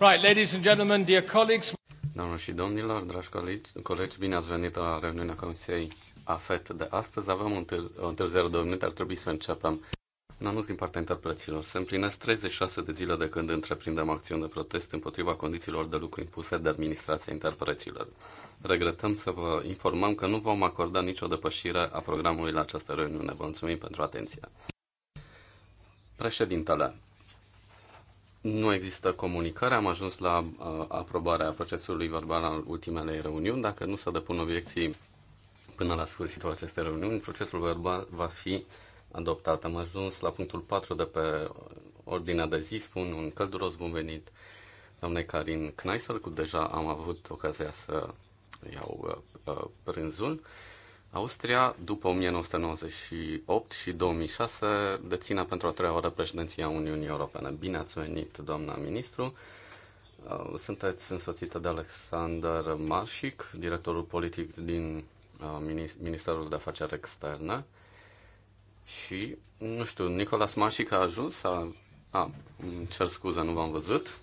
Right, ladies and gentlemen, dear colleagues. Doamnelor și domnilor, dragi colegi, colegi, bine ați venit la reuniunea Comisiei AFET de astăzi. Avem un o întârziere de minute, ar trebui să începem. În anunț din partea interpreților. Se împlinesc 36 de zile de când întreprindem acțiuni de protest împotriva condițiilor de lucru impuse de administrația interpreților. Regretăm să vă informăm că nu vom acorda nicio depășire a programului la această reuniune. Vă mulțumim pentru atenție. Președintele, nu există comunicare, am ajuns la aprobarea procesului verbal al ultimele reuniuni. Dacă nu se depun obiecții până la sfârșitul acestei reuniuni, procesul verbal va fi adoptat. Am ajuns la punctul 4 de pe ordinea de zi, spun un călduros bun venit doamnei Karin Kneisel, cu deja am avut ocazia să iau prânzul. Austria, după 1998 și 2006, deține pentru a treia oară președinția Uniunii Europene. Bine ați venit, doamna ministru! Uh, sunteți însoțită de Alexander Marșic, directorul politic din uh, Ministerul de Afaceri Externe. Și, nu știu, Nicolas Marșic a ajuns? A, a cer scuze, nu v-am văzut.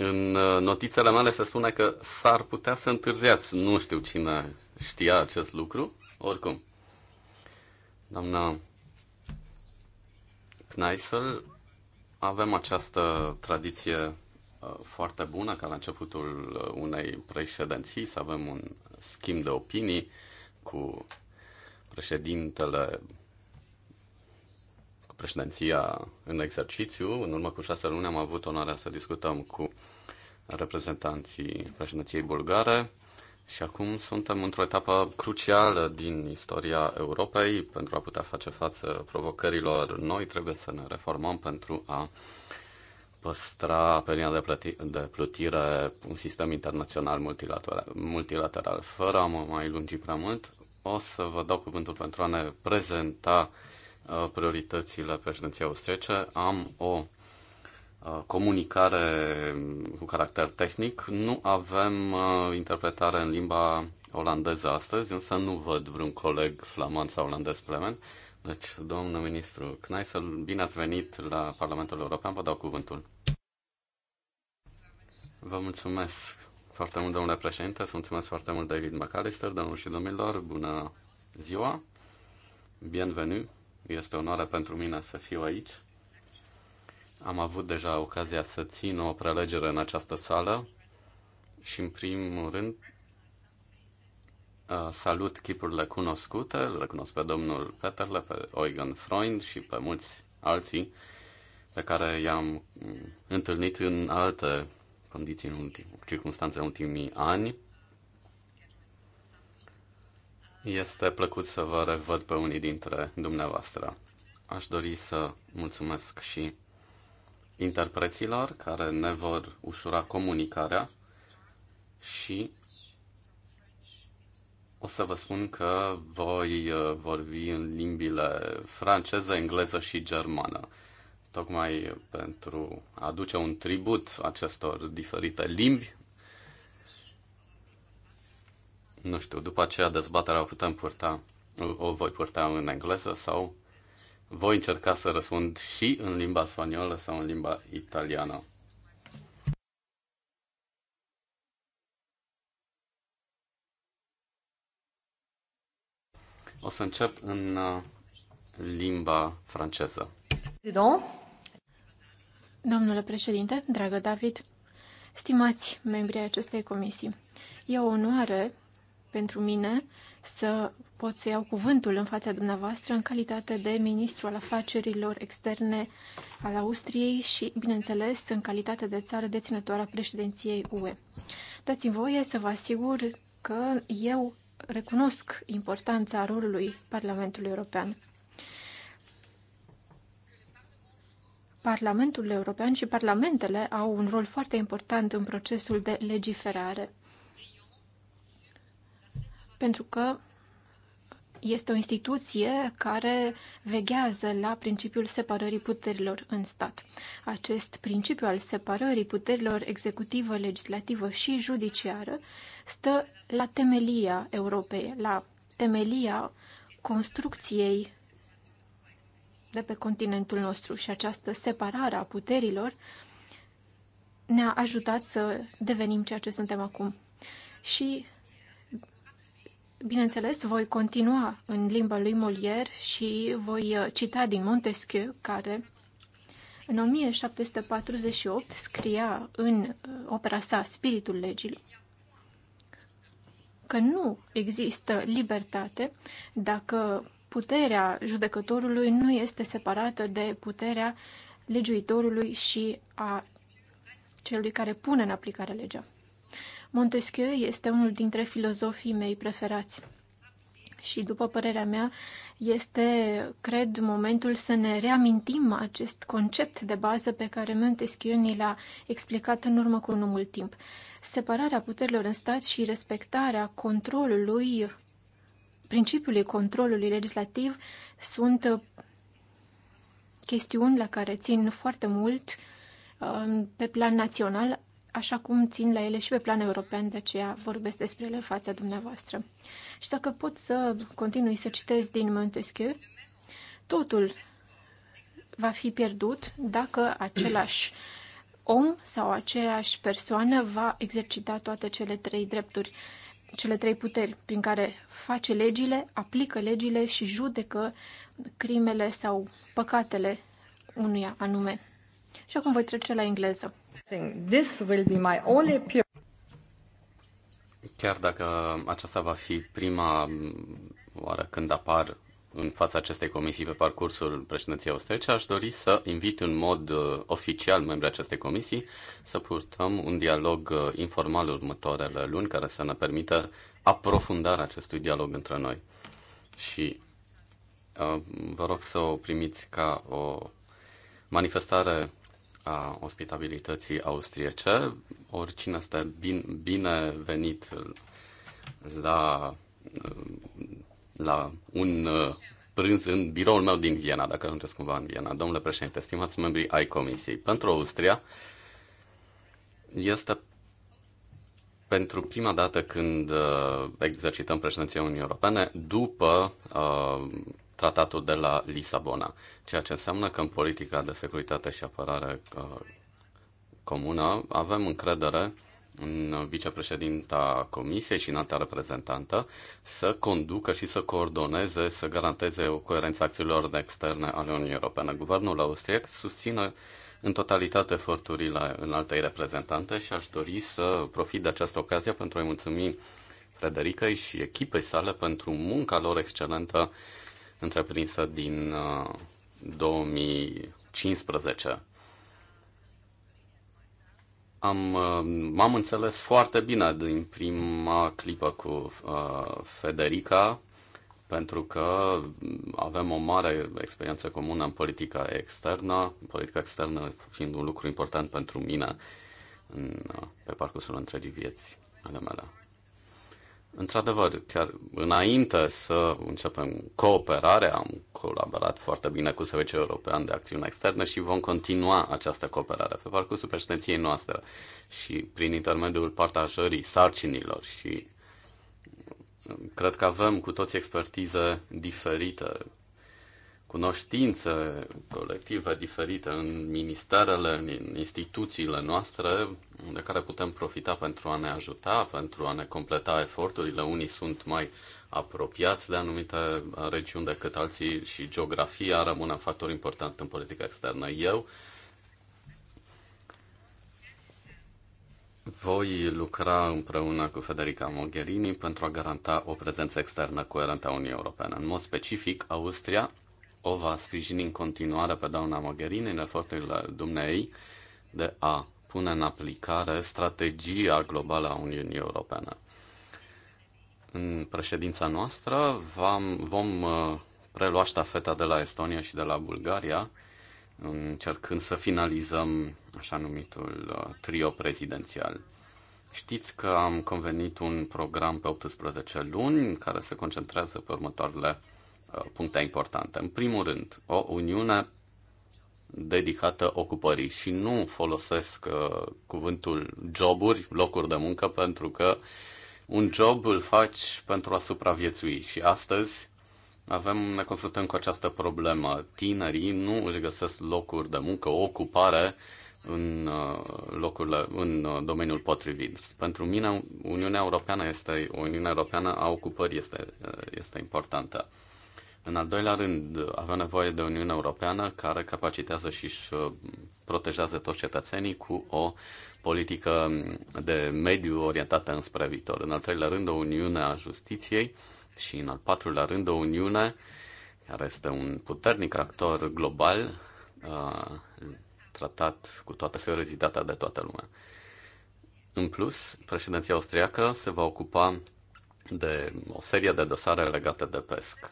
În uh, notițele mele se spune că s-ar putea să întârziați. Nu știu cine știa acest lucru. Oricum, doamna Kneisel, avem această tradiție uh, foarte bună ca la începutul uh, unei președinții să avem un schimb de opinii cu președintele președinția în exercițiu. În urmă cu șase luni am avut onoarea să discutăm cu reprezentanții președinției bulgare și acum suntem într-o etapă crucială din istoria Europei. Pentru a putea face față provocărilor noi, trebuie să ne reformăm pentru a păstra pe linia de, plăti- de plutire un sistem internațional multilateral, multilateral. Fără a mă mai lungi prea mult, o să vă dau cuvântul pentru a ne prezenta Uh, prioritățile președinției austriece. Am o uh, comunicare cu caracter tehnic. Nu avem uh, interpretare în limba olandeză astăzi, însă nu văd vreun coleg flamand sau olandez plemen. Deci, domnul ministru Kneisel, bine ați venit la Parlamentul European, vă dau cuvântul. Vă mulțumesc foarte mult, domnule președinte, Vă mulțumesc foarte mult, David McAllister, domnul și domnilor, bună ziua, bienvenue este onoare pentru mine să fiu aici. Am avut deja ocazia să țin o prelegere în această sală și, în primul rând, uh, salut chipurile cunoscute, îl recunosc pe domnul Peterle, pe Eugen Freund și pe mulți alții pe care i-am mm, întâlnit în alte condiții, în ultim, circunstanțe în ultimii ani. Este plăcut să vă revăd pe unii dintre dumneavoastră. Aș dori să mulțumesc și interpreților care ne vor ușura comunicarea și o să vă spun că voi uh, vorbi în limbile franceză, engleză și germană. Tocmai pentru a aduce un tribut acestor diferite limbi, nu știu, după aceea dezbaterea o putem purta, o voi purta în engleză sau voi încerca să răspund și în limba spaniolă sau în limba italiană. O să încep în uh, limba franceză. Domnule președinte, dragă David, stimați membrii acestei comisii, e o onoare pentru mine să pot să iau cuvântul în fața dumneavoastră în calitate de ministru al afacerilor externe al Austriei și, bineînțeles, în calitate de țară deținătoare a președinției UE. Dați-mi voie să vă asigur că eu recunosc importanța rolului Parlamentului European. Parlamentul European și parlamentele au un rol foarte important în procesul de legiferare pentru că este o instituție care veghează la principiul separării puterilor în stat. Acest principiu al separării puterilor executivă, legislativă și judiciară stă la temelia Europei, la temelia construcției de pe continentul nostru și această separare a puterilor ne-a ajutat să devenim ceea ce suntem acum. Și Bineînțeles, voi continua în limba lui Molière și voi uh, cita din Montesquieu, care în 1748 scria în uh, opera sa Spiritul legii că nu există libertate dacă puterea judecătorului nu este separată de puterea legiuitorului și a celui care pune în aplicare legea. Montesquieu este unul dintre filozofii mei preferați. Și, după părerea mea, este, cred, momentul să ne reamintim acest concept de bază pe care Montesquieu ni l-a explicat în urmă cu nu mult timp. Separarea puterilor în stat și respectarea controlului, principiului controlului legislativ sunt uh, chestiuni la care țin foarte mult uh, pe plan național, așa cum țin la ele și pe plan european, de aceea vorbesc despre ele în fața dumneavoastră. Și dacă pot să continui să citesc din Montesquieu, totul va fi pierdut dacă același om sau aceeași persoană va exercita toate cele trei drepturi, cele trei puteri prin care face legile, aplică legile și judecă crimele sau păcatele unuia anume. Și acum voi trece la engleză. This will be my only Chiar dacă aceasta va fi prima oară când apar în fața acestei comisii pe parcursul președinției austriece, aș dori să invit în mod uh, oficial membrii acestei comisii să purtăm un dialog uh, informal următoarele luni care să ne permită aprofundarea acestui dialog între noi. Și uh, vă rog să o primiți ca o manifestare a ospitabilității austriece. Oricine este bin, binevenit la, la un prânz în biroul meu din Viena, dacă ajungeți cumva în Viena. Domnule președinte, stimați membrii ai Comisiei, pentru Austria este pentru prima dată când uh, exercităm președinția Uniunii Europene după uh, tratatul de la Lisabona, ceea ce înseamnă că în politica de securitate și apărare uh, comună avem încredere în vicepreședinta Comisiei și în alta reprezentantă să conducă și să coordoneze, să garanteze o coerență acțiunilor externe ale Uniunii Europene. Guvernul austriec susține în totalitate eforturile în altei reprezentante și aș dori să profit de această ocazie pentru a-i mulțumi Frederica și echipei sale pentru munca lor excelentă întreprinsă din 2015. Uh, Am, uh, m-am înțeles foarte bine din prima clipă cu uh, Federica, pentru că avem o mare experiență comună în politica externă, politica externă fiind un lucru important pentru mine în, uh, pe parcursul întregii vieți ale mele. Într-adevăr, chiar înainte să începem cooperarea, am colaborat foarte bine cu Serviciul European de Acțiune Externă și vom continua această cooperare pe parcursul președinției noastre și prin intermediul partajării sarcinilor și uh, cred că avem cu toți expertize diferite cunoștință colectivă diferită în ministerele, în instituțiile noastre, de care putem profita pentru a ne ajuta, pentru a ne completa eforturile. Unii sunt mai apropiați de anumite regiuni decât alții și geografia rămâne un factor important în politica externă. Eu voi lucra împreună cu Federica Mogherini pentru a garanta o prezență externă coerentă a Uniunii Europene. În mod specific, Austria o va sprijini în continuare pe doamna Mogherini în eforturile dumnei de a pune în aplicare strategia globală a Uniunii Europene. În președința noastră vom, vom uh, prelua ștafeta de la Estonia și de la Bulgaria, încercând să finalizăm așa numitul uh, trio prezidențial. Știți că am convenit un program pe 18 luni care se concentrează pe următoarele puncte importante. În primul rând, o uniune dedicată ocupării și nu folosesc uh, cuvântul joburi, locuri de muncă, pentru că un job îl faci pentru a supraviețui și astăzi avem, ne confruntăm cu această problemă. Tinerii nu își găsesc locuri de muncă, o ocupare în, uh, locurile, în uh, domeniul potrivit. Pentru mine, Uniunea Europeană este, Uniunea Europeană a ocupării este, uh, este importantă. În al doilea rând, avem nevoie de Uniunea Europeană care capacitează și își uh, protejează toți cetățenii cu o politică de mediu orientată înspre viitor. În al treilea rând, o Uniune a Justiției și în al patrulea rând, o Uniune care este un puternic actor global uh, tratat cu toată seriozitatea de toată lumea. În plus, președinția austriacă se va ocupa de o serie de dosare legate de pesc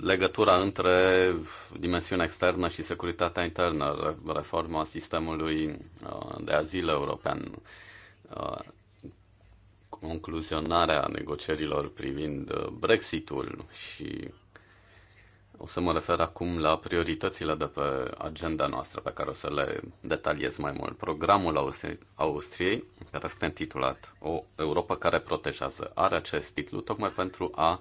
legătura între dimensiunea externă și securitatea internă, reforma sistemului uh, de azil european, uh, concluzionarea negocierilor privind uh, Brexitul și o să mă refer acum la prioritățile de pe agenda noastră pe care o să le detaliez mai mult. Programul Austriei, care este intitulat O Europa care protejează, are acest titlu tocmai pentru a uh,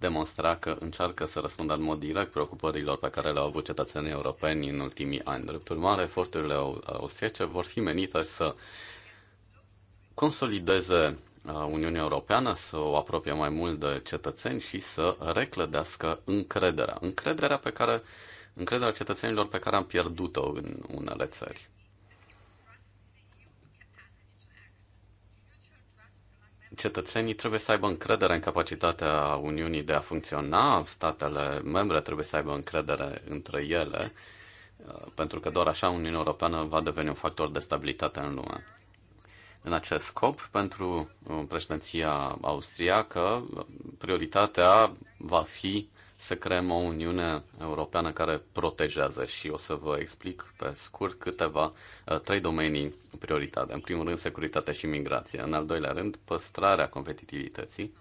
demonstra că încearcă să răspundă în mod direct preocupărilor pe care le-au avut cetățenii europeni în ultimii ani. Drept urmare, eforturile austriece vor fi menite să consolideze uh, Uniunea Europeană, să o apropie mai mult de cetățeni și să reclădească încrederea. Încrederea pe care încrederea cetățenilor pe care am pierdut-o în unele țări. cetățenii trebuie să aibă încredere în capacitatea Uniunii de a funcționa, statele membre trebuie să aibă încredere între ele, uh, pentru că doar așa Uniunea Europeană va deveni un factor de stabilitate în lume. În acest scop, pentru uh, președinția austriacă, prioritatea va fi să creăm o Uniune Europeană care protejează și o să vă explic pe scurt câteva, uh, trei domenii prioritate. În primul rând, securitatea și migrația. În al doilea rând, păstrarea competitivității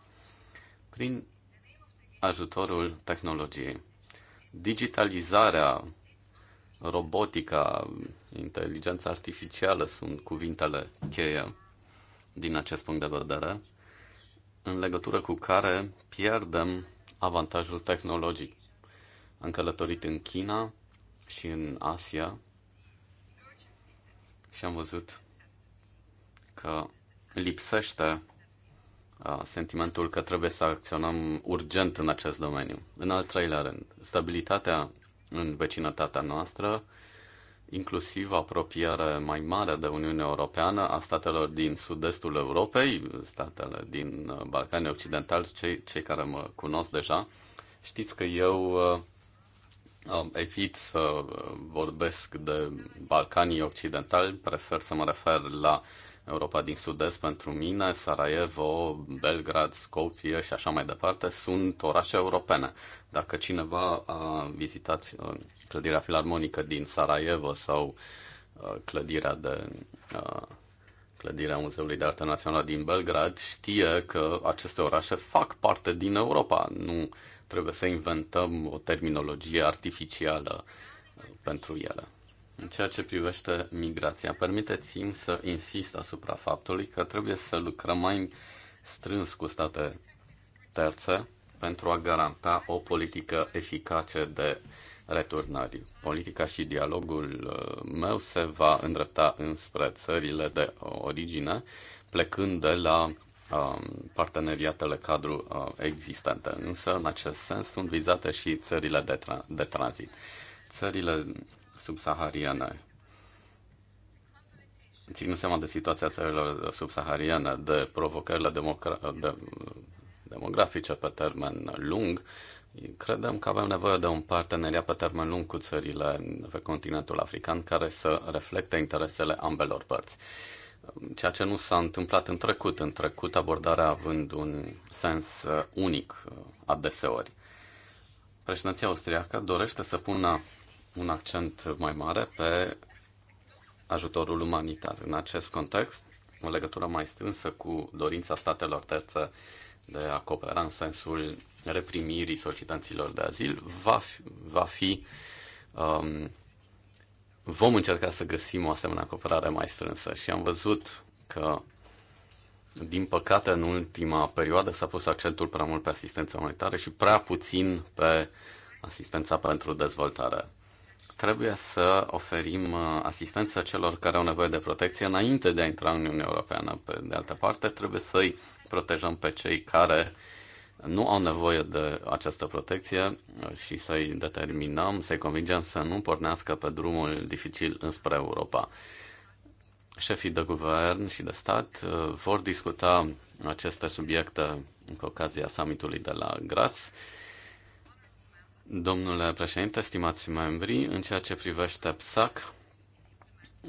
prin ajutorul tehnologiei. Digitalizarea, robotica, inteligența artificială sunt cuvintele cheie din acest punct de vedere, în legătură cu care pierdem avantajul tehnologic. Am călătorit în China și în Asia și am văzut că lipsește uh, sentimentul că trebuie să acționăm urgent în acest domeniu. În al treilea rând, stabilitatea în vecinătatea noastră inclusiv apropiere mai mare de Uniunea Europeană a statelor din sud-estul Europei, statele din uh, Balcanii Occidentali, cei, cei care mă cunosc deja. Știți că eu uh, evit să uh, vorbesc de Balcanii Occidentali, prefer să mă refer la uh, Europa din Sud-Est pentru mine, Sarajevo, Belgrad, Skopje și așa mai departe, sunt orașe europene. Dacă cineva a vizitat uh, clădirea filarmonică din Sarajevo sau uh, clădirea de uh, clădirea Muzeului de Artă Națională din Belgrad, știe că aceste orașe fac parte din Europa. Nu trebuie să inventăm o terminologie artificială pentru ele. În ceea ce privește migrația, permiteți-mi să insist asupra faptului că trebuie să lucrăm mai strâns cu state terțe pentru a garanta o politică eficace de returnări. Politica și dialogul uh, meu se va îndrepta înspre țările de origine, plecând de la um, parteneriatele cadru uh, existente. Însă, în acest sens, sunt vizate și țările de, tra- de tranzit. Țările subsahariene. Ținând seama de situația țărilor subsahariene, de provocările democra- de, demografice pe termen lung, credem că avem nevoie de un parteneriat pe termen lung cu țările pe continentul african care să reflecte interesele ambelor părți ceea ce nu s-a întâmplat în trecut. În trecut, abordarea având un sens uh, unic uh, adeseori. Președinția austriacă dorește să pună un accent mai mare pe ajutorul umanitar. În acest context, o legătură mai strânsă cu dorința statelor terțe de a coopera în sensul reprimirii solicitanților de azil va fi, va fi um, vom încerca să găsim o asemenea cooperare mai strânsă și am văzut că din păcate, în ultima perioadă s-a pus accentul prea mult pe asistența umanitară și prea puțin pe asistența pentru dezvoltare. Trebuie să oferim uh, asistență celor care au nevoie de protecție înainte de a intra în Uniunea Europeană. Pe de altă parte, trebuie să-i protejăm pe cei care nu au nevoie de această protecție uh, și să-i determinăm, să-i convingem să nu pornească pe drumul dificil înspre Europa. Șefii de guvern și de stat uh, vor discuta aceste subiecte cu ocazia summitului de la Graz Domnule președinte, stimați membri, în ceea ce privește PSAC,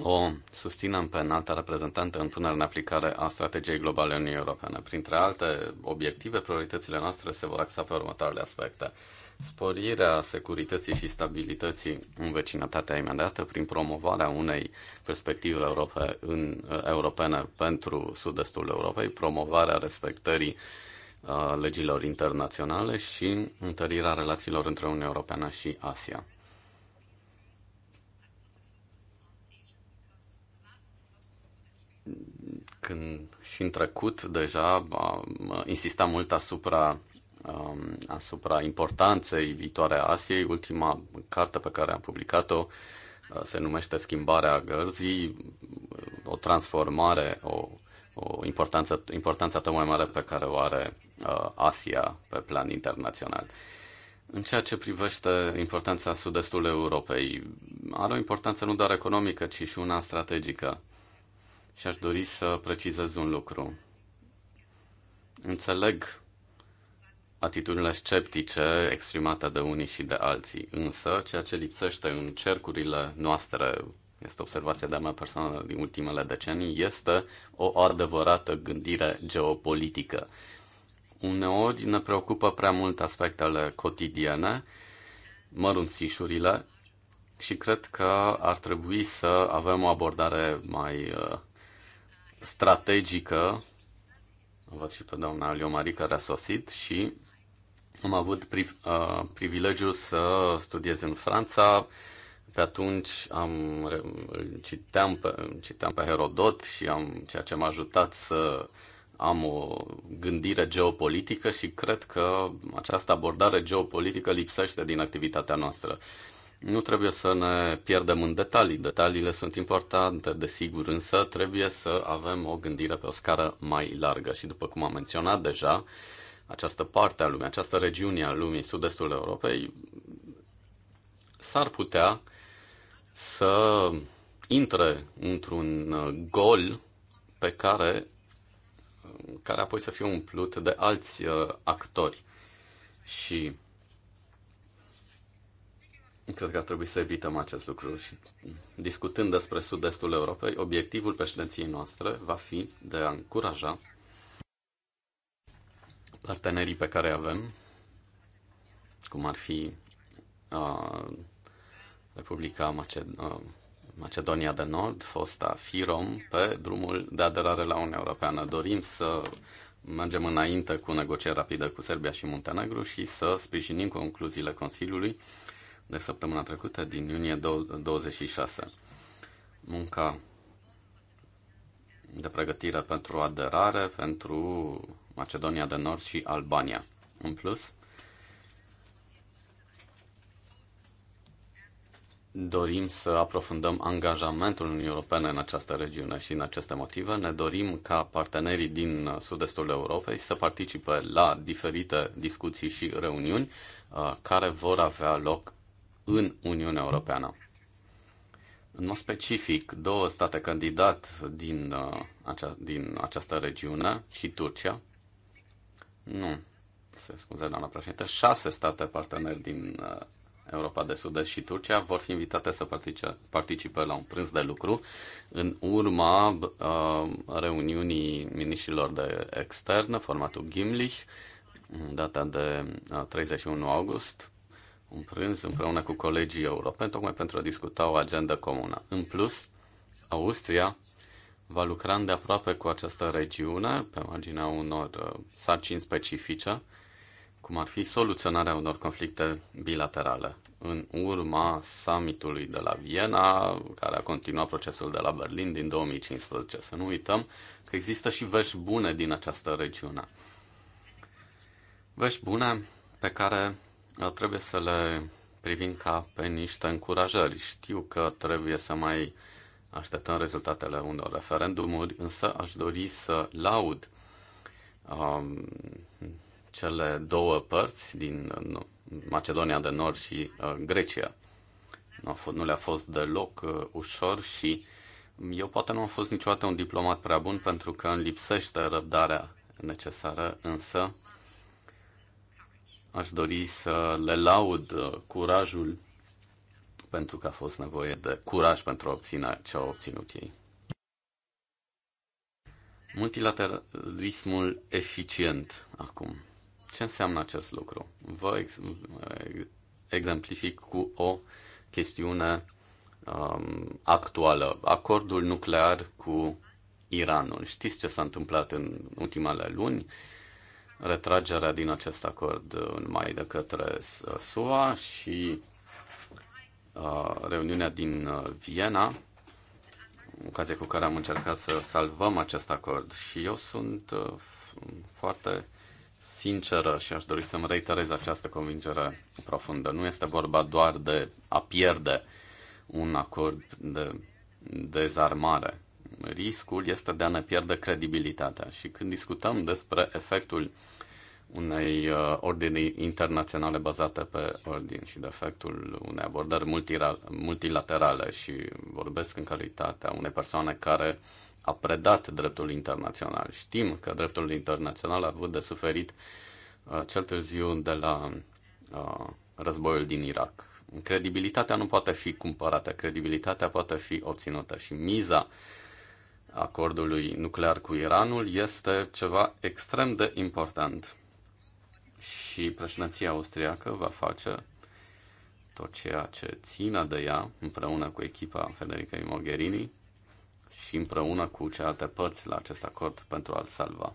o susținem pe înalta reprezentantă în punerea în aplicare a strategiei globale Uniunii Europene. Printre alte obiective, prioritățile noastre se vor axa pe următoarele aspecte. Sporirea securității și stabilității în vecinătatea imediată prin promovarea unei perspective europene pentru sud-estul Europei, promovarea respectării legilor internaționale și întărirea relațiilor între Uniunea Europeană și Asia. Când și în trecut deja insistam mult asupra asupra importanței viitoare a Asiei. Ultima carte pe care am publicat-o se numește Schimbarea gărzii, o transformare, o o importanță, importanța tot mai mare pe care o are uh, Asia pe plan internațional. În ceea ce privește importanța sud-estul Europei, are o importanță nu doar economică, ci și una strategică. Și aș dori să precizez un lucru. Înțeleg atitudinile sceptice exprimate de unii și de alții, însă ceea ce lipsește în cercurile noastre este observația de-a mea personală din ultimele decenii, este o adevărată gândire geopolitică. Uneori ne preocupă prea mult aspectele cotidiene, mărunțișurile și cred că ar trebui să avem o abordare mai uh, strategică. Văd și pe doamna Liomari care a sosit și am avut pri- uh, privilegiul să studiez în Franța, pe atunci am, citeam, pe, citeam pe Herodot și am, ceea ce m-a ajutat să am o gândire geopolitică și cred că această abordare geopolitică lipsește din activitatea noastră. Nu trebuie să ne pierdem în detalii. Detaliile sunt importante, desigur, însă trebuie să avem o gândire pe o scară mai largă. Și după cum am menționat deja, această parte a lumii, această regiune a lumii, sud-estul Europei, s-ar putea să intre într-un uh, gol pe care, uh, care apoi să fie umplut de alți uh, actori. Și Cred că ar trebui să evităm acest lucru și discutând despre sud-estul Europei, obiectivul președinției noastre va fi de a încuraja partenerii pe care avem, cum ar fi uh, Republica uh, Macedonia de Nord, fosta FIROM, pe drumul de aderare la Uniunea Europeană. Dorim să mergem înainte cu negocieri rapide cu Serbia și Muntenegru și să sprijinim concluziile Consiliului de săptămâna trecută, din iunie 26. Munca de pregătire pentru aderare pentru Macedonia de Nord și Albania. În plus, dorim să aprofundăm angajamentul Uniunii Europene în această regiune și în aceste motive ne dorim ca partenerii din sud-estul Europei să participe la diferite discuții și reuniuni uh, care vor avea loc în Uniunea Europeană. În mod specific, două state candidat din, uh, acea, din această regiune și Turcia, nu, se scuze, doamna președinte, șase state parteneri din uh, Europa de Sud și Turcia vor fi invitate să participe, participe la un prânz de lucru în urma uh, reuniunii miniștrilor de externă, formatul Gimlich, data de uh, 31 august, un prânz împreună cu colegii europeni, tocmai pentru a discuta o agendă comună. În plus, Austria va lucra de aproape cu această regiune, pe marginea unor uh, sarcini specifice, cum ar fi soluționarea unor conflicte bilaterale. În urma summitului de la Viena, care a continuat procesul de la Berlin din 2015, să nu uităm că există și vești bune din această regiune. Vești bune pe care uh, trebuie să le privim ca pe niște încurajări. Știu că trebuie să mai așteptăm rezultatele unor referendumuri, însă aș dori să laud um, cele două părți din Macedonia de Nord și uh, Grecia. Nu, nu le-a fost deloc uh, ușor și eu poate nu am fost niciodată un diplomat prea bun pentru că îmi lipsește răbdarea necesară, însă aș dori să le laud uh, curajul pentru că a fost nevoie de curaj pentru a obține ce au obținut ei. Multilateralismul eficient acum. Ce înseamnă acest lucru? Vă ex- exemplific cu o chestiune um, actuală. Acordul nuclear cu Iranul. Știți ce s-a întâmplat în ultimele luni? Retragerea din acest acord în uh, mai de către uh, SUA și uh, reuniunea din uh, Viena, ocazie cu care am încercat să salvăm acest acord. Și eu sunt uh, foarte sinceră și aș dori să-mi reiterez această convingere profundă. Nu este vorba doar de a pierde un acord de dezarmare. Riscul este de a ne pierde credibilitatea și când discutăm despre efectul unei uh, ordini internaționale bazate pe ordin și de efectul unei abordări multilaterale și vorbesc în calitatea unei persoane care a predat dreptul internațional. Știm că dreptul internațional a avut de suferit uh, cel târziu de la uh, războiul din Irak. Credibilitatea nu poate fi cumpărată, credibilitatea poate fi obținută și miza acordului nuclear cu Iranul este ceva extrem de important. Și președinția austriacă va face tot ceea ce țină de ea, împreună cu echipa Federica Mogherini, și împreună cu celelalte părți la acest acord pentru a-l salva.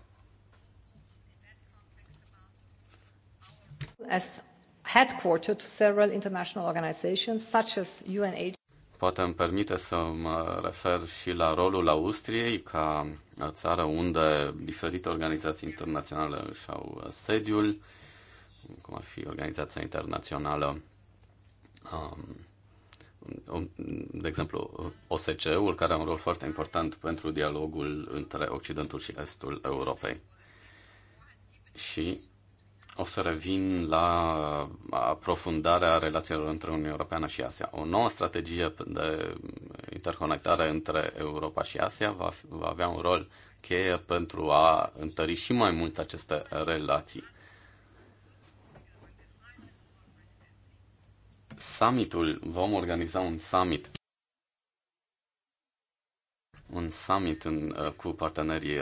As headquartered to several international organizations such as UNH. Poate îmi permite să mă refer și la rolul Austriei ca țară unde diferite organizații internaționale își au sediul, cum ar fi Organizația Internațională um, de exemplu, OSCE-ul, care are un rol foarte important pentru dialogul între Occidentul și Estul Europei. Și o să revin la aprofundarea relațiilor între Uniunea Europeană și Asia. O nouă strategie de interconectare între Europa și Asia va, va avea un rol cheie pentru a întări și mai mult aceste relații. summitul, vom organiza un summit un summit în, uh, cu partenerii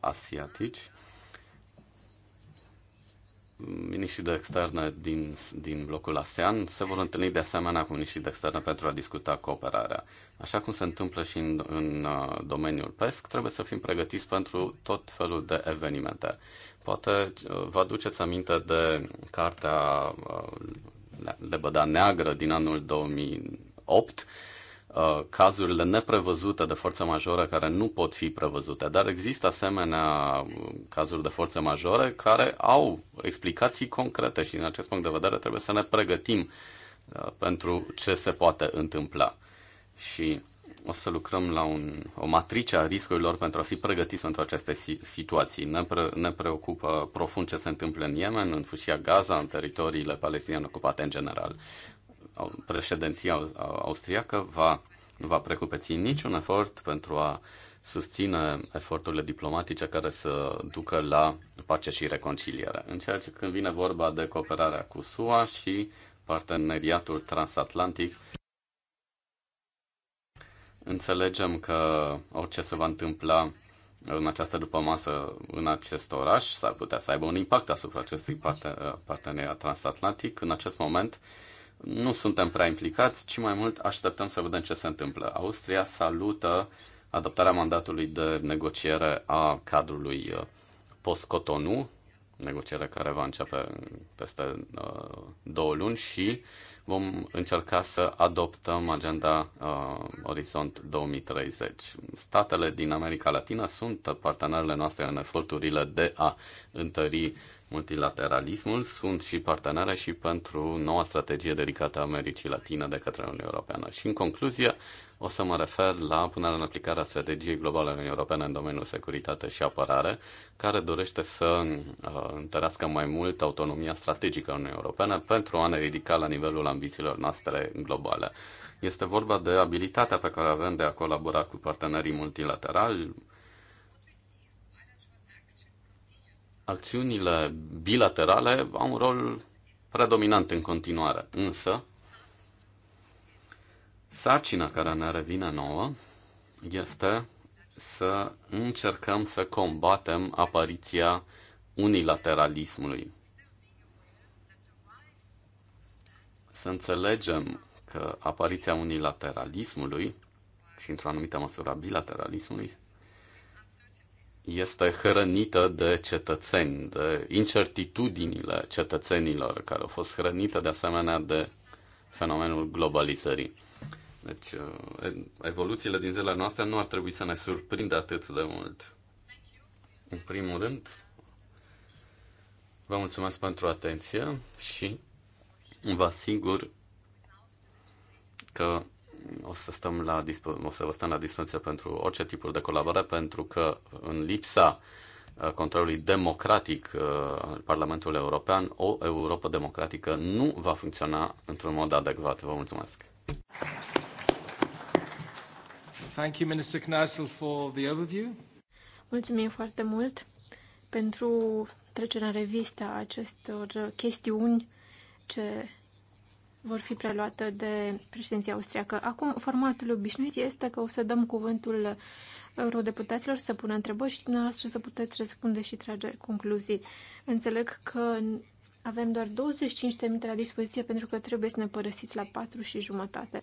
asiatici miniștrii de externe din, din blocul ASEAN se vor întâlni de asemenea cu miniștrii de externe pentru a discuta cooperarea. Așa cum se întâmplă și în, în uh, domeniul PESC, trebuie să fim pregătiți pentru tot felul de evenimente. Poate uh, vă aduceți aminte de cartea lebăda neagră din anul 2008, uh, cazurile neprevăzute de forță majoră care nu pot fi prevăzute, dar există asemenea uh, cazuri de forță majoră care au explicații concrete și din acest punct de vedere trebuie să ne pregătim uh, pentru ce se poate întâmpla. Și o să lucrăm la un, o matrice a riscurilor pentru a fi pregătiți pentru aceste situații. Ne, pre, ne preocupă profund ce se întâmplă în Yemen, în fâșia Gaza, în teritoriile palestiniene ocupate în general. Președinția austriacă va, va precupeți niciun efort pentru a susține eforturile diplomatice care să ducă la pace și reconciliere. În ceea ce când vine vorba de cooperarea cu SUA și parteneriatul transatlantic, Înțelegem că orice se va întâmpla în această dupămasă în acest oraș s-ar putea să aibă un impact asupra acestui partener transatlantic. În acest moment nu suntem prea implicați, ci mai mult așteptăm să vedem ce se întâmplă. Austria salută adoptarea mandatului de negociere a cadrului uh, post-Cotonou, negociere care va începe peste uh, două luni și vom încerca să adoptăm agenda uh, Orizont 2030. Statele din America Latină sunt partenerele noastre în eforturile de a întări multilateralismul, sunt și partenere și pentru noua strategie dedicată Americii Latine de către Uniunea Europeană. Și în concluzie, o să mă refer la punerea în aplicare a strategiei globale în Uniunea în domeniul securitate și apărare, care dorește să uh, întărească mai mult autonomia strategică a Uniunii Europene pentru a ne ridica la nivelul ambițiilor noastre globale. Este vorba de abilitatea pe care avem de a colabora cu partenerii multilaterali, acțiunile bilaterale au un rol predominant în continuare, însă Sarcina care ne revine nouă este să încercăm să combatem apariția unilateralismului. Să înțelegem că apariția unilateralismului și într-o anumită măsură bilateralismului este hrănită de cetățeni, de incertitudinile cetățenilor care au fost hrănite de asemenea de fenomenul globalizării. Deci, uh, evoluțiile din zilele noastre nu ar trebui să ne surprindă atât de mult. În primul rând, vă mulțumesc pentru atenție și vă asigur că o să, stăm la o să vă stăm la dispoziție pentru orice tipuri de colaborare, pentru că în lipsa uh, controlului democratic uh, al Parlamentului European, o Europa democratică nu va funcționa într-un mod adecvat. Vă mulțumesc! Thank you, Minister Knassel, for the overview. Mulțumim foarte mult pentru trecerea în revistă a acestor chestiuni ce vor fi preluate de președinția austriacă. Acum, formatul obișnuit este că o să dăm cuvântul eurodeputaților să pună întrebări și dumneavoastră să puteți răspunde și trage concluzii. Înțeleg că avem doar 25 de minute la dispoziție pentru că trebuie să ne părăsiți la 4 și jumătate.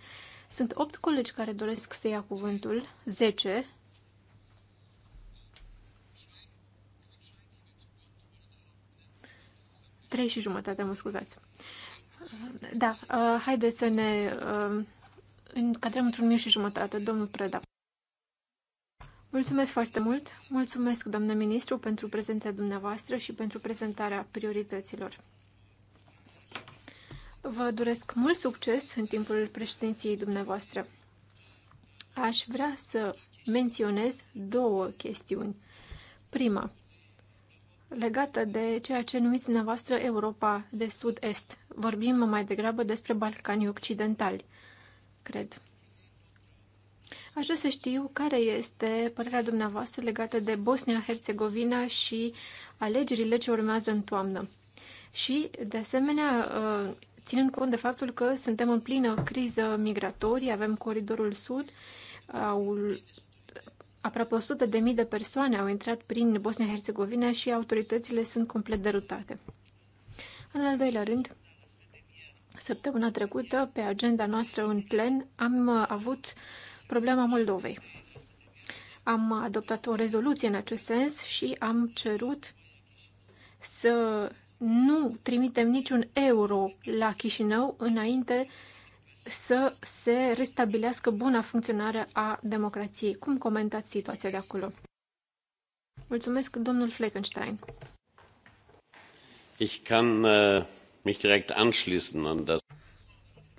Sunt 8 colegi care doresc să ia cuvântul, 10. Trei și jumătate, mă scuzați. Da, uh, haideți să ne uh, încadrăm într-un minut și jumătate, domnul Preda. Mulțumesc foarte mult! Mulțumesc, domnule ministru, pentru prezența dumneavoastră și pentru prezentarea priorităților. Vă doresc mult succes în timpul președinției dumneavoastră. Aș vrea să menționez două chestiuni. Prima, legată de ceea ce numiți dumneavoastră Europa de Sud-Est. Vorbim mai degrabă despre Balcanii Occidentali, cred. Aș vrea să știu care este părerea dumneavoastră legată de Bosnia-Herzegovina și alegerile ce urmează în toamnă. Și, de asemenea, uh, ținând cont de faptul că suntem în plină criză migratorie, avem coridorul sud, au, aproape 100 de mii de persoane au intrat prin Bosnia-Herzegovina și autoritățile sunt complet derutate. În al doilea rând, săptămâna trecută, pe agenda noastră în plen, am uh, avut uh, problema Moldovei. Am adoptat o rezoluție în acest sens și am cerut să nu trimitem niciun euro la Chișinău înainte să se restabilească buna funcționare a democrației. Cum comentați situația de acolo? Mulțumesc, domnul Fleckenstein. Ich kann uh, mich direkt anschließen an das.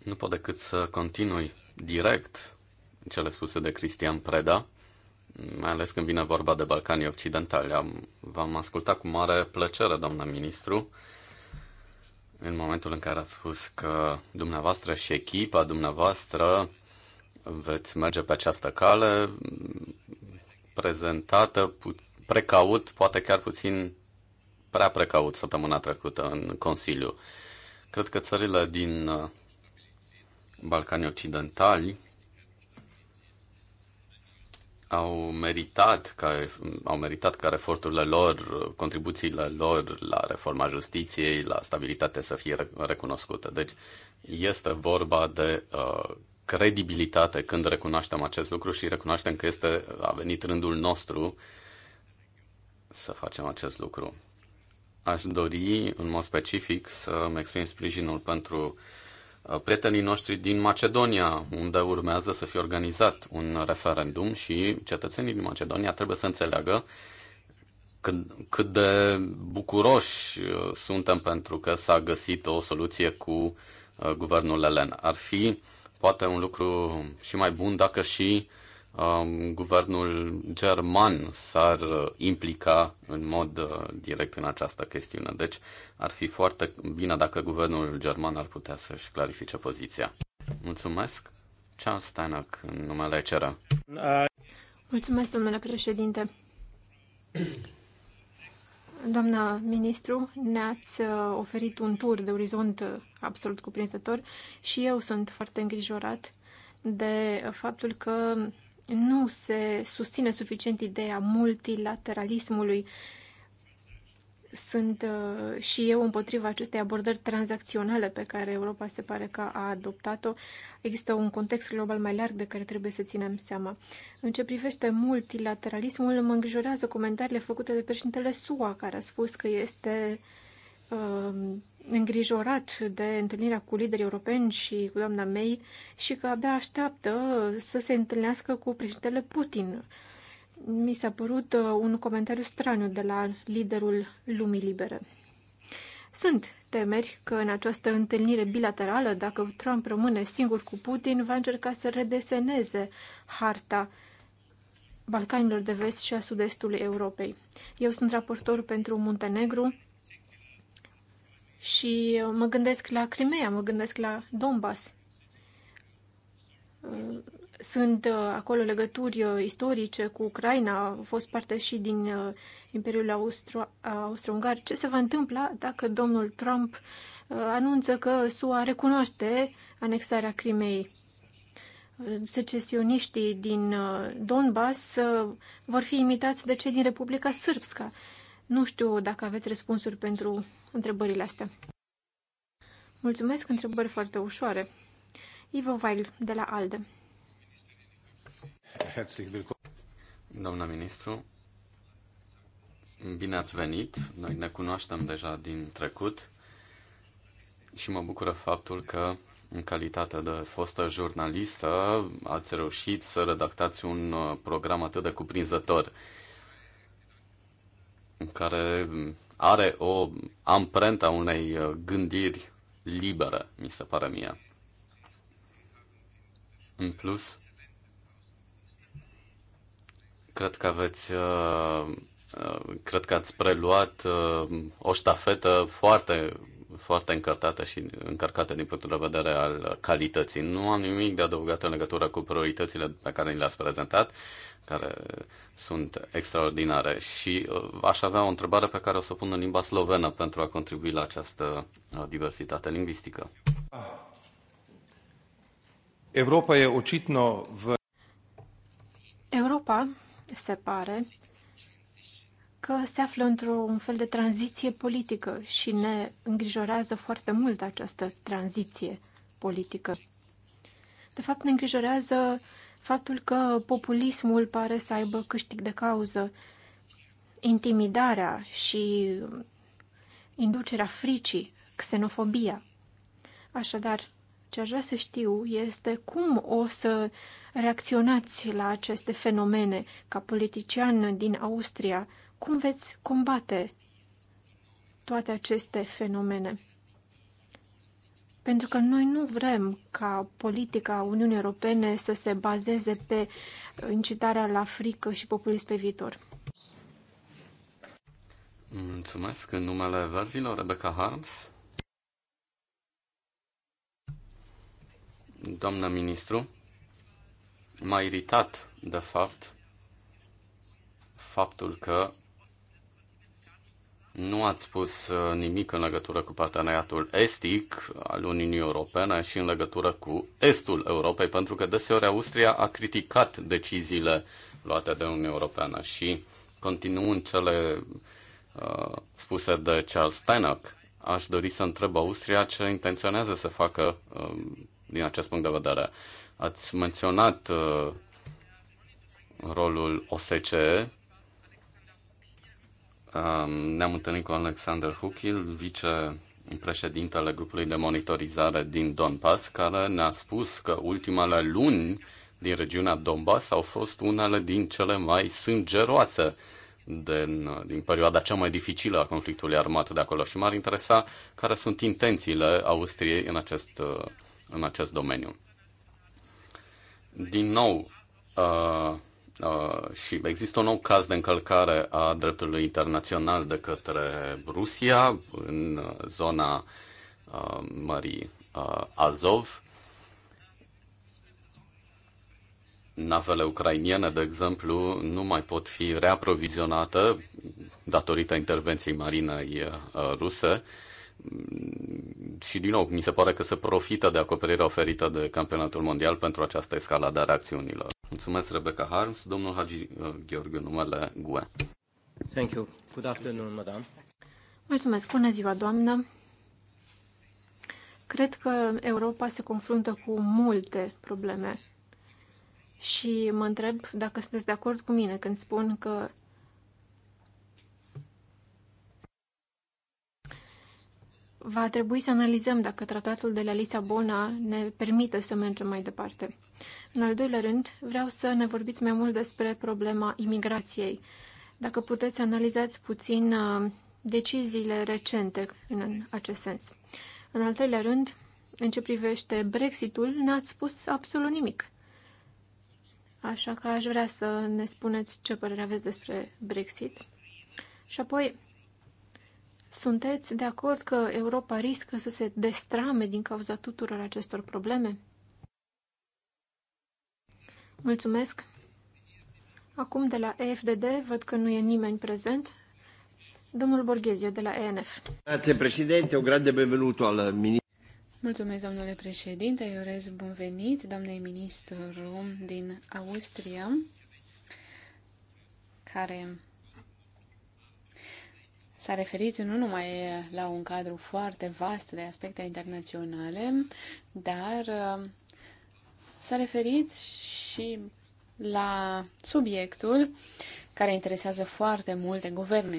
Nu pot decât să continui direct cele spuse de Cristian Preda, mai ales când vine vorba de Balcanii Occidentali. Am, v-am ascultat cu mare plăcere, doamnă ministru, în momentul în care ați spus că dumneavoastră și echipa dumneavoastră veți merge pe această cale prezentată precaut, poate chiar puțin prea precaut săptămâna trecută în Consiliu. Cred că țările din uh, Balcanii Occidentali au meritat ca, au meritat ca eforturile lor, contribuțiile lor la reforma justiției, la stabilitate să fie recunoscute. Deci este vorba de uh, credibilitate când recunoaștem acest lucru și recunoaștem că este a venit rândul nostru să facem acest lucru. Aș dori, în mod specific, să-mi exprim sprijinul pentru uh, Uh, prietenii noștri din Macedonia, unde urmează să fie organizat un referendum și cetățenii din Macedonia trebuie să înțeleagă cât, cât de bucuroși uh, suntem pentru că s-a găsit o soluție cu uh, guvernul elen. Ar fi poate un lucru și mai bun dacă și Um, guvernul german s-ar uh, implica în mod uh, direct în această chestiune. Deci ar fi foarte bine dacă guvernul german ar putea să-și clarifice poziția. Mulțumesc. Charles Steinach, în numele CERA. Mulțumesc, domnule președinte. Doamna ministru, ne-ați uh, oferit un tur de orizont absolut cuprinzător și eu sunt foarte îngrijorat de faptul că nu se susține suficient ideea multilateralismului. Sunt uh, și eu împotriva acestei abordări tranzacționale pe care Europa se pare că a adoptat-o. Există un context global mai larg de care trebuie să ținem seama. În ce privește multilateralismul, mă îngrijorează comentariile făcute de președintele SUA, care a spus că este uh, îngrijorat de întâlnirea cu liderii europeni și cu doamna May și că abia așteaptă să se întâlnească cu președintele Putin. Mi s-a părut uh, un comentariu straniu de la liderul lumii libere. Sunt temeri că în această întâlnire bilaterală, dacă Trump rămâne singur cu Putin, va încerca să redeseneze harta Balcanilor de Vest și a Sud-Estului Europei. Eu sunt raportor pentru Muntenegru și mă gândesc la Crimea, mă gândesc la Donbass. Sunt uh, acolo legături uh, istorice cu Ucraina, au fost parte și din uh, Imperiul Austro- Austro-Ungar. Ce se va întâmpla dacă domnul Trump anunță că SUA recunoaște anexarea Crimeei? Secesioniștii din Donbass vor fi imitați de cei din Republica Sârbska nu știu dacă aveți răspunsuri pentru întrebările astea. Mulțumesc, întrebări foarte ușoare. Ivo Weil, de la ALDE. Doamna ministru, bine ați venit. Noi ne cunoaștem deja din trecut și mă bucură faptul că în calitate de fostă jurnalistă ați reușit să redactați un uh, program atât de cuprinzător care are o amprenta unei uh, gândiri libere, mi se pare mie. În plus, cred că aveți uh, uh, cred că ați preluat o ștafetă foarte foarte încărcată și încărcată din punctul de vedere al calității. Nu am nimic de adăugat în legătură cu prioritățile pe care ni le-ați prezentat care sunt extraordinare. Și uh, aș avea o întrebare pe care o să o pun în limba slovenă pentru a contribui la această uh, diversitate lingvistică. Europa e očitno v... Europa se pare că se află într-un fel de tranziție politică și ne îngrijorează foarte mult această tranziție politică. De fapt, ne îngrijorează faptul că populismul pare să aibă câștig de cauză. Intimidarea și inducerea fricii, xenofobia. Așadar, ce aș vrea să știu este cum o să reacționați la aceste fenomene ca politician din Austria. Cum veți combate toate aceste fenomene? Pentru că noi nu vrem ca politica Uniunii Europene să se bazeze pe incitarea la frică și populism pe viitor. Mulțumesc. În numele verzilor, Rebecca Harms. Doamna ministru, m-a iritat, de fapt, faptul că nu ați spus uh, nimic în legătură cu parteneriatul estic al Uniunii Europene și în legătură cu estul Europei, pentru că deseori Austria a criticat deciziile luate de Uniunea Europeană și continuând cele uh, spuse de Charles Tannock, aș dori să întreb Austria ce intenționează să facă uh, din acest punct de vedere. Ați menționat uh, rolul OSCE Um, ne-am întâlnit cu Alexander Huchil, vicepreședintele grupului de monitorizare din Donbass, care ne-a spus că ultimele luni din regiunea Donbass au fost unele din cele mai sângeroase din, din perioada cea mai dificilă a conflictului armat de acolo și m-ar interesa care sunt intențiile Austriei în acest, uh, în acest domeniu. Din nou, uh, Uh, și există un nou caz de încălcare a dreptului internațional de către Rusia în uh, zona uh, Mării uh, Azov. Navele ucrainiene, de exemplu, nu mai pot fi reaprovizionate datorită intervenției marinei uh, ruse și din nou, mi se pare că se profită de acoperirea oferită de campionatul mondial pentru această escaladare a acțiunilor. Mulțumesc, Rebecca Harms. Domnul Hagi uh, Gheorghe, numele GUE. Thank you. Good afternoon, madam. Mulțumesc. Bună ziua, doamnă. Cred că Europa se confruntă cu multe probleme și mă întreb dacă sunteți de acord cu mine când spun că va trebui să analizăm dacă tratatul de la Lisabona ne permite să mergem mai departe. În al doilea rând, vreau să ne vorbiți mai mult despre problema imigrației. Dacă puteți, analizați puțin uh, deciziile recente în acest sens. În al treilea rând, în ce privește Brexitul, n-ați spus absolut nimic. Așa că aș vrea să ne spuneți ce părere aveți despre Brexit. Și apoi, sunteți de acord că Europa riscă să se destrame din cauza tuturor acestor probleme? Mulțumesc. Acum de la EFDD văd că nu e nimeni prezent. Domnul Borghezio de la ENF. Grazie președinte, o grande benvenuto al ministru. Mulțumesc, domnule președinte, îi urez bun venit, doamnei ministru din Austria, care s-a referit nu numai la un cadru foarte vast de aspecte internaționale, dar S-a referit și la subiectul care interesează foarte multe guverne,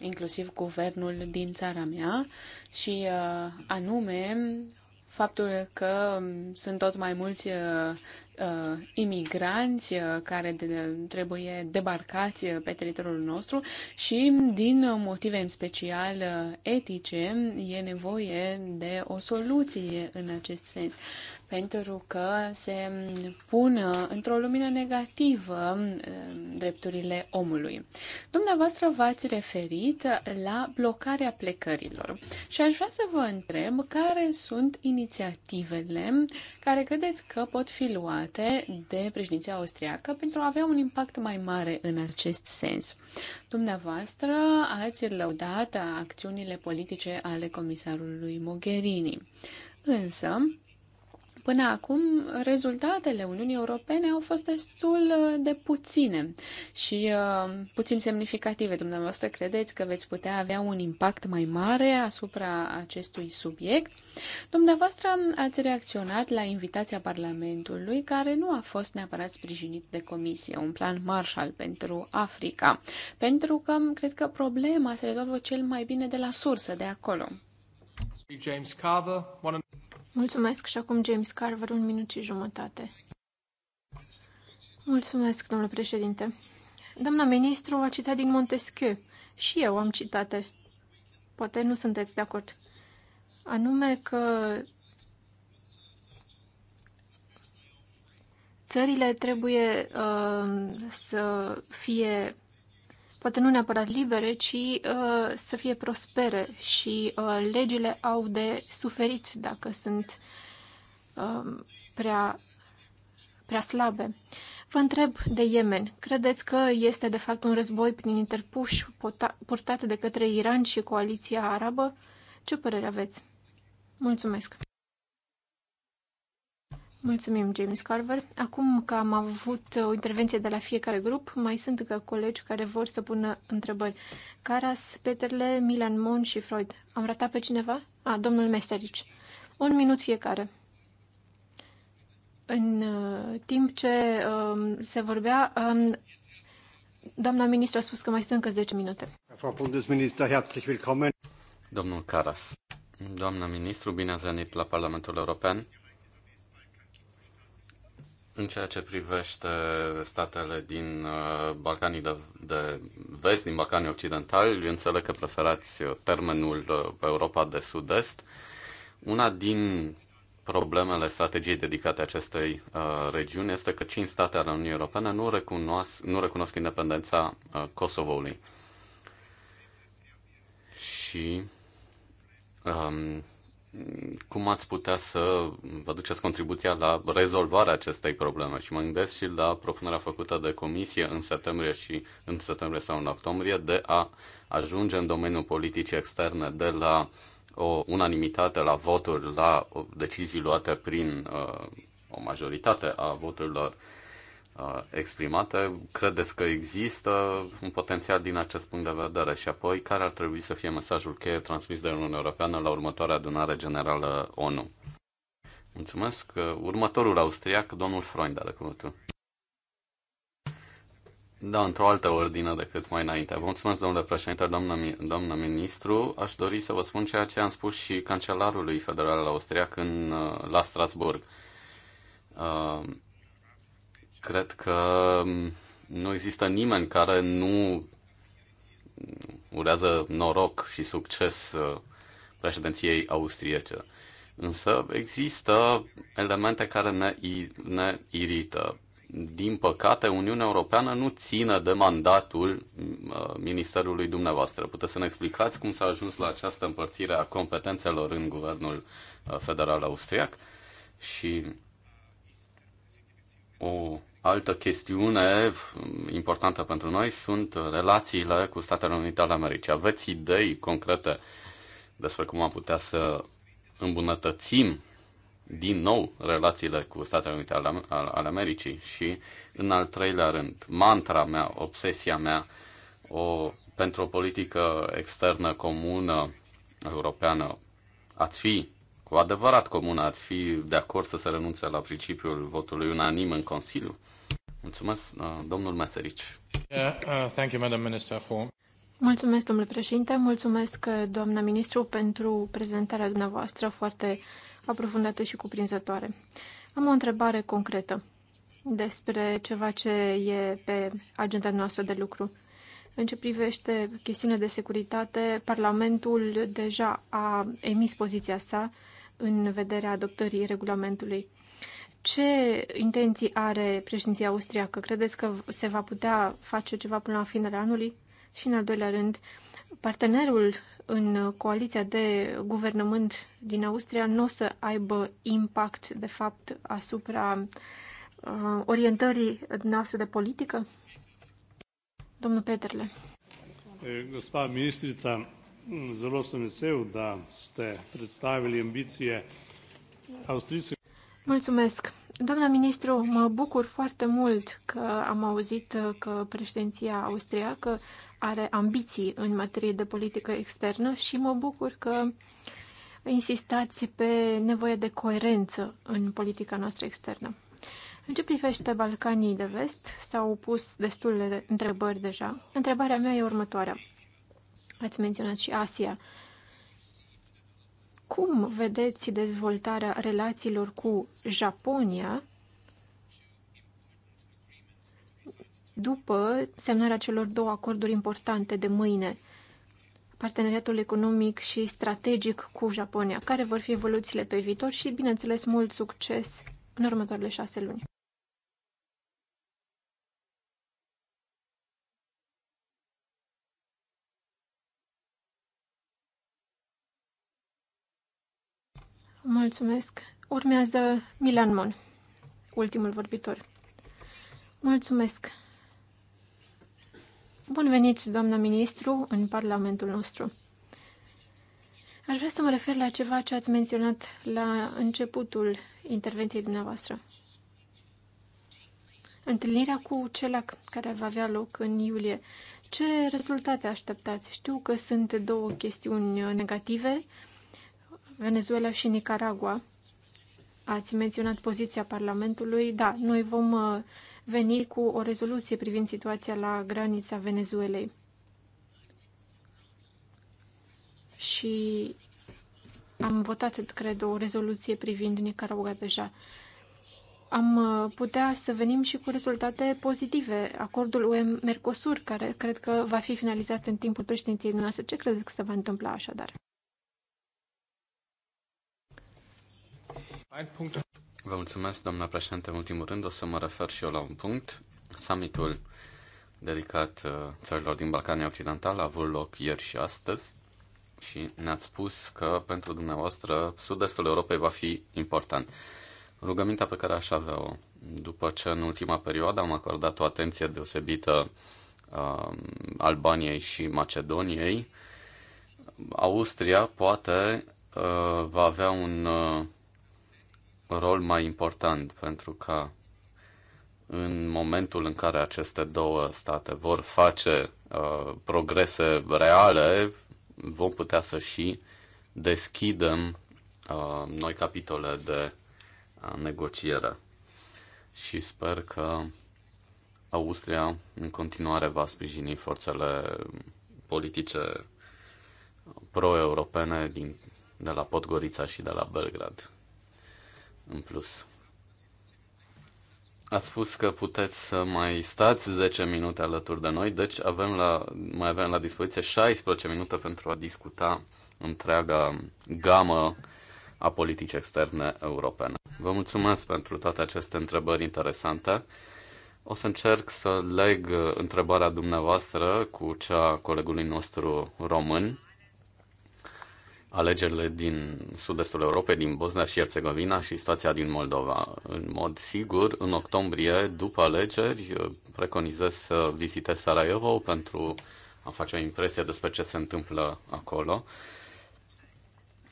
inclusiv guvernul din țara mea, și uh, anume faptul că sunt tot mai mulți uh, uh imigranți uh, care de, trebuie debarcați pe teritoriul nostru și din motive în special uh, etice e nevoie de o soluție în acest sens pentru că se pun într-o lumină negativă um, drepturile omului. Dumneavoastră v-ați referit la blocarea plecărilor și aș vrea să vă întreb care sunt inițiativele care credeți că pot fi luate de președinția austriacă pentru a avea un impact mai mare în acest sens. Dumneavoastră ați lăudat acțiunile politice ale comisarului Mogherini. Însă, Până acum, rezultatele Uniunii Europene au fost destul uh, de puține și uh, puțin semnificative. Dumneavoastră credeți că veți putea avea un impact mai mare asupra acestui subiect? Dumneavoastră ați reacționat la invitația Parlamentului, care nu a fost neapărat sprijinit de Comisie, un plan Marshall pentru Africa, pentru că cred că problema se rezolvă cel mai bine de la sursă, de acolo. James Carver, one of... Mulțumesc și acum James Carver, un minut și jumătate. Mulțumesc, domnule președinte. Doamna ministru a citat din Montesquieu. Și eu am citate. Poate nu sunteți de acord. Anume că țările trebuie uh, să fie poate nu neapărat libere, ci uh, să fie prospere și uh, legile au de suferit dacă sunt uh, prea, prea slabe. Vă întreb de Yemen. Credeți că este de fapt un război prin interpuși purtat de către Iran și coaliția arabă? Ce părere aveți? Mulțumesc! Mulțumim, James Carver. Acum că am avut o intervenție de la fiecare grup, mai sunt încă colegi care vor să pună întrebări. Caras, Peterle, Milan Mon și Freud. Am ratat pe cineva? A, domnul Mesterici. Un minut fiecare. În uh, timp ce uh, se vorbea, uh, doamna ministru a spus că mai sunt încă 10 minute. Domnul Caras, doamna ministru, bine ați venit la Parlamentul European. În ceea ce privește statele din uh, Balcanii de, de vest, din Balcanii Occidentali, înțeleg că preferați uh, termenul uh, Europa de Sud-Est. Una din problemele strategiei dedicate acestei uh, regiuni este că cinci state ale Uniunii Europene nu recunosc, nu recunosc independența uh, Kosovoului. Și um, cum ați putea să vă duceți contribuția la rezolvarea acestei probleme și mă gândesc și la propunerea făcută de comisie în septembrie și în septembrie sau în octombrie de a ajunge în domeniul politicii externe de la o unanimitate la voturi la decizii luate prin uh, o majoritate a voturilor Uh, exprimate, credeți că există un potențial din acest punct de vedere și apoi care ar trebui să fie mesajul cheie transmis de Uniunea Europeană la următoarea adunare generală ONU? Mulțumesc. Uh, următorul austriac, domnul Freund, de cuvântul. Da, într-o altă ordine decât mai înainte. Vă mulțumesc, domnule președinte, doamnă, doamnă ministru. Aș dori să vă spun ceea ce am spus și cancelarului federal austriac în, uh, la Strasburg. Uh, Cred că mm, nu există nimeni care nu urează noroc și succes uh, președinției austriece. Însă există elemente care ne, ne irită. Din păcate, Uniunea Europeană nu ține de mandatul mm, uh, ministerului dumneavoastră. Puteți să ne explicați cum s-a ajuns la această împărțire a competențelor în guvernul uh, federal austriac? Și o Altă chestiune importantă pentru noi sunt relațiile cu Statele Unite ale Americii. Aveți idei concrete despre cum am putea să îmbunătățim din nou relațiile cu Statele Unite ale, ale Americii și, în al treilea rând, mantra mea, obsesia mea o, pentru o politică externă comună europeană, ați fi cu adevărat comună, ați fi de acord să se renunțe la principiul votului unanim în Consiliu? Mulțumesc, uh, domnul Meserici. Uh, thank you, Madam Minister, for... Mulțumesc, domnule președinte, mulțumesc, uh, doamna ministru, pentru prezentarea dumneavoastră foarte aprofundată și cuprinzătoare. Am o întrebare concretă despre ceva ce e pe agenda noastră de lucru. În ce privește chestiunea de securitate, Parlamentul deja a emis poziția sa în vederea adoptării regulamentului. Ce intenții are președinția austriacă? Credeți că se va putea face ceva până la finele anului? Și în al doilea rând, partenerul în coaliția de guvernământ din Austria nu o să aibă impact, de fapt, asupra uh, orientării noastre de politică? Domnul Peterle. Gospa ministrița, Zelo sem vesel, da ste predstavili ambicije avstrijske. Mulțumesc! Doamna ministru, mă bucur foarte mult că am auzit că președinția austriacă are ambiții în materie de politică externă și mă bucur că insistați pe nevoia de coerență în politica noastră externă. În ce privește Balcanii de Vest, s-au pus destule întrebări deja. Întrebarea mea e următoarea. Ați menționat și Asia. Cum vedeți dezvoltarea relațiilor cu Japonia după semnarea celor două acorduri importante de mâine? parteneriatul economic și strategic cu Japonia, care vor fi evoluțiile pe viitor și, bineînțeles, mult succes în următoarele șase luni. Mulțumesc. Urmează Milan Mon, ultimul vorbitor. Mulțumesc. Bun venit, doamna ministru, în Parlamentul nostru. Aș vrea să mă refer la ceva ce ați menționat la începutul intervenției dumneavoastră. Întâlnirea cu CELAC, care va avea loc în iulie. Ce rezultate așteptați? Știu că sunt două chestiuni negative Venezuela și Nicaragua. Ați menționat poziția Parlamentului. Da, noi vom uh, veni cu o rezoluție privind situația la granița Venezuelei. Și am votat, cred, o rezoluție privind Nicaragua deja. Am uh, putea să venim și cu rezultate pozitive. Acordul UE-Mercosur, care cred că va fi finalizat în timpul președinției noastre, ce credeți că se va întâmpla așadar? Vă mulțumesc, doamna președinte. În ultimul rând o să mă refer și eu la un punct. Summitul dedicat uh, țărilor din Balcanii Occidentali a avut loc ieri și astăzi și ne-ați spus că pentru dumneavoastră sud-estul Europei va fi important. Rugămintea pe care aș avea-o, după ce în ultima perioadă am acordat o atenție deosebită uh, Albaniei și Macedoniei, Austria poate uh, va avea un uh, rol mai important pentru că în momentul în care aceste două state vor face uh, progrese reale, vom putea să și deschidem uh, noi capitole de uh, negociere. Și sper că Austria în continuare va sprijini forțele politice pro-europene din, de la Podgorița și de la Belgrad în plus. Ați spus că puteți să mai stați 10 minute alături de noi, deci avem la, mai avem la dispoziție 16 minute pentru a discuta întreaga gamă a politicii externe europene. Vă mulțumesc pentru toate aceste întrebări interesante. O să încerc să leg întrebarea dumneavoastră cu cea a colegului nostru român alegerile din sud-estul Europei, din Bosnia și Herțegovina și situația din Moldova. În mod sigur, în octombrie, după alegeri, preconizez să vizitez Sarajevo pentru a face o impresie despre ce se întâmplă acolo.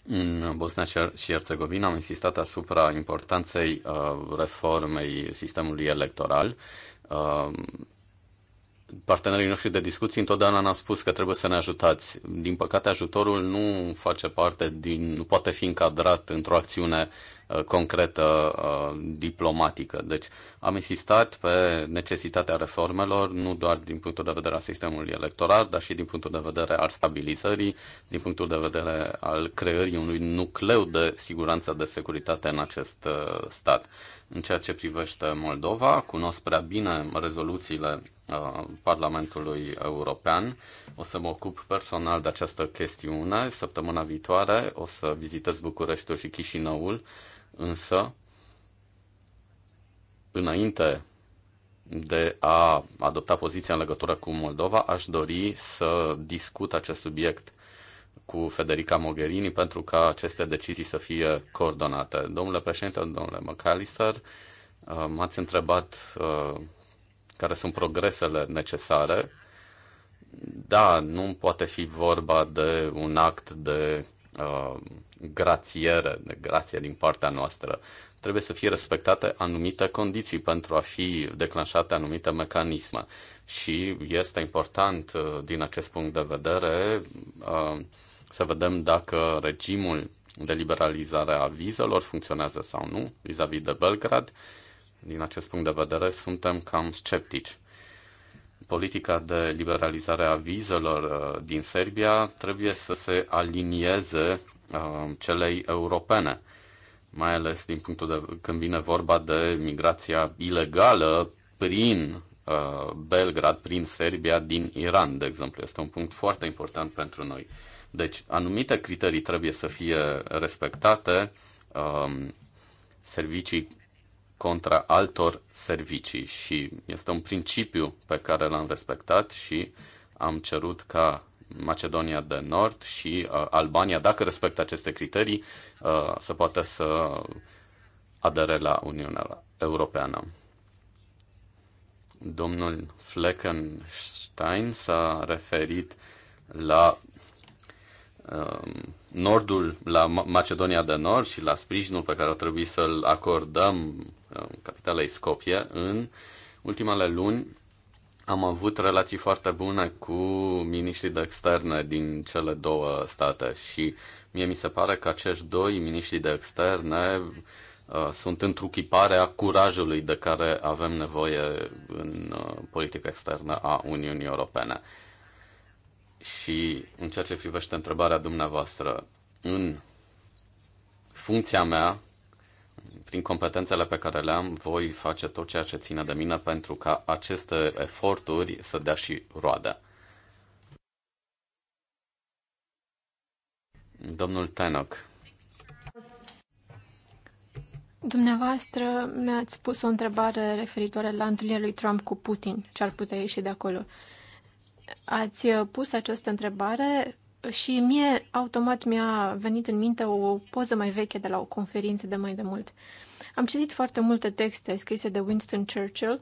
În Bosnia și Herțegovina am insistat asupra importanței uh, reformei sistemului electoral uh, partenerii noștri de discuții întotdeauna ne-am spus că trebuie să ne ajutați. Din păcate, ajutorul nu face parte din, nu poate fi încadrat într-o acțiune uh, concretă uh, diplomatică. Deci am insistat pe necesitatea reformelor, nu doar din punctul de vedere al sistemului electoral, dar și din punctul de vedere al stabilizării, din punctul de vedere al creării unui nucleu de siguranță de securitate în acest uh, stat. În ceea ce privește Moldova, cunosc prea bine rezoluțiile Uh, Parlamentului European. O să mă ocup personal de această chestiune. Săptămâna viitoare o să vizitez Bucureștiul și Chișinăul, însă înainte de a adopta poziția în legătură cu Moldova, aș dori să discut acest subiect cu Federica Mogherini pentru ca aceste decizii să fie coordonate. Domnule președinte, domnule McAllister, uh, m-ați întrebat uh, care sunt progresele necesare. Da, nu poate fi vorba de un act de uh, grațiere, de grație din partea noastră. Trebuie să fie respectate anumite condiții pentru a fi declanșate anumite mecanisme. Și este important, uh, din acest punct de vedere, uh, să vedem dacă regimul de liberalizare a vizelor funcționează sau nu vis-a-vis -vis de Belgrad din acest punct de vedere, suntem cam sceptici. Politica de liberalizare a vizelor uh, din Serbia trebuie să se alinieze uh, celei europene, mai ales din punctul de când vine vorba de migrația ilegală prin uh, Belgrad, prin Serbia, din Iran, de exemplu. Este un punct foarte important pentru noi. Deci, anumite criterii trebuie să fie respectate, um, servicii contra altor servicii și este un principiu pe care l-am respectat și am cerut ca Macedonia de Nord și uh, Albania, dacă respectă aceste criterii, uh, să poată să adere la Uniunea Europeană. Domnul Fleckenstein s-a referit la uh, Nordul, la Macedonia de Nord și la sprijinul pe care o trebuie să-l acordăm Uh, capitalei Skopje, în ultimele luni am avut relații foarte bune cu miniștrii de externe din cele două state și mie mi se pare că acești doi miniștri de externe uh, sunt a curajului de care avem nevoie în uh, politica externă a Uniunii Europene. Și în ceea ce privește întrebarea dumneavoastră, în funcția mea prin competențele pe care le am, voi face tot ceea ce ține de mine pentru ca aceste eforturi să dea și roade. Domnul Tenoc. Dumneavoastră mi-ați pus o întrebare referitoare la întâlnirea lui Trump cu Putin, ce ar putea ieși de acolo. Ați pus această întrebare și mie automat mi-a venit în minte o poză mai veche de la o conferință de mai de mult. Am citit foarte multe texte scrise de Winston Churchill.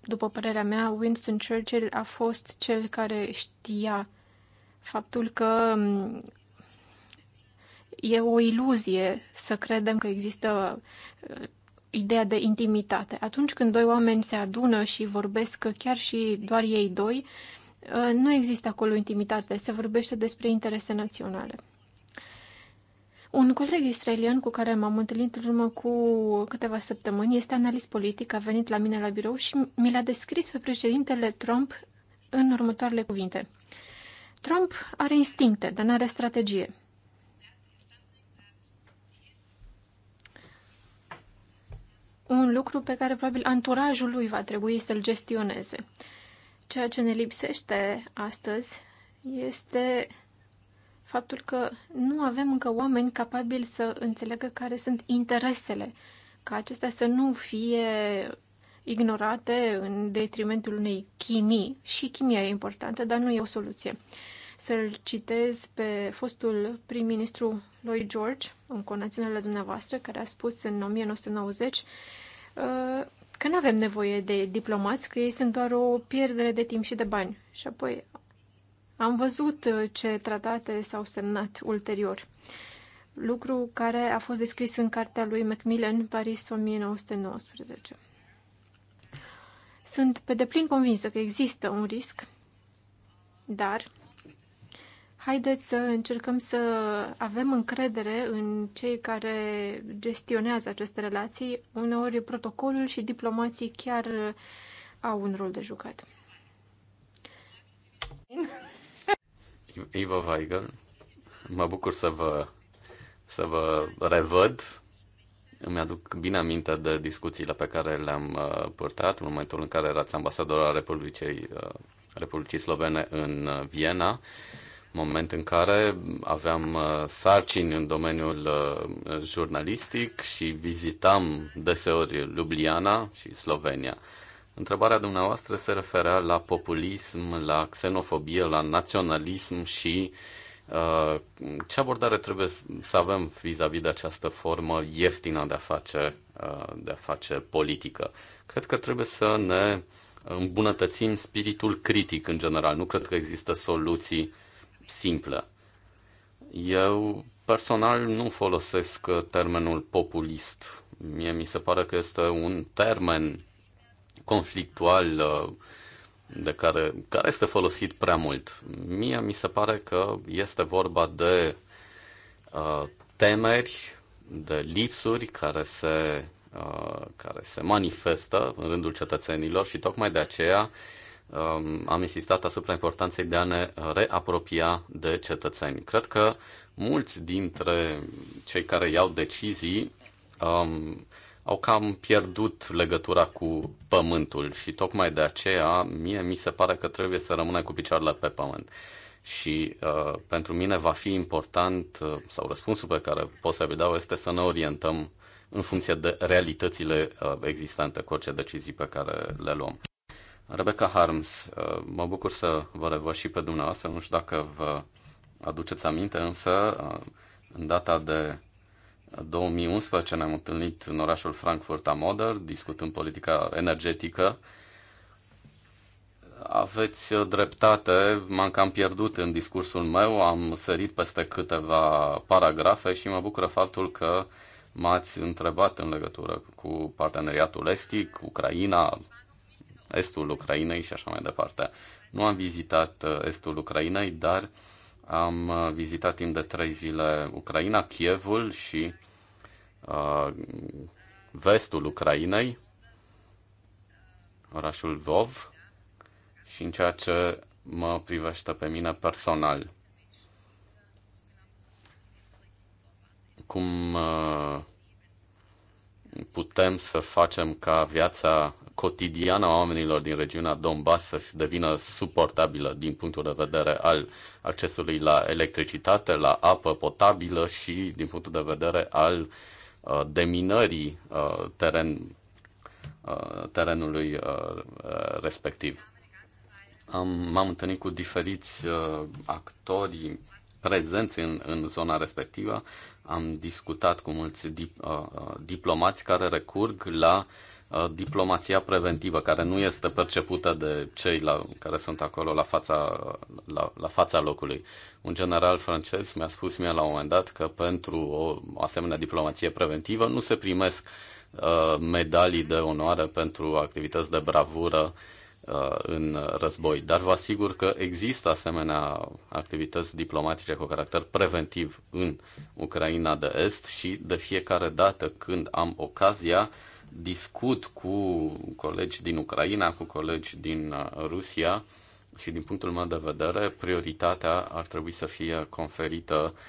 După părerea mea, Winston Churchill a fost cel care știa faptul că e o iluzie să credem că există uh, ideea de intimitate. Atunci când doi oameni se adună și vorbesc chiar și doar ei doi, Uh, nu există acolo intimitate, se vorbește despre interese naționale. Un coleg israelian cu care m-am întâlnit în urmă cu câteva săptămâni este analist politic, a venit la mine la birou și mi l-a descris pe președintele Trump în următoarele cuvinte. Trump are instincte, dar nu are strategie. Un lucru pe care probabil anturajul lui va trebui să-l gestioneze. Uh, Ceea ce ne lipsește astăzi este faptul că nu avem încă oameni capabili să înțeleagă care sunt interesele, ca acestea să nu fie ignorate în detrimentul unei chimii. Și chimia e importantă, dar nu e o soluție. Să-l citez pe fostul prim-ministru Lloyd George, un conațional la dumneavoastră, care a spus în 1990 că nu avem nevoie de diplomați, că ei sunt doar o pierdere de timp și de bani. Și apoi am văzut uh, ce tratate s-au semnat ulterior. Lucru care a fost descris în cartea lui Macmillan, Paris 1919. Sunt pe deplin convinsă că există un risc, dar Haideți să încercăm să avem încredere în cei care gestionează aceste relații. Uneori protocolul și diplomații chiar au un rol de jucat. Ivo Weigel, mă bucur să vă, să vă revăd. Îmi aduc bine aminte de discuțiile pe care le-am uh, purtat în momentul în care erați ambasador al Republicii, uh, Republicii Slovene în uh, Viena moment în care aveam uh, sarcini în domeniul uh, jurnalistic și vizitam deseori Ljubljana și Slovenia. Întrebarea dumneavoastră se referea la populism, la xenofobie, la naționalism și uh, ce abordare trebuie să avem vis-a-vis -vis de această formă ieftină de a face, de a face politică. Cred că trebuie să ne îmbunătățim spiritul critic în general. Nu cred că există soluții uh, simplă. Eu personal nu folosesc uh, termenul populist. Mie mi se pare că este un termen conflictual uh, de care, care este folosit prea mult. Mie mi se pare că este vorba de uh, temeri, de lipsuri care se, uh, care se manifestă în rândul cetățenilor și tocmai de aceea uh, Um, am insistat asupra importanței de a ne reapropia de cetățeni. Cred că mulți dintre cei care iau decizii um, au cam pierdut legătura cu pământul și tocmai de aceea mie mi se pare că trebuie să rămână cu picioarele pe pământ. Și uh, pentru mine va fi important, uh, sau răspunsul pe care pot să-l dau este să ne orientăm în funcție de realitățile uh, existente cu orice decizii pe care le luăm. Rebecca Harms, uh, mă bucur să vă revăd și pe dumneavoastră. Nu știu dacă vă aduceți aminte, însă uh, în data de 2011 ne-am întâlnit în orașul Frankfurt am Oder, discutând politica energetică. Aveți uh, dreptate, m-am cam pierdut în discursul meu, am sărit peste câteva paragrafe și mă bucură faptul că m-ați întrebat în legătură cu parteneriatul estic, Ucraina, estul Ucrainei și așa mai departe. Nu am vizitat uh, estul Ucrainei, dar am uh, vizitat timp de trei zile Ucraina, Kievul și uh, vestul Ucrainei, orașul Vov, și în ceea ce mă privește pe mine personal. Cum uh, putem să facem ca viața cotidiană a oamenilor din regiunea Donbass să devină suportabilă din punctul de vedere al accesului la electricitate, la apă potabilă și din punctul de vedere al uh, deminării uh, teren, uh, terenului uh, uh respectiv. Am, m-am întâlnit cu diferiți uh, actori prezenți în, în zona respectivă am discutat cu mulți dip- uh, uh, diplomați care recurg la uh, diplomația preventivă, care nu este percepută de cei la, care sunt acolo la fața, la, la fața locului. Un general francez mi-a spus mie la un moment dat că pentru o, asemenea diplomație preventivă nu se primesc uh, medalii de onoare pentru activități de bravură uh, Uh, în război, dar vă asigur că există asemenea activități diplomatice cu caracter preventiv în Ucraina de Est și de fiecare dată când am ocazia discut cu colegi din Ucraina, cu colegi din uh, Rusia și din punctul meu de vedere prioritatea ar trebui să fie conferită uh,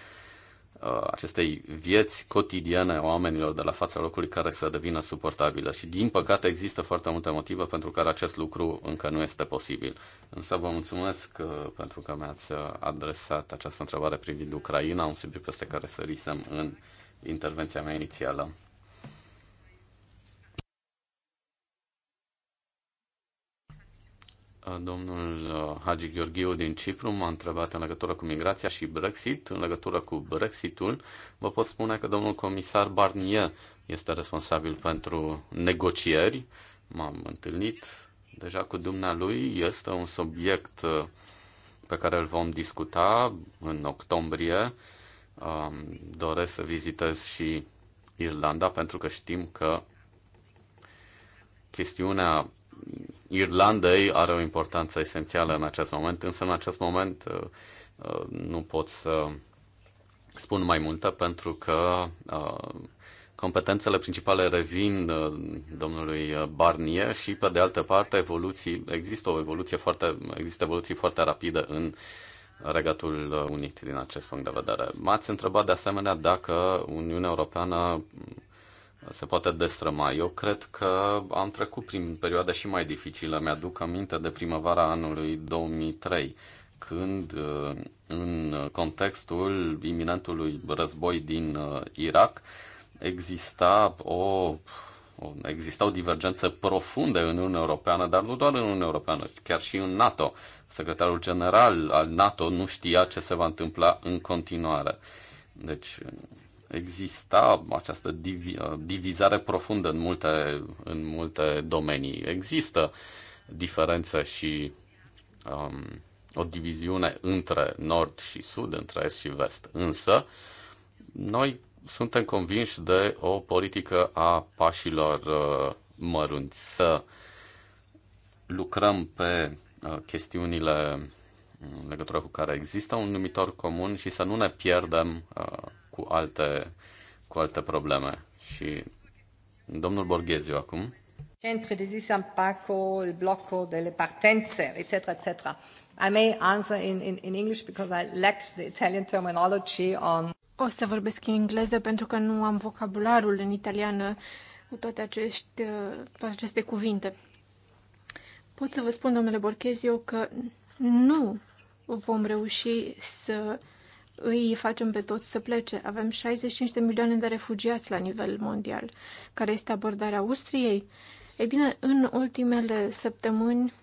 Uh, acestei vieți cotidiene a oamenilor de la fața locului care să devină suportabilă. Și din păcate există foarte multe motive pentru care acest lucru încă nu este posibil. Însă vă mulțumesc uh, pentru că mi-ați uh, adresat această întrebare privind Ucraina, un subiect peste care sărisem în intervenția mea inițială. Domnul uh, Hagi Gheorghiu din Cipru m-a întrebat în legătură cu migrația și Brexit. În legătură cu Brexitul, vă pot spune că domnul comisar Barnier este responsabil pentru negocieri. M-am întâlnit deja cu dumnealui. Este un subiect uh, pe care îl vom discuta în octombrie. Um, doresc să vizitez și Irlanda pentru că știm că chestiunea Irlandei are o importanță esențială în acest moment, însă în acest moment uh, uh, nu pot să spun mai multă, pentru că uh, competențele principale revin domnului Barnier și pe de altă parte evoluții, există o evoluție foarte, există evoluții foarte rapide în Regatul Unit din acest punct de vedere. M-ați întrebat de asemenea dacă Uniunea Europeană se poate destrăma. Eu cred că am trecut prin perioada și mai dificilă. Mi-aduc aminte de primăvara anului 2003, când uh, în contextul iminentului război din uh, Irak exista o Existau divergențe profunde în Uniunea Europeană, dar nu doar în Uniunea Europeană, chiar și în NATO. Secretarul general al NATO nu știa ce se va întâmpla în continuare. Deci, exista această divi, uh, divizare profundă în multe, în multe domenii. Există diferență și um, o diviziune între nord și sud, între est și vest. Însă, noi suntem convinși de o politică a pașilor uh, mărunți, să lucrăm pe uh, chestiunile în legătură cu care există un numitor comun și să nu ne pierdem uh, cu alte, cu alte probleme. Și domnul Borgheziu acum. Centri de zi San Paco, il blocco delle partenze, etc., etc. I may answer in, in, in English because I lack the Italian terminology on... O să vorbesc în engleză pentru că nu am vocabularul în italiană cu toate, acești, uh, toate aceste cuvinte. Pot să vă spun, domnule Borchezio, că nu vom reuși să îi facem pe toți să plece. Avem 65 de milioane de refugiați la nivel mondial. Care este abordarea Austriei? Ei bine, în ultimele săptămâni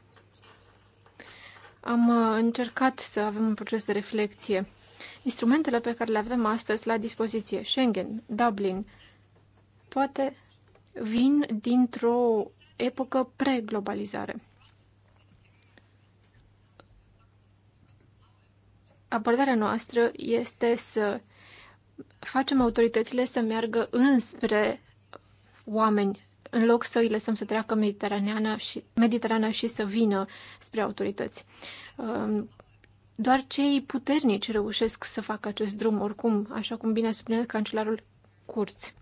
am uh, încercat să avem un proces de reflexie. Instrumentele pe care le avem astăzi la dispoziție, Schengen, Dublin, toate vin dintr-o epocă pre-globalizare. abordarea noastră este să facem autoritățile să meargă înspre oameni, în loc să îi lăsăm să treacă mediteraneană și, Mediterana și să vină spre autorități. Um, doar cei puternici reușesc să facă acest drum, oricum, așa cum bine a subliniat cancelarul Curți.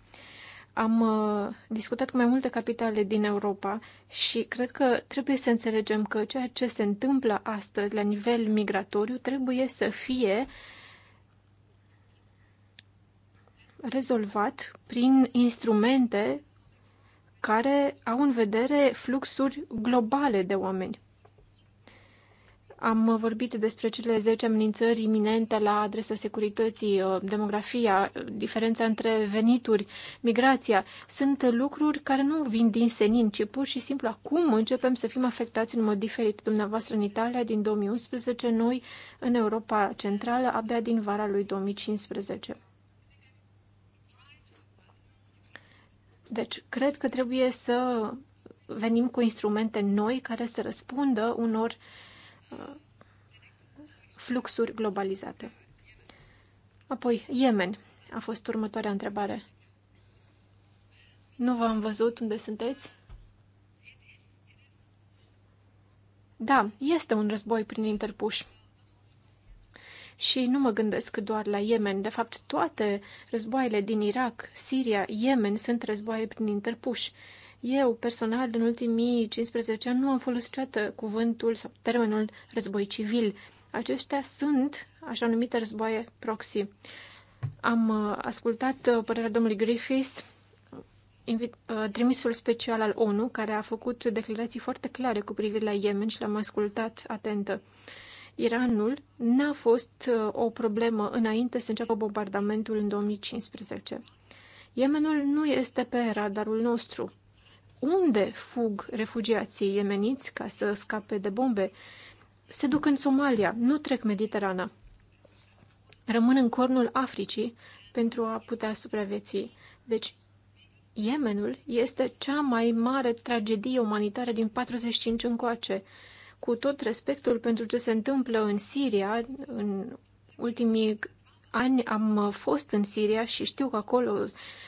Am uh, discutat cu mai multe capitale din Europa și cred că trebuie să înțelegem că ceea ce se întâmplă astăzi la nivel migratoriu trebuie să fie rezolvat prin instrumente care au în vedere fluxuri globale de oameni. Am vorbit despre cele 10 amenințări iminente la adresa securității, uh, demografia, diferența între venituri, migrația. Sunt lucruri care nu vin din senin, ci pur și simplu acum începem să fim afectați în mod diferit. Dumneavoastră în Italia din 2011, noi în Europa Centrală abia din vara lui 2015. Deci, cred că trebuie să venim cu instrumente noi care să răspundă unor uh, fluxuri globalizate. Apoi, Yemen a fost următoarea întrebare. Nu v-am văzut unde sunteți? Da, este un război prin interpuși. Și nu mă gândesc doar la Yemen. De fapt, toate războaiele din Irak, Siria, Yemen sunt războaie prin interpuși. Eu, personal, în ultimii 15 ani nu am folosit niciodată cuvântul sau termenul război civil. Aceștia sunt așa numite războaie proxy. Am uh, ascultat uh, părerea domnului Griffiths, uh, trimisul special al ONU, care a făcut declarații foarte clare cu privire la Yemen și l-am ascultat atentă. Iranul n-a fost o problemă înainte să înceapă bombardamentul în 2015. Yemenul nu este pe radarul nostru unde fug refugiații iemeniți ca să scape de bombe? Se duc în Somalia, nu trec Mediterana. Rămân în cornul Africii pentru a putea supraviețui. Deci, Yemenul este cea mai mare tragedie umanitară din 45 încoace. Cu tot respectul pentru ce se întâmplă în Siria în ultimii ani am uh, fost în Siria și știu că acolo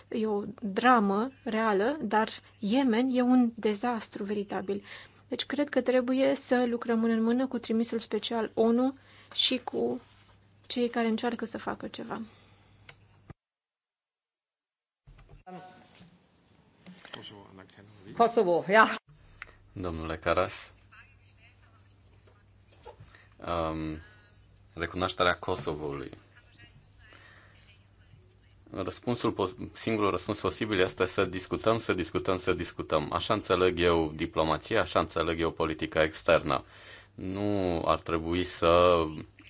e o dramă reală, dar Yemen e un dezastru veritabil. Deci cred că trebuie să lucrăm în mână cu trimisul special ONU și cu cei care încearcă să facă ceva. Kosovo, ja. Domnule Caras, um, recunoașterea Kosovoului Răspunsul, singurul răspuns posibil este să discutăm, să discutăm, să discutăm. Așa înțeleg eu diplomația, așa înțeleg eu politica externă. Nu ar trebui să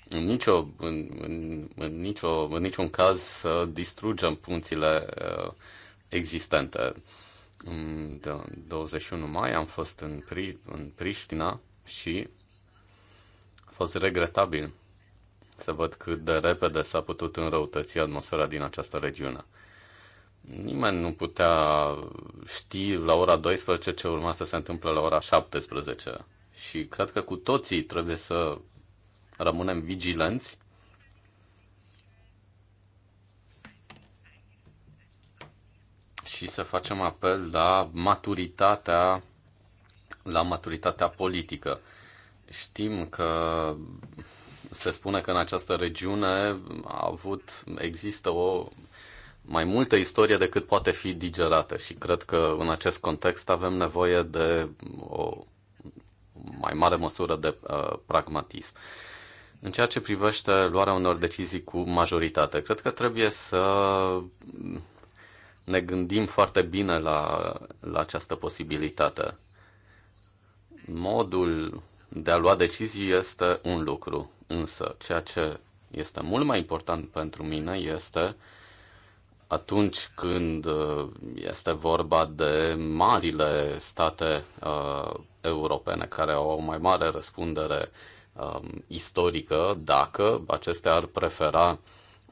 în, nicio, în, în, în, nicio, în niciun caz să distrugem punțile uh, existente. În 21 mai am fost în, Pri, în Priștina și a fost regretabil să văd cât de repede s-a putut înrăutăți atmosfera din această regiune. Nimeni nu putea ști la ora 12 ce urma să se întâmple la ora 17. Și cred că cu toții trebuie să rămânem vigilenți și să facem apel la maturitatea la maturitatea politică. Știm că se spune că în această regiune a avut, există o mai multă istorie decât poate fi digerată și cred că în acest context avem nevoie de o mai mare măsură de uh, pragmatism. În ceea ce privește luarea unor decizii cu majoritate, cred că trebuie să ne gândim foarte bine la, la această posibilitate. Modul de a lua decizii este un lucru, însă ceea ce este mult mai important pentru mine este atunci când uh, este vorba de marile state uh, europene care au o mai mare răspundere um, istorică, dacă acestea ar prefera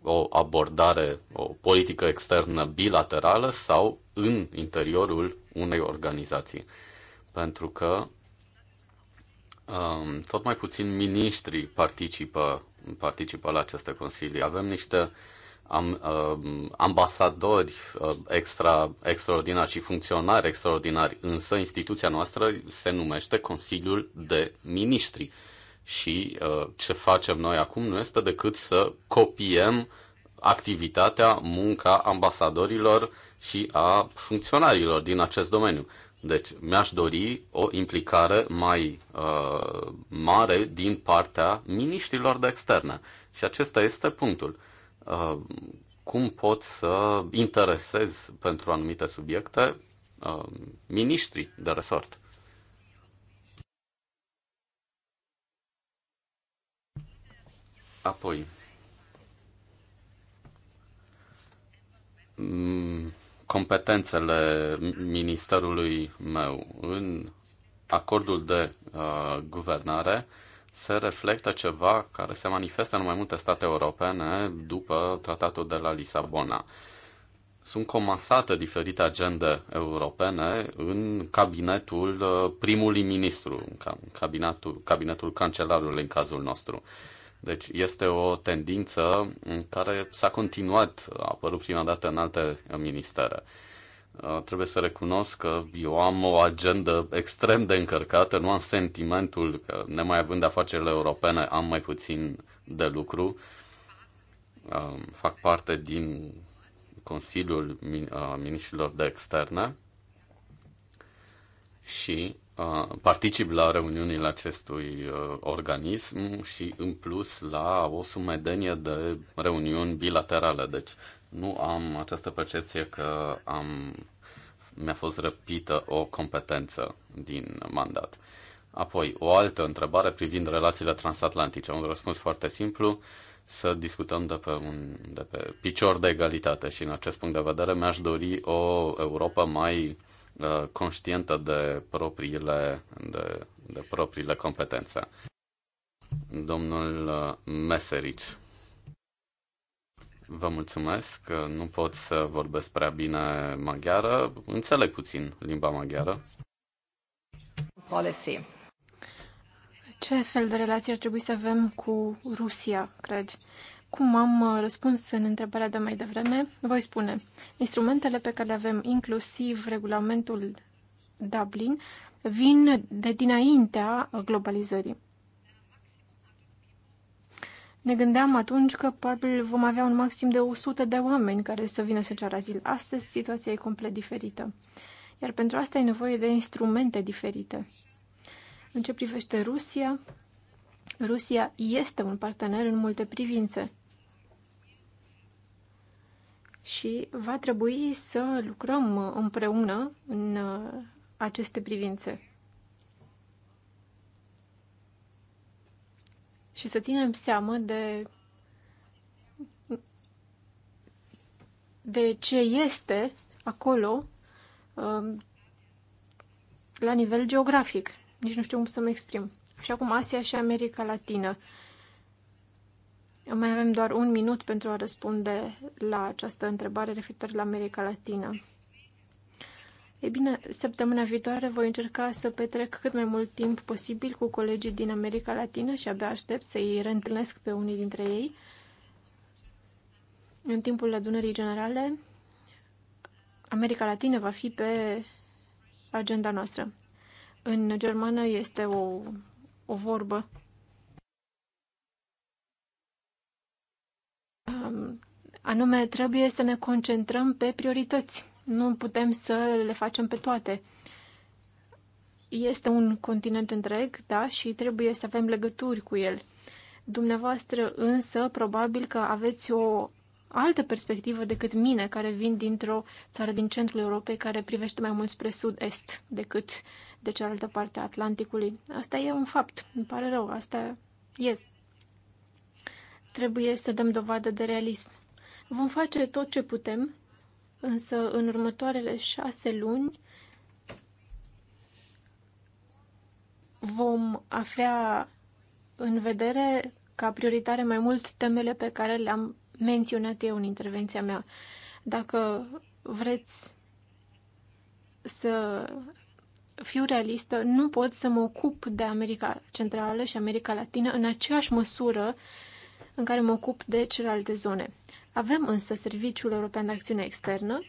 o abordare, o politică externă bilaterală sau în interiorul unei organizații. Pentru că Um, tot mai puțin miniștri participă, participă la aceste consilii. Avem niște am, uh, ambasadori uh, extra, extraordinari și funcționari extraordinari, însă instituția noastră se numește Consiliul de Ministri. Și uh, ce facem noi acum nu este decât să copiem activitatea, munca ambasadorilor și a funcționarilor din acest domeniu. Deci mi-aș dori o implicare mai uh, mare din partea miniștrilor de externe. Și acesta este punctul. Uh, cum pot să interesez pentru anumite subiecte uh, miniștrii de resort? Apoi. Mm competențele ministerului meu. În acordul de uh, guvernare se reflectă ceva care se manifestă în mai multe state europene după tratatul de la Lisabona. Sunt comasate diferite agende europene în cabinetul uh, primului ministru, în cabinetul, cabinetul cancelarului în cazul nostru. Uh, deci este o tendință care s-a continuat, a apărut prima dată în alte ministere. Uh, trebuie să recunosc că eu am o agendă extrem de încărcată, nu am sentimentul că, nemai având afacerile europene, am mai puțin de lucru. Uh, fac parte din Consiliul uh, Ministrilor de Externe și Uh, particip la reuniunile acestui uh, organism și în plus la o sumedenie de reuniuni bilaterale. Deci nu am această percepție că am, mi-a fost răpită o competență din mandat. Apoi, o altă întrebare privind relațiile transatlantice. Un răspuns foarte simplu, să discutăm de pe, un, de pe picior de egalitate și în acest punct de vedere mi-aș dori o Europa mai uh, Uh, conștientă de propriile, de, de propriile competențe. Domnul uh, Meserici. Vă mulțumesc, uh, nu pot să vorbesc prea bine maghiară, înțeleg puțin limba maghiară. Policy. Ce fel de relații ar trebui să avem cu Rusia, cred? Cum am uh, răspuns în întrebarea de mai devreme, voi spune, instrumentele pe care le avem, inclusiv regulamentul Dublin, vin de dinaintea globalizării. Ne gândeam atunci că probabil vom avea un maxim de 100 de oameni care să vină să ceară azil. Astăzi situația e complet diferită. Iar pentru asta e nevoie de instrumente diferite. În ce privește Rusia, Rusia este un partener în multe privințe și va trebui să lucrăm împreună în uh, aceste privințe. Și să ținem seamă de de ce este acolo um, la nivel geografic. Nici nu știu cum să mă exprim. Și acum Asia și America Latină. Mai avem doar un minut pentru a răspunde la această întrebare referitor la America Latină. E bine, săptămâna viitoare voi încerca să petrec cât mai mult timp posibil cu colegii din America Latină și abia aștept să-i reîntâlnesc pe unii dintre ei. În timpul adunării generale, America Latină va fi pe agenda noastră. În germană este o, o vorbă Anume, trebuie să ne concentrăm pe priorități. Nu putem să le facem pe toate. Este un continent întreg, da, și trebuie să avem legături cu el. Dumneavoastră însă, probabil că aveți o altă perspectivă decât mine, care vin dintr-o țară din centrul Europei, care privește mai mult spre sud-est decât de cealaltă parte a Atlanticului. Asta e un fapt. Îmi pare rău. Asta e Trebuie să dăm dovadă de realism. Vom face tot ce putem, însă în următoarele șase luni vom avea în vedere ca prioritare mai mult temele pe care le-am menționat eu în intervenția mea. Dacă vreți să fiu realistă, nu pot să mă ocup de America Centrală și America Latină în aceeași măsură uh, în care mă ocup de celelalte zone. Avem însă Serviciul European de Acțiune Externă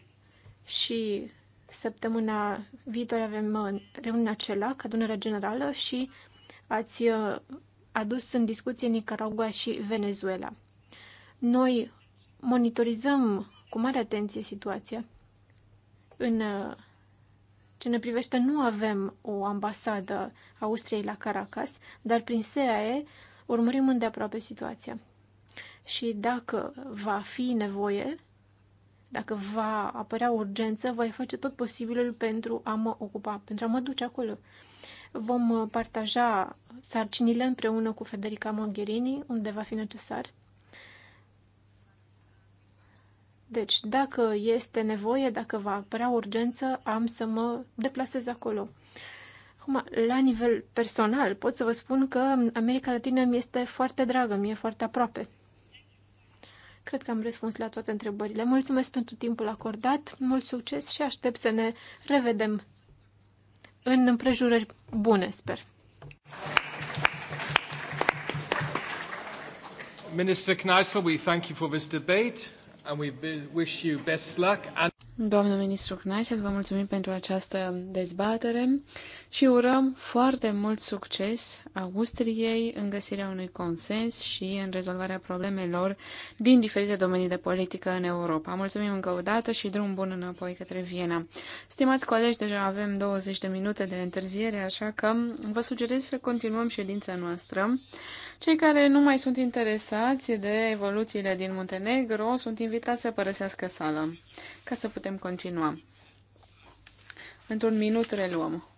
și săptămâna viitoare avem uh, reuniunea CELAC, adunarea generală, și ați uh, adus în discuție Nicaragua și Venezuela. Noi monitorizăm cu mare atenție situația. În uh, ce ne privește, nu avem o ambasadă Austriei la Caracas, dar prin SEAE urmărim îndeaproape situația și dacă va fi nevoie, dacă va apărea urgență, voi face tot posibilul pentru a mă ocupa, pentru a mă duce acolo. Vom uh, partaja sarcinile împreună cu Federica Mogherini, unde va fi necesar. Deci, dacă este nevoie, dacă va apărea urgență, am să mă deplasez acolo. Acum, la nivel personal, pot să vă spun că America Latină mi este foarte dragă, mi-e foarte aproape. Cred că am răspuns la toate întrebările. Mulțumesc pentru timpul acordat, mult succes și aștept să ne revedem în împrejurări bune, sper. Minister Kneisel, we thank you for this debate. Doamnă ministru Kneisel, vă mulțumim pentru această dezbatere și urăm foarte mult succes Austriei în găsirea unui consens și în rezolvarea problemelor din diferite domenii de politică în Europa. Mulțumim încă o dată și drum bun înapoi către Viena. Stimați colegi, deja avem 20 de minute de întârziere, așa că vă sugerez să continuăm ședința noastră. Cei care nu mai sunt interesați de evoluțiile din Muntenegro sunt invitați să părăsească sala, ca să putem continua. Într-un minut reluăm.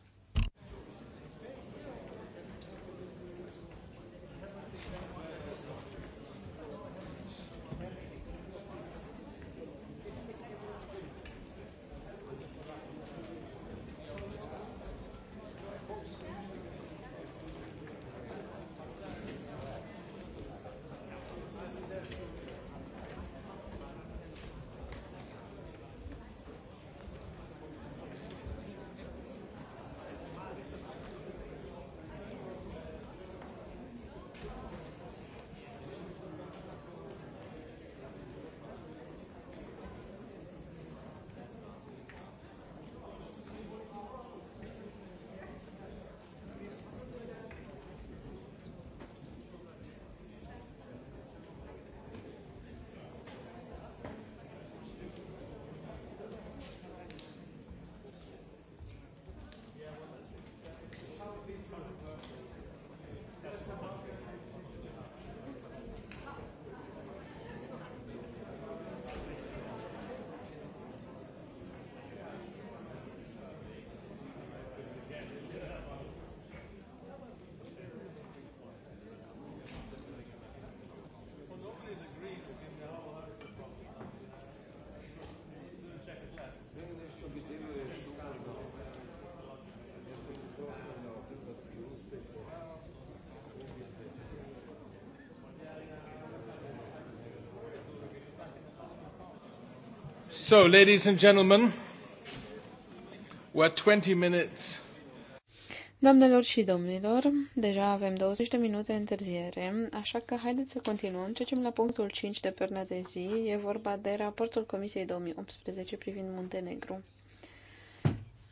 So, ladies and gentlemen, we're 20 minutes. Doamnelor și domnilor, deja avem 20 de minute întârziere, așa că haideți să continuăm. Trecem la punctul 5 de perna de zi. E vorba de raportul Comisiei 2018 privind Muntenegru.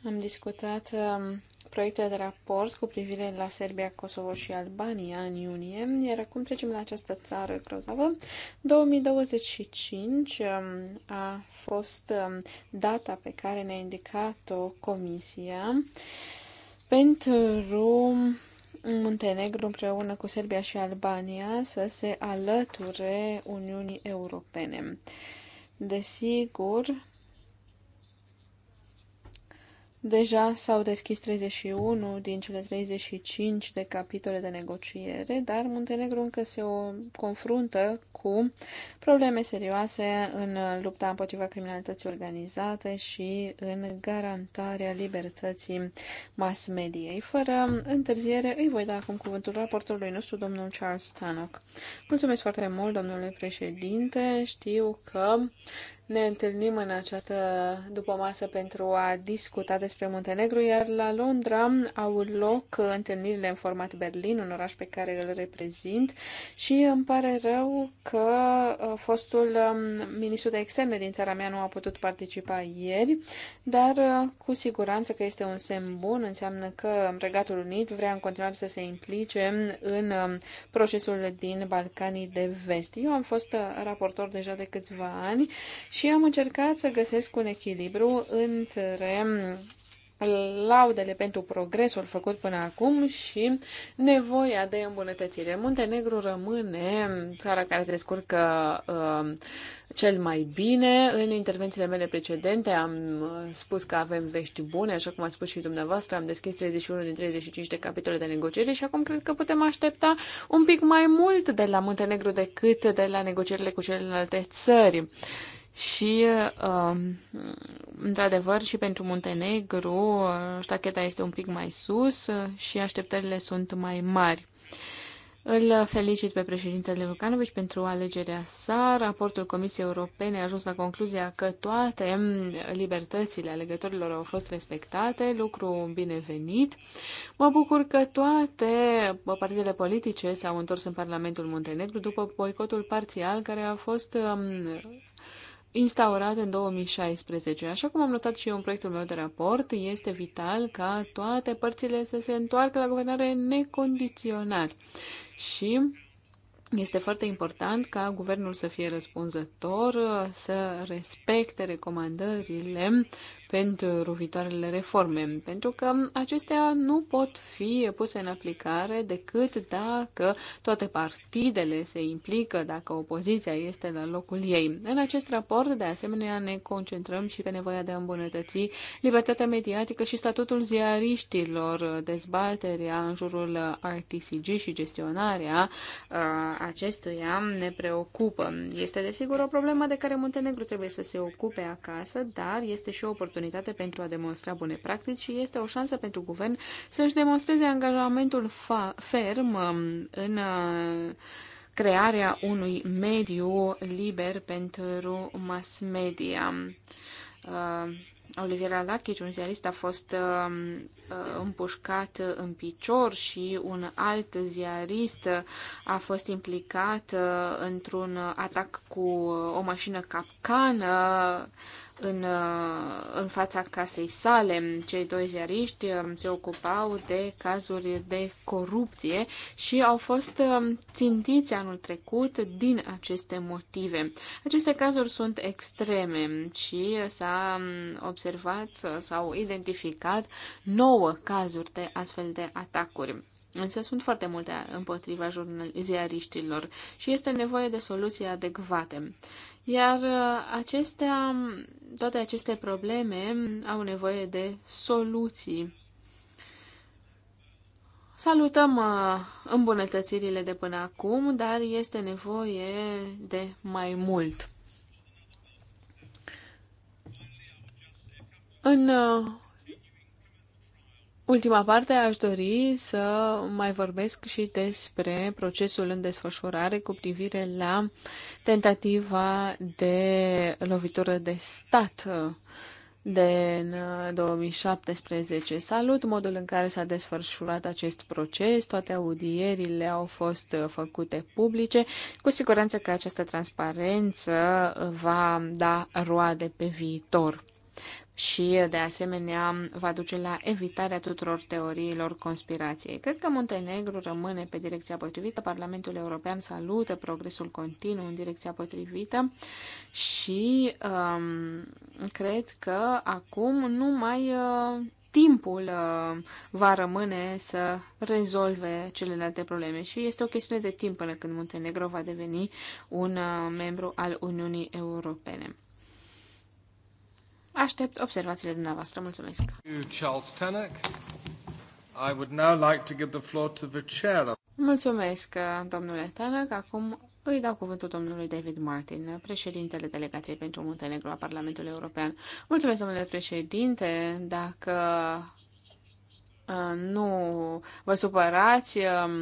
Am discutat um, proiecte de raport cu privire la Serbia, Kosovo și Albania în iunie, iar acum trecem la această țară grozavă. 2025 um, a fost um, data pe care ne-a indicat-o Comisia pentru Muntenegru împreună cu Serbia și Albania să se alăture Uniunii Europene. Desigur, Deja s-au deschis 31 din cele 35 de capitole de negociere, dar Muntenegru încă se o confruntă cu probleme serioase în lupta împotriva criminalității organizate și în garantarea libertății mass mediei. Fără întârziere, îi voi da acum cuvântul raportorului nostru, domnul Charles Stanock. Mulțumesc foarte mult, domnule președinte. Știu că ne întâlnim în această dupămasă pentru a discuta despre Muntenegru, iar la Londra au loc întâlnirile în format Berlin, un oraș pe care îl reprezint și îmi pare rău că uh, fostul um, ministru de externe din țara mea nu a putut participa ieri, dar uh, cu siguranță că este un semn bun, înseamnă că Regatul Unit vrea în continuare să se implice în um, procesul din Balcanii de Vest. Eu am fost uh, raportor deja de câțiva ani și am încercat să găsesc un echilibru între mm, laudele pentru progresul făcut până acum și nevoia de îmbunătățire. Muntenegru rămâne mm, țara care se descurcă uh, cel mai bine. În intervențiile mele precedente am spus că avem vești bune, așa cum a spus și dumneavoastră, am deschis 31 din 35 de capitole de negociere și acum cred că putem aștepta un pic mai mult de la Muntenegru decât de la negocierile cu celelalte țări. Uh, și, um, într-adevăr, și pentru Muntenegru, ștacheta este un pic mai sus și așteptările sunt mai mari. Îl felicit pe președintele Vucanovici pentru alegerea sa. Raportul Comisiei Europene a ajuns la concluzia că toate mm, libertățile alegătorilor au fost respectate, lucru binevenit. Mă bucur că toate partidele politice s-au întors în Parlamentul Muntenegru după boicotul parțial care a fost mm, instaurat în 2016. Așa cum am notat și eu în proiectul meu de raport, este vital ca toate părțile să se întoarcă la guvernare necondiționat. Și este foarte important ca guvernul să fie răspunzător, să respecte recomandările pentru viitoarele reforme, pentru că acestea nu pot fi puse în aplicare decât dacă toate partidele se implică, dacă opoziția este la locul ei. În acest raport, de asemenea, ne concentrăm și pe nevoia de a îmbunătăți libertatea mediatică și statutul ziariștilor, dezbaterea în jurul RTCG și gestionarea acestuia ne preocupă. Este, desigur, o problemă de care Muntenegru trebuie să se ocupe acasă, dar este și o oportunitate oportunitate pentru a demonstra bune practici și este o șansă pentru guvern să-și demonstreze angajamentul ferm um, în uh, crearea unui mediu liber pentru mass media. Uh, Oliviera Lachici, un ziarist, a fost um, uh, împușcat în picior și un alt ziarist a fost implicat uh, într-un atac cu o mașină capcană în, uh, în fața casei sale. Cei doi ziariști uh, se ocupau de cazuri de corupție și au fost uh, țintiți anul trecut din aceste motive. Aceste cazuri sunt extreme și s-a um, observat, s-au identificat nouă cazuri de astfel de atacuri. Însă sunt foarte multe împotriva ziariștilor și este nevoie de soluții adecvate. Iar uh, acestea, toate aceste probleme au nevoie de soluții. Salutăm uh, îmbunătățirile de până acum, dar este nevoie de mai mult. În uh, ultima parte aș dori să mai vorbesc și despre procesul în desfășurare cu privire la tentativa de lovitură de stat uh, din 2017. Uh, Salut modul în care s-a desfășurat acest proces, toate audierile au fost uh, făcute publice. Cu siguranță că această transparență va da roade pe viitor și, de asemenea, va duce la evitarea tuturor teoriilor conspirației. Cred că Muntenegru rămâne pe direcția potrivită. Parlamentul European salută progresul continuu în direcția potrivită și um, cred că acum nu mai. Uh, timpul uh, va rămâne să rezolve celelalte probleme și este o chestiune de timp până când Muntenegro va deveni un uh, membru al Uniunii Europene. Aștept observațiile dumneavoastră. Mulțumesc. Charles I would now like to give the floor to Mulțumesc, domnule Tanăc. Acum îi dau cuvântul domnului David Martin, președintele Delegației pentru Muntenegru a Parlamentului European. Mulțumesc, domnule președinte. Dacă Uh, nu vă supărați, um,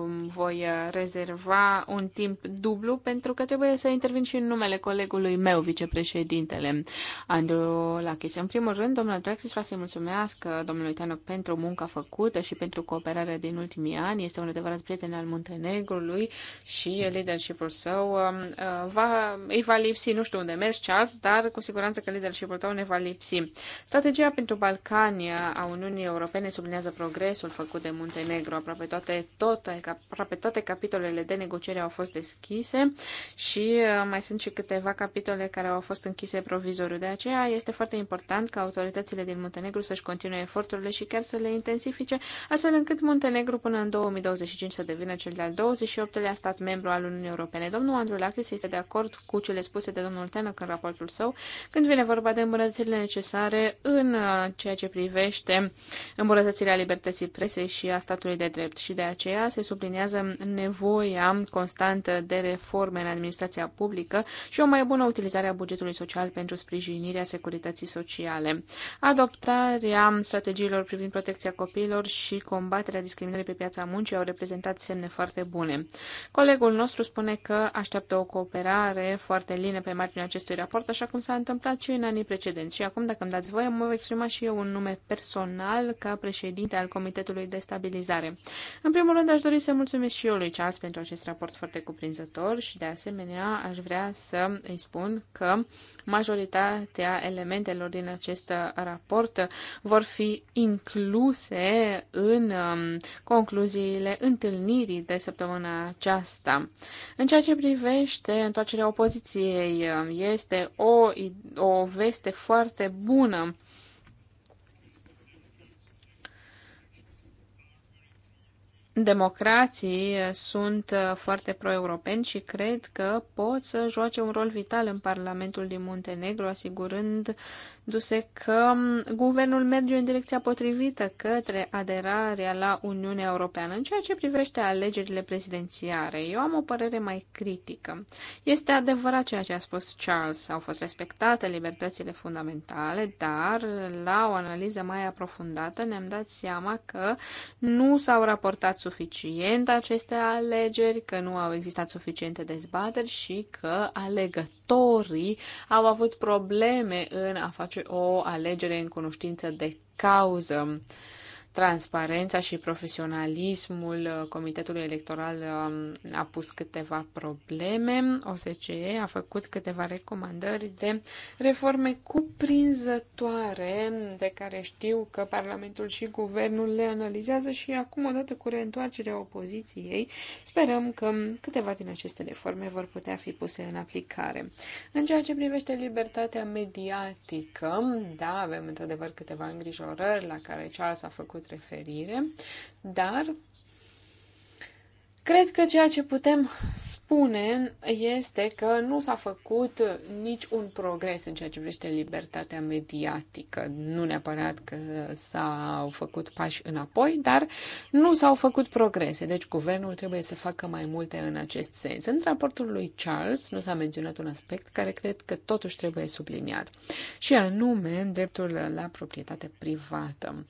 um, voi rezerva un timp dublu pentru că trebuie să intervin și în numele colegului meu, vicepreședintele Andrew Lachis. În primul rând, domnul Praxis vrea să-i mulțumesc uh, domnului Tanoc pentru munca făcută și pentru cooperarea din ultimii ani. Este un adevărat prieten al Muntenegrului și leadership-ul său um, uh, va, îi va lipsi, nu știu unde mergi, Charles, dar cu siguranță că leadership-ul tău ne va lipsi. Strategia pentru Balcania a Uniunii Europene sublinează progresul făcut de Muntenegru. Aproape toate, tot, aproape toate capitolele de negociere au fost deschise și uh, mai sunt și câteva capitole care au fost închise provizoriu. De aceea este foarte important ca autoritățile din Muntenegru să-și continue eforturile și chiar să le intensifice, astfel încât Muntenegru până în 2025 să devină cel de-al 28-lea stat membru al Uniunii Europene. Domnul Andrew Lacris este de acord cu cele spuse de domnul Tenoc în raportul său când vine vorba de îmbunătățirile necesare în uh, ceea ce privește îmbunătățirile îmbunătățirea libertății presei și a statului de drept și de aceea se subliniază nevoia constantă de reforme în administrația publică și o mai bună utilizare a bugetului social pentru sprijinirea securității sociale. Adoptarea strategiilor privind protecția copiilor și combaterea discriminării pe piața muncii au reprezentat semne foarte bune. Colegul nostru spune că așteaptă o cooperare foarte lină pe marginea acestui raport, așa cum s-a întâmplat și în anii precedenți. Și acum, dacă îmi dați voie, mă voi exprima și eu un nume personal ca președinte președinte al Comitetului de Stabilizare. În primul rând, aș dori să mulțumesc și eu lui Charles pentru acest raport foarte cuprinzător și, de asemenea, aș vrea să îi spun că majoritatea elementelor din acest raport vor fi incluse în um, concluziile întâlnirii de săptămâna aceasta. În ceea ce privește întoarcerea opoziției, este o, o veste foarte bună democrații eh, sunt eh, foarte pro-europeni și cred că pot să joace un rol vital în Parlamentul din Muntenegru, asigurând duse se că guvernul merge în direcția potrivită către aderarea la Uniunea Europeană. În ceea ce privește alegerile prezidențiare, eu am o părere mai critică. Este adevărat ceea ce a spus Charles, au fost respectate libertățile fundamentale, dar la o analiză mai aprofundată ne-am dat seama că nu s-au raportat suficient aceste alegeri, că nu au existat suficiente dezbateri și că alegătorii au avut probleme în a face o alegere în cunoștință de cauză transparența și profesionalismul uh, Comitetului Electoral um, a pus câteva probleme. OSCE a făcut câteva recomandări de reforme cuprinzătoare de care știu că Parlamentul și Guvernul le analizează și acum, odată cu reîntoarcerea opoziției, sperăm că câteva din aceste reforme vor putea fi puse în aplicare. În ceea ce privește libertatea mediatică, da, avem într-adevăr câteva îngrijorări la care Charles a făcut referire, dar Cred că ceea ce putem spune este că nu s-a făcut nici un progres în ceea ce privește libertatea mediatică. Nu neapărat că s-au făcut pași înapoi, dar nu s-au făcut progrese. Deci guvernul trebuie să facă mai multe în acest sens. În raportul lui Charles nu s-a menționat un aspect care cred că totuși trebuie subliniat, și anume dreptul la proprietate privată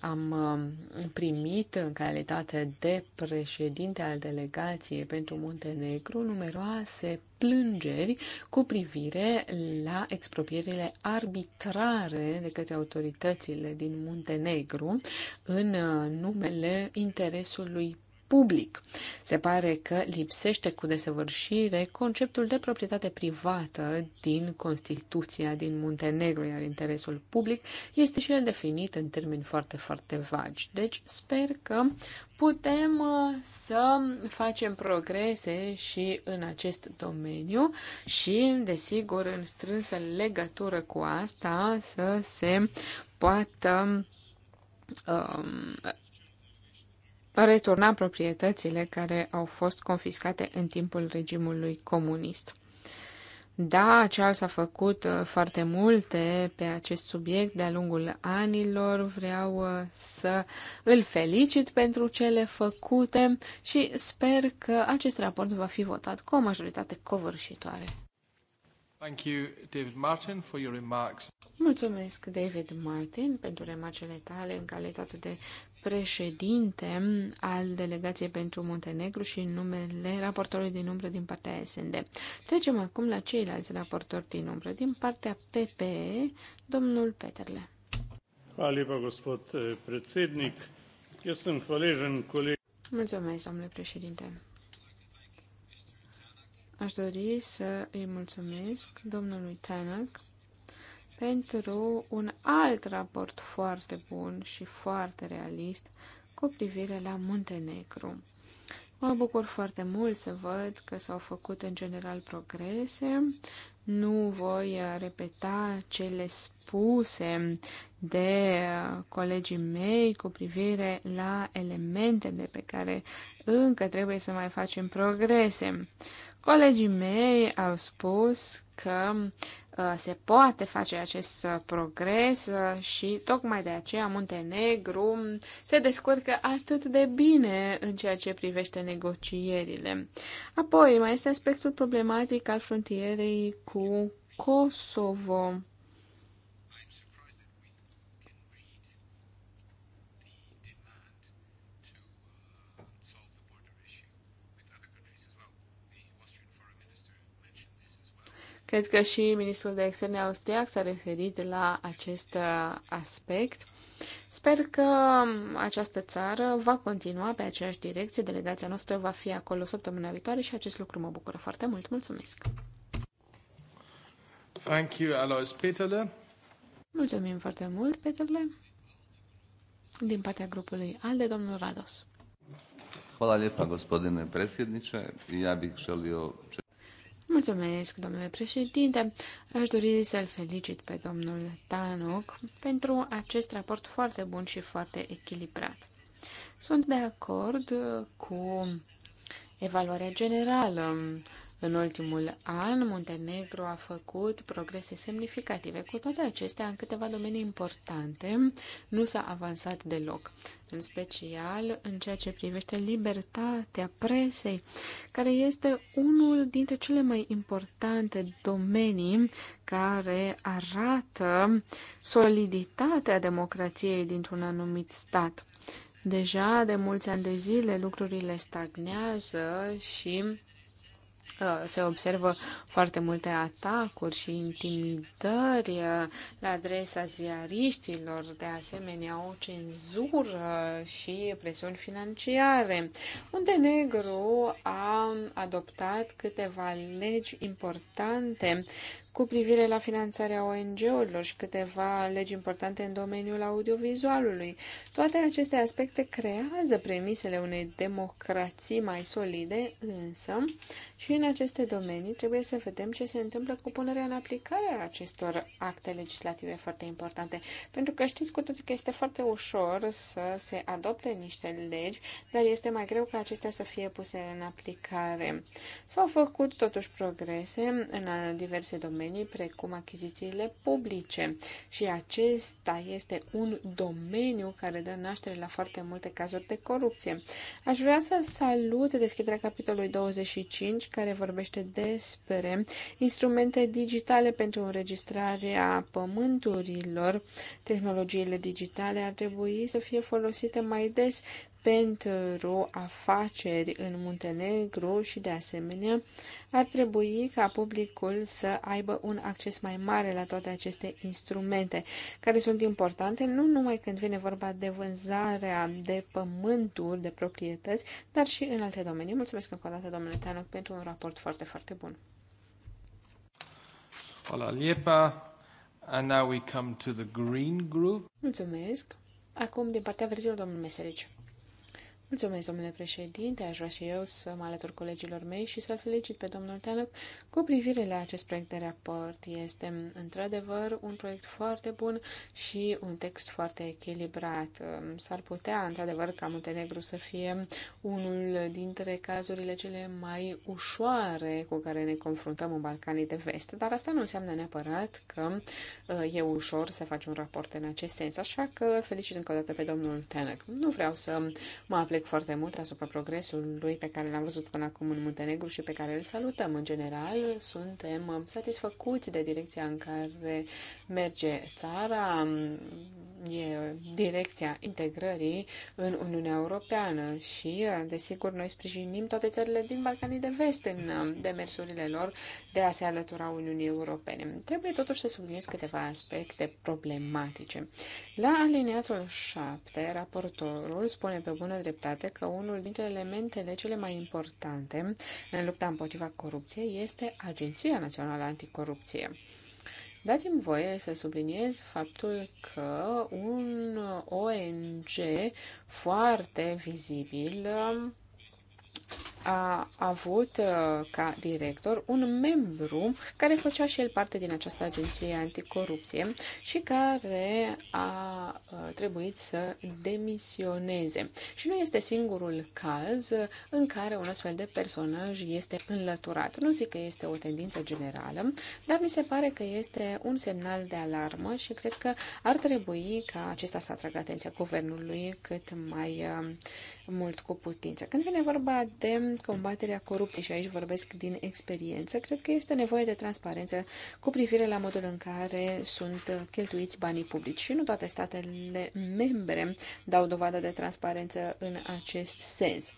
am um, primit în calitate de președinte al delegației pentru Muntenegru numeroase plângeri cu privire la expropierile arbitrare de către autoritățile din Muntenegru în uh, numele interesului public. Se pare că lipsește cu desăvârșire conceptul de proprietate privată din Constituția din Muntenegru, iar interesul public este și el definit în termeni foarte, foarte vagi. Deci sper că putem uh, să facem progrese și în acest domeniu și, desigur, în strânsă legătură cu asta să se poată um, returna proprietățile care au fost confiscate în timpul regimului comunist. Da, Charles s-a făcut uh, foarte multe pe acest subiect de-a lungul anilor. Vreau uh, să îl felicit pentru cele făcute și sper că acest raport va fi votat cu o majoritate covârșitoare. Thank you, David Martin, for your remarks. Mulțumesc, David Martin, pentru remarcele tale în calitate de președinte al Delegației pentru Muntenegru și în numele raportorului din umbră din partea SND. Trecem acum la ceilalți raportori din umbră. Din partea PPE, domnul Peterle. Alipa, gospod eh, predsednik. eu sunt hvaležen koleg... Mulțumesc, domnule președinte. Aș dori să îi mulțumesc domnului Tanak pentru un alt raport foarte bun și foarte realist cu privire la Muntenegru. Mă bucur foarte mult să văd că s-au făcut în general progrese. Nu voi uh, repeta cele spuse de uh, colegii mei cu privire la elementele pe care încă trebuie să mai facem progrese. Colegii mei au spus că Uh, se poate face acest uh, progres uh, și tocmai de aceea Muntenegru se descurcă atât de bine în ceea ce privește negocierile. Apoi mai este aspectul problematic al frontierei cu Kosovo. Cred că și ministrul de externe austriac s-a referit la acest uh, aspect. Sper că um, această țară va continua pe aceeași direcție. Delegația noastră va fi acolo săptămâna viitoare și acest lucru mă bucură foarte mult. Mulțumesc! Thank you, Alois Peterle. Mulțumim foarte mult, Peterle. Din partea grupului ALDE, domnul Rados. Hvala lijepa, gospodine predsjedniče. Ja bih želio Mulțumesc, domnule președinte. Aș dori să-l felicit pe domnul Tanoc pentru acest raport foarte bun și foarte echilibrat. Sunt de acord cu evaluarea generală în ultimul an, Muntenegru a făcut progrese semnificative. Cu toate acestea, în câteva domenii importante, nu s-a avansat deloc. În special în ceea ce privește libertatea presei, care este unul dintre cele mai importante domenii care arată soliditatea democrației dintr-un anumit stat. Deja de mulți ani de zile lucrurile stagnează și se observă foarte multe atacuri și intimidări uh, la adresa ziariștilor, de asemenea o cenzură și presiuni financiare. Unde negru a adoptat câteva legi importante cu privire la finanțarea ONG-urilor și câteva legi importante în domeniul audiovizualului. Toate aceste aspecte creează premisele unei democrații mai solide, însă, și în aceste domenii trebuie să vedem ce se întâmplă cu punerea în aplicare a acestor acte legislative foarte importante. Pentru că știți cu toții că este foarte ușor să se adopte niște legi, dar este mai greu ca acestea să fie puse în aplicare. S-au făcut totuși progrese în diverse domenii, precum achizițiile publice. Și acesta este un domeniu care dă naștere la foarte multe cazuri de corupție. Aș vrea să salut deschiderea capitolului 25, care care vorbește despre instrumente digitale pentru înregistrarea pământurilor. Tehnologiile digitale ar trebui să fie folosite mai des pentru afaceri în Muntenegru și, de asemenea, ar trebui ca publicul să aibă un acces mai mare la toate aceste instrumente, care sunt importante nu numai când vine vorba de vânzarea de pământuri, de proprietăți, dar și în alte domenii. Mulțumesc încă o dată, domnule Tanoc, pentru un raport foarte, foarte bun. Hola, Liepa. And now we come to the green group. Mulțumesc. Acum, din partea verzilor, domnul Meserici. Mulțumesc, domnule președinte. Aș vrea și eu să mă alătur colegilor mei și să-l felicit pe domnul Teanăc cu privire la acest proiect de raport. Este, într-adevăr, un proiect foarte bun și un text foarte echilibrat. S-ar putea, într-adevăr, ca Muntenegru să fie unul dintre cazurile cele mai ușoare cu care ne confruntăm în Balcanii de Vest, dar asta nu înseamnă neapărat că uh, e ușor să faci un raport în acest sens. Așa că felicit încă o dată pe domnul Teanăc. Nu vreau să mă aplec aleg foarte mult asupra progresului pe care l-am văzut până acum în Muntenegru și pe care îl salutăm. În general, suntem um, satisfăcuți de direcția în care merge țara e direcția integrării în Uniunea Europeană și, uh, desigur, noi sprijinim toate țările din Balcanii de Vest în uh, demersurile lor de a se alătura Uniunii Europene. Trebuie totuși să subliniez câteva aspecte problematice. La aliniatul 7, raportorul spune pe bună dreptate că unul dintre elementele cele mai importante în lupta împotriva corupției este Agenția Națională Anticorupție. Dați-mi voie să subliniez faptul că un ONG foarte vizibil a avut uh, ca director un membru care făcea și el parte din această agenție anticorupție și care a uh, trebuit să demisioneze. Și nu este singurul caz în care un astfel de personaj este înlăturat. Nu zic că este o tendință generală, dar mi se pare că este un semnal de alarmă și cred că ar trebui ca acesta să atragă atenția guvernului cât mai uh, mult cu putință. Când vine vorba de combaterea corupției, și aici vorbesc din experiență, cred că este nevoie de transparență cu privire la modul în care sunt cheltuiți banii publici. Și nu toate statele membre dau dovadă de transparență în acest sens.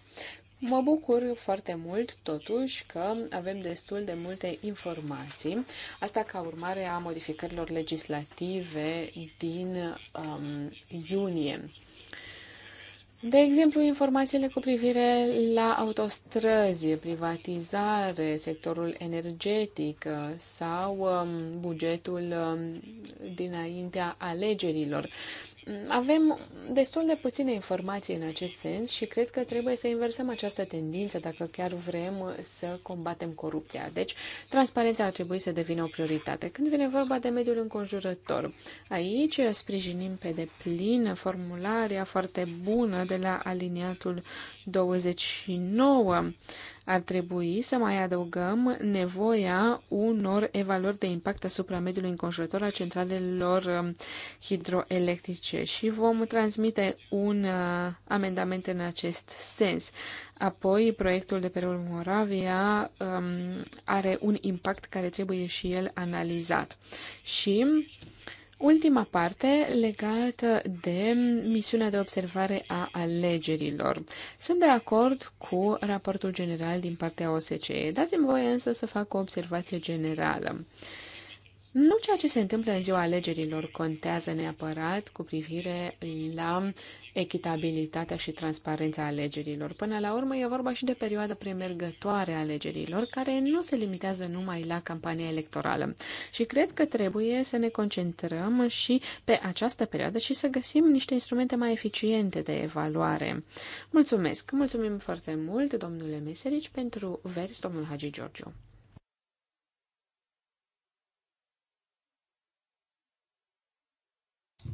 Mă bucur foarte mult, totuși, că avem destul de multe informații. Asta ca urmare a modificărilor legislative din um, iunie. De exemplu, informațiile cu privire la autostrăzi, privatizare, sectorul energetic sau um, bugetul um, dinaintea alegerilor. Avem destul de puține informații în acest sens și cred că trebuie să inversăm această tendință dacă chiar vrem să combatem corupția. Deci, transparența ar trebui să devină o prioritate. Când vine vorba de mediul înconjurător, aici sprijinim pe deplin formularea foarte bună de la aliniatul 29 ar trebui să mai adăugăm nevoia unor evaluări de impact asupra mediului înconjurător al centralelor um, hidroelectrice și vom transmite un uh, amendament în acest sens. Apoi, proiectul de pe râul Moravia um, are un impact care trebuie și el analizat. Și Ultima parte legată de misiunea de observare a alegerilor. Sunt de acord cu raportul general din partea OSCE. Dați-mi voie însă să fac o observație generală. Nu ceea ce se întâmplă în ziua alegerilor contează neapărat cu privire la echitabilitatea și transparența alegerilor. Până la urmă e vorba și de perioada premergătoare a alegerilor, care nu se limitează numai la campania electorală. Și cred că trebuie să ne concentrăm și pe această perioadă și să găsim niște instrumente mai eficiente de evaluare. Mulțumesc! Mulțumim foarte mult, domnule Meserici, pentru vers, domnul Hagi Georgiu.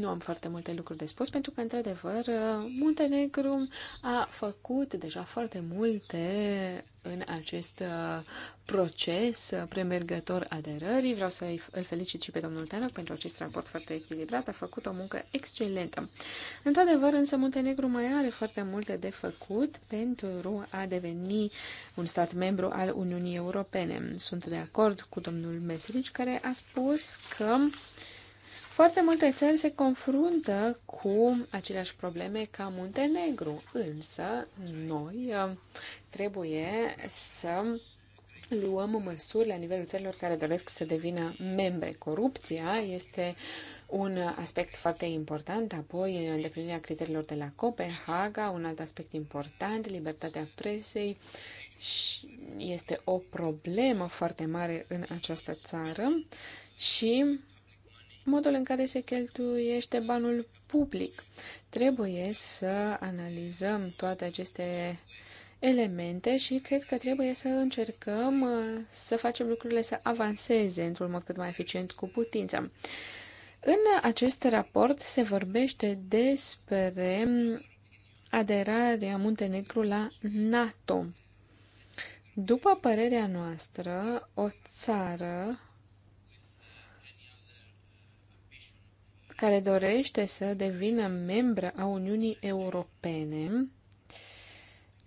Nu am foarte multe lucruri de spus, pentru că, într-adevăr, Muntenegru a făcut deja foarte multe în acest uh, proces premergător aderării. Vreau să îl felicit și pe domnul Tenoc pentru acest raport foarte echilibrat. A făcut o muncă excelentă. Într-adevăr, însă, Muntenegru mai are foarte multe de făcut pentru a deveni un stat membru al Uniunii Europene. Sunt de acord cu domnul Meserici, care a spus că uh, foarte multe țări se confruntă cu aceleași probleme ca Muntenegru, însă noi uh, trebuie să luăm măsuri la nivelul țărilor care doresc să devină membre. Corupția este un aspect foarte important, apoi îndeplinirea criteriilor de la Copenhaga, un alt aspect important, libertatea presei, este o problemă foarte mare în această țară și modul în care se cheltuiește banul public. Trebuie să analizăm toate aceste elemente și cred că trebuie să încercăm uh, să facem lucrurile să avanseze într-un mod cât mai eficient cu putință. În acest raport se vorbește despre aderarea Muntenegru la NATO. După părerea noastră, o țară care dorește să devină membră a Uniunii Europene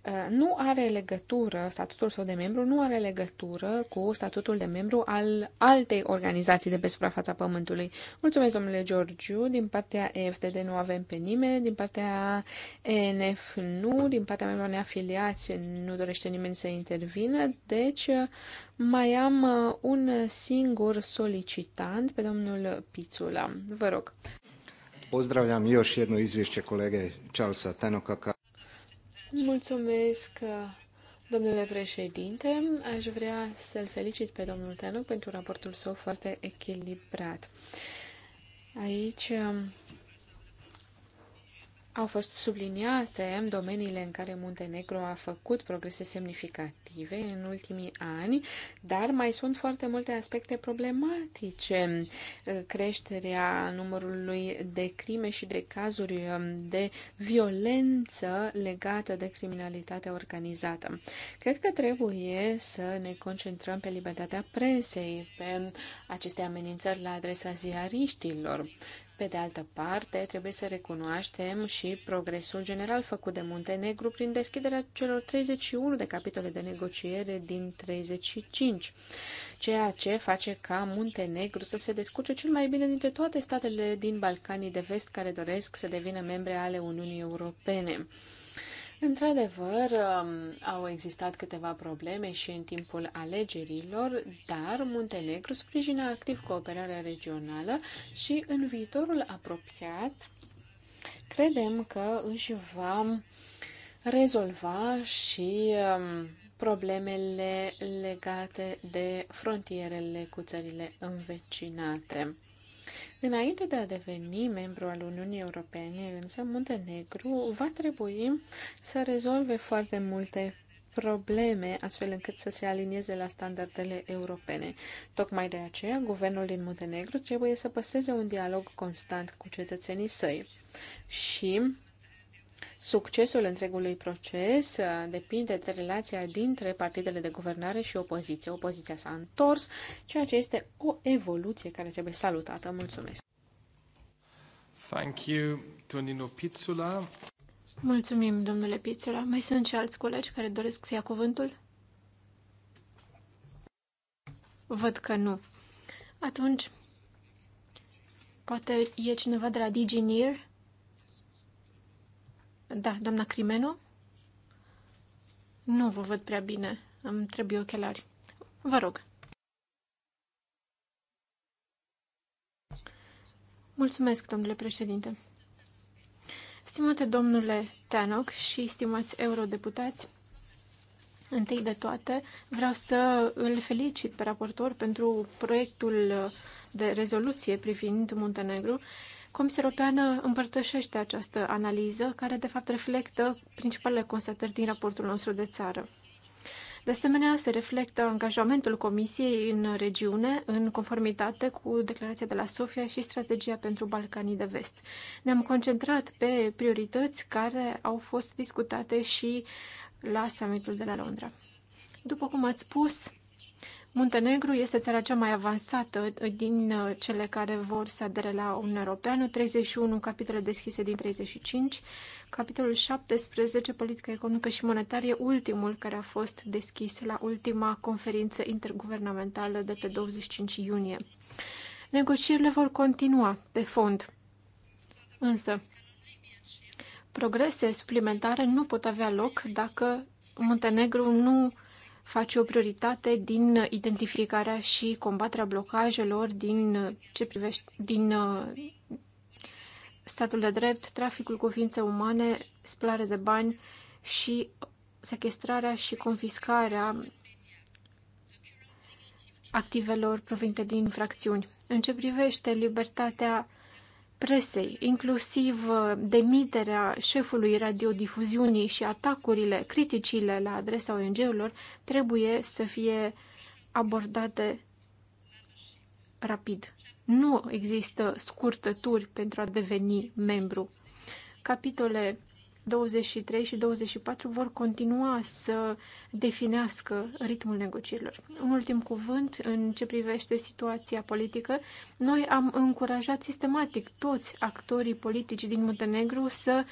Uh, nu are legătură, statutul său de membru nu are legătură cu statutul de membru al altei organizații de pe suprafața Pământului. Mulțumesc, domnule Georgiu, din partea EFTD nu avem pe nimeni, din partea ENF nu, din partea membrilor neafiliați nu dorește nimeni să intervină, deci uh, mai am uh, un singur solicitant pe domnul Pițula. Vă rog. Pozdravljam još jedno izvješće kolege Charlesa Tenoka Mulțumesc, domnule președinte. Aș vrea să-l felicit pe domnul Tanoc pentru raportul său foarte echilibrat. Aici au fost subliniate domeniile în care Muntenegru a făcut progrese semnificative în ultimii ani, dar mai sunt foarte multe aspecte problematice. Creșterea numărului de crime și de cazuri um, de violență legată de criminalitatea organizată. Cred că trebuie să ne concentrăm pe libertatea presei, pe aceste amenințări la adresa ziariștilor. Pe de altă parte, trebuie să recunoaștem și progresul general făcut de Muntenegru prin deschiderea celor 31 de capitole de negociere din 35, ceea ce face ca Muntenegru să se descurce cel mai bine dintre toate statele din Balcanii de Vest care doresc să devină membre ale Uniunii Europene. Într-adevăr, um, au existat câteva probleme și în timpul alegerilor, dar Muntenegru sprijină activ cooperarea regională și în viitorul apropiat credem că își va rezolva și um, problemele legate de frontierele cu țările învecinate. Înainte de a deveni membru al Uniunii Europene, însă, Muntenegru va trebui să rezolve foarte multe probleme, astfel încât să se alinieze la standardele europene. Tocmai de aceea, guvernul din Muntenegru trebuie să păstreze un dialog constant cu cetățenii săi și Succesul întregului proces uh, depinde de relația dintre partidele de guvernare și opoziție. Opoziția s-a întors, ceea ce este o evoluție care trebuie salutată. Mulțumesc! Thank you, Tonino Pizzula. Mulțumim, domnule Pizzula. Mai sunt și alți colegi care doresc să ia cuvântul? Văd că nu. Atunci, poate e cineva de la DigiNear da, doamna Crimeno? Nu vă văd prea bine. Îmi trebuie ochelari. Vă rog. Mulțumesc, domnule președinte. Stimate domnule Tanoc și stimați eurodeputați, întâi de toate vreau să îl felicit pe raportor pentru proiectul de rezoluție privind Muntenegru Comisia Europeană împărtășește această analiză, care de fapt reflectă principalele constatări din raportul nostru de țară. De asemenea, se reflectă angajamentul Comisiei în regiune, în conformitate cu declarația de la Sofia și strategia pentru Balcanii de Vest. Ne-am concentrat pe priorități care au fost discutate și la summitul de la Londra. După cum ați spus, Muntenegru este țara cea mai avansată uh, din uh, cele care vor să adere la Uniunea Europeană, 31 capitole deschise din 35, capitolul 17, politică economică și monetară, ultimul care a fost deschis la ultima conferință interguvernamentală de pe 25 iunie. Negocierile vor continua pe fond, însă progrese suplimentare nu pot avea loc dacă Muntenegru nu face o prioritate din identificarea și combaterea blocajelor din ce privește din uh, statul de drept, traficul cu ființe umane, spălare de bani și sequestrarea și confiscarea activelor provenite din infracțiuni. În ce privește libertatea presei, inclusiv uh, demiterea șefului radiodifuziunii și atacurile, criticile la adresa ONG-urilor, trebuie să fie abordate rapid. Nu există scurtături pentru a deveni membru. Capitole 23 și 24 vor continua să definească ritmul negocierilor. Un ultim cuvânt în ce privește situația politică. Noi am încurajat sistematic toți actorii politici din Muntenegru să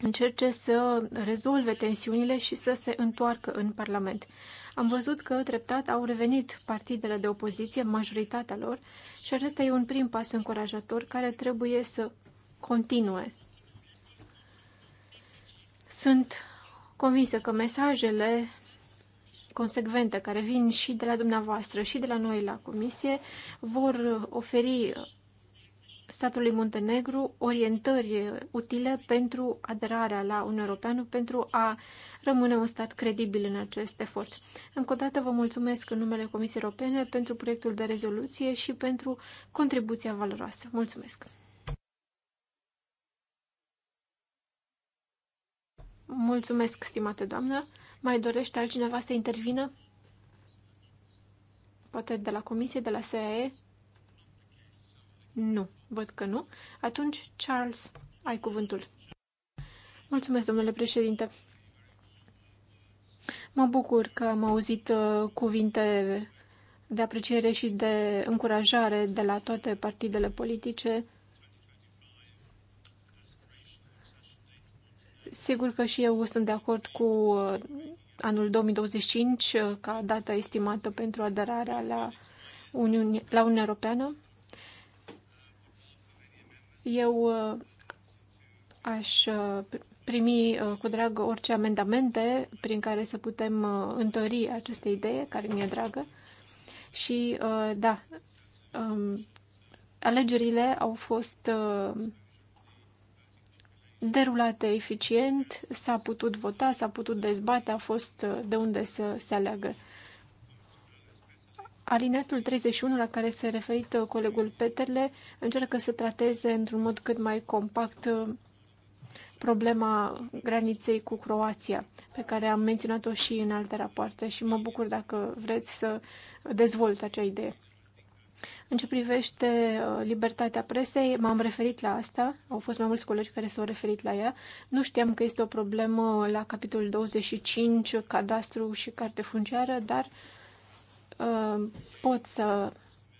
încerce să rezolve tensiunile și să se întoarcă în Parlament. Am văzut că treptat au revenit partidele de opoziție, majoritatea lor, și acesta e un prim pas încurajator care trebuie să continue sunt convinsă că mesajele consecvente care vin și de la dumneavoastră și de la noi la comisie vor oferi statului Muntenegru orientări utile pentru aderarea la Uniunea Europeană, pentru a rămâne un stat credibil în acest efort. Încă o dată vă mulțumesc în numele Comisiei Europene pentru proiectul de rezoluție și pentru contribuția valoroasă. Mulțumesc! Mulțumesc, stimată doamnă. Mai dorește altcineva să intervină? Poate de la comisie, de la SAE? Nu, văd că nu. Atunci, Charles, ai cuvântul. Mulțumesc, domnule președinte. Mă bucur că am auzit uh, cuvinte de apreciere și de încurajare de la toate partidele politice Sigur că și eu sunt de acord cu uh, anul 2025 uh, ca data estimată pentru aderarea la, Uniune, la Uniunea Europeană. Eu uh, aș primi cu drag orice amendamente prin care să putem întări această idee care mi-e dragă. Și da, um, alegerile au fost derulate eficient, s-a putut vota, s-a putut dezbate, a fost uh, de unde să se aleagă. Alineatul 31 la care se referit colegul Peterle încearcă să trateze într-un mod cât mai compact uh, problema graniței cu Croația, pe care am menționat-o și în alte rapoarte și mă bucur dacă vreți să dezvolți acea idee. În ce privește uh, libertatea presei, m-am referit la asta, au fost mai mulți colegi care s-au referit la ea. Nu știam că este o problemă la capitolul 25, cadastru și carte funciară, dar uh, pot să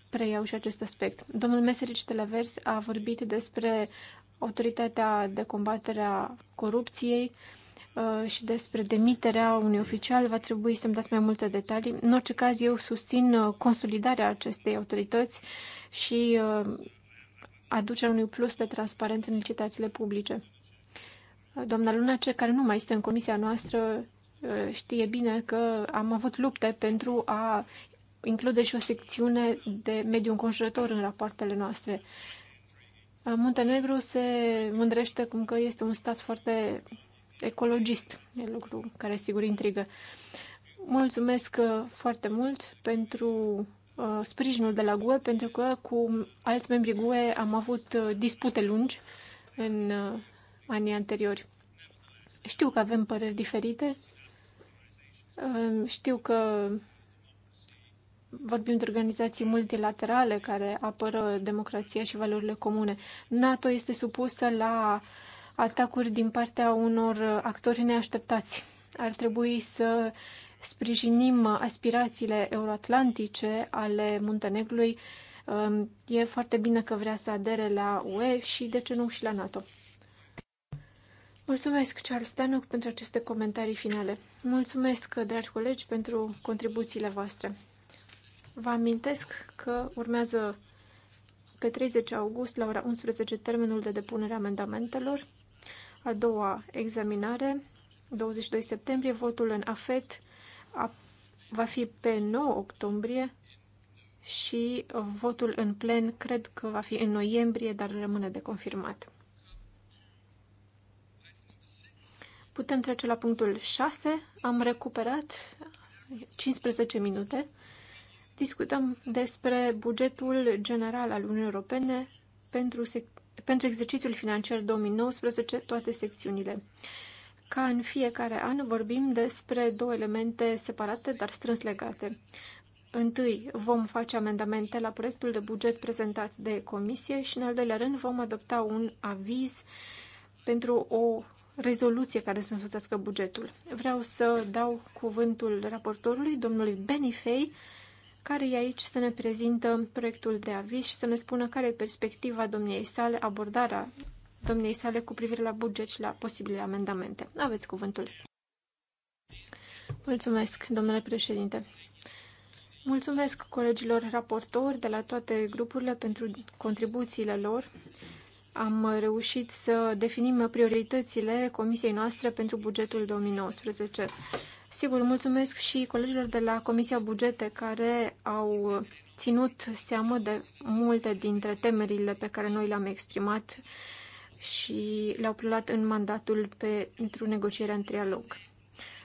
preiau și acest aspect. Domnul Meseric de la Vers a vorbit despre autoritatea de combatere a corupției, Uh, și despre demiterea unui oficial va trebui să-mi dați mai multe detalii. În orice caz, eu susțin uh, consolidarea acestei autorități și uh, aducerea unui plus de transparență în licitațiile publice. Doamna Lunace, care nu mai este în comisia noastră, știe bine că am avut lupte pentru a include și o secțiune de mediu înconjurător în rapoartele noastre. Muntenegru se mândrește cum că este un stat foarte ecologist. E lucru care sigur intrigă. Mulțumesc uh, foarte mult pentru uh, sprijinul de la GUE, pentru că cu alți membri GUE am avut uh, dispute lungi în anii anteriori. Știu că avem păreri diferite, știu că vorbim de organizații multilaterale care apără democrația și valorile comune. NATO este supusă la uh, atacuri din partea unor uh, actori neașteptați. Ar trebui să sprijinim uh, aspirațiile euroatlantice ale Muntenegrului. Um, e foarte bine că vrea să adere la UE și, de ce nu, și la NATO. Mulțumesc, Charles Stanock, pentru aceste comentarii finale. Mulțumesc, dragi colegi, pentru contribuțiile voastre. Vă amintesc că urmează pe 30 august, la ora 11, termenul de depunere a amendamentelor. A doua examinare, 22 septembrie, votul în AFET a, va fi pe 9 octombrie și votul în plen cred că va fi în noiembrie, dar rămâne de confirmat. Putem trece la punctul 6. Am recuperat 15 minute. Discutăm despre bugetul general al Uniunii Europene pentru sec pentru exercițiul financiar 2019 toate secțiunile. Ca în fiecare an vorbim despre două elemente separate, dar strâns legate. Întâi, vom face amendamente la proiectul de buget prezentat de comisie și, în al doilea rând, vom adopta un aviz pentru o rezoluție care să însoțească bugetul. Vreau să dau cuvântul raportorului, domnului Benifei, care e aici să ne prezintă proiectul de aviz și să ne spună care e perspectiva domniei sale, abordarea domniei sale cu privire la buget și la posibile amendamente. Aveți cuvântul. Mulțumesc, domnule președinte. Mulțumesc colegilor raportori de la toate grupurile pentru contribuțiile lor. Am reușit să definim prioritățile comisiei noastre pentru bugetul 2019. Sigur, mulțumesc și colegilor de la Comisia Bugete care au ținut seamă de multe dintre temerile pe care noi le-am exprimat și le-au preluat în mandatul pentru negocierea în trialog.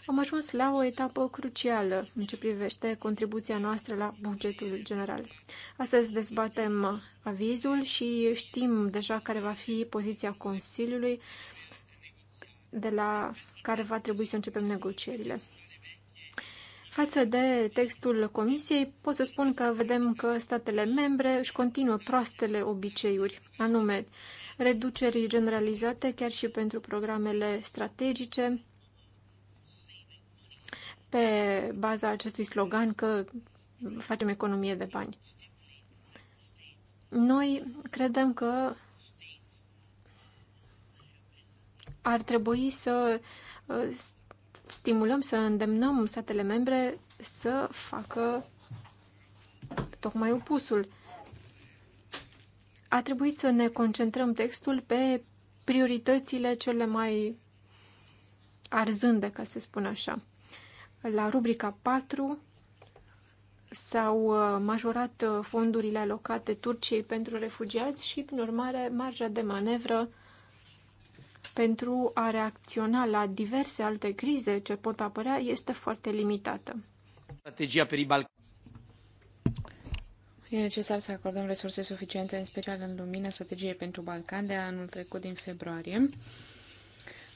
Am ajuns la o etapă crucială în ce privește contribuția noastră la bugetul general. Astăzi dezbatem avizul și știm deja care va fi poziția Consiliului de la care va trebui să începem negocierile. Față de textul Comisiei, pot să spun că vedem că statele membre își continuă proastele obiceiuri, anume reduceri generalizate chiar și pentru programele strategice, pe baza acestui slogan că facem economie de bani. Noi credem că ar trebui să stimulăm, să îndemnăm statele membre să facă tocmai opusul. A trebuit să ne concentrăm textul pe prioritățile cele mai arzânde, ca se spun așa. La rubrica 4 s-au uh, majorat uh, fondurile alocate Turciei pentru refugiați și, prin urmare, marja de manevră pentru a reacționa la diverse alte crize ce pot apărea este foarte limitată. Strategia per E necesar să acordăm resurse suficiente, în special în lumina strategiei pentru Balcan de anul trecut din februarie.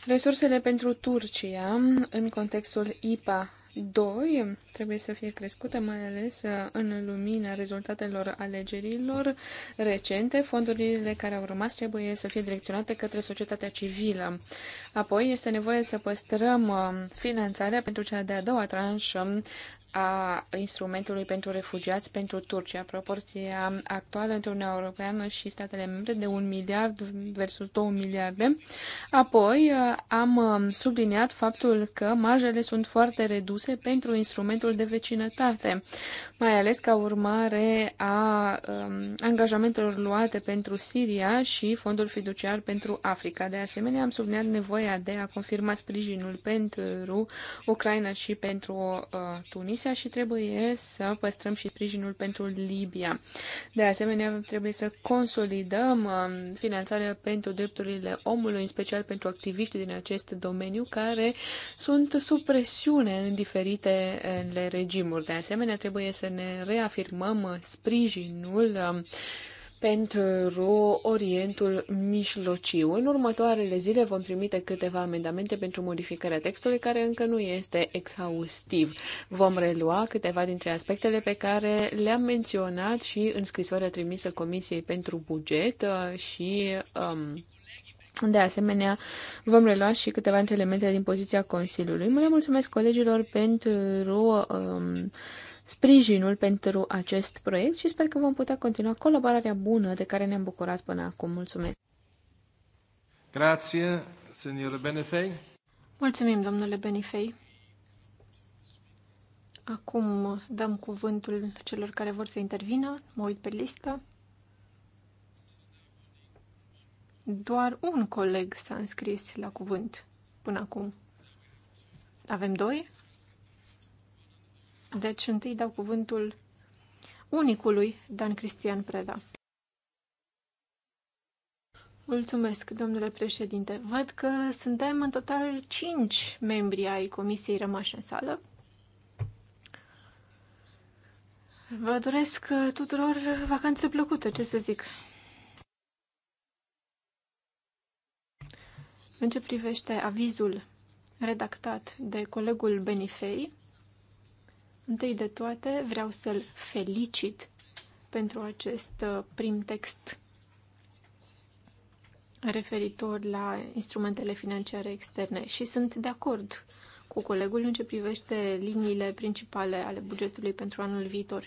Resursele pentru Turcia, în contextul IPA Doi, trebuie să fie crescută, mai ales uh, în lumina rezultatelor alegerilor recente. Fondurile care au rămas trebuie să fie direcționate către societatea civilă. Apoi, este nevoie să păstrăm uh, finanțarea pentru cea de-a doua tranșă a instrumentului pentru refugiați pentru Turcia. Proporția actuală între Uniunea Europeană și statele membre de 1 miliard versus 2 miliarde. Apoi am subliniat faptul că marjele sunt foarte reduse pentru instrumentul de vecinătate, mai ales ca urmare a um, angajamentelor luate pentru Siria și fondul fiduciar pentru Africa. De asemenea, am subliniat nevoia de a confirma sprijinul pentru Ucraina și pentru uh, Tunis Rusia și trebuie să păstrăm și sprijinul pentru Libia. De asemenea, trebuie să consolidăm um, finanțarea pentru drepturile omului, în special pentru activiștii din acest domeniu care sunt sub presiune în diferitele regimuri. De asemenea, trebuie să ne reafirmăm sprijinul um, pentru Orientul Mișlociu. În următoarele zile vom trimite câteva amendamente pentru modificarea textului, care încă nu este exhaustiv. Vom relua câteva dintre aspectele pe care le-am menționat și în scrisoarea trimisă Comisiei pentru Buget uh, și um, de asemenea, vom relua și câteva dintre elementele din poziția Consiliului. Mă le mulțumesc colegilor pentru um, sprijinul pentru acest proiect și sper că vom putea continua colaborarea bună de care ne-am bucurat până acum. Mulțumesc! Grazie, signor Benefei. Mulțumim, domnule Benefei. Acum dăm cuvântul celor care vor să intervină. Mă uit pe listă. Doar un coleg s-a înscris la cuvânt până acum. Avem doi? Deci întâi dau cuvântul unicului Dan Cristian Preda. Mulțumesc, domnule președinte. Văd că suntem în total cinci membri ai comisiei rămași în sală. Vă doresc tuturor vacanțe plăcute, ce să zic. În ce privește avizul redactat de colegul Benifei, Întâi de toate, vreau să-l felicit pentru acest uh, prim text referitor la instrumentele financiare externe și sunt de acord cu colegul în ce privește liniile principale ale bugetului pentru anul viitor.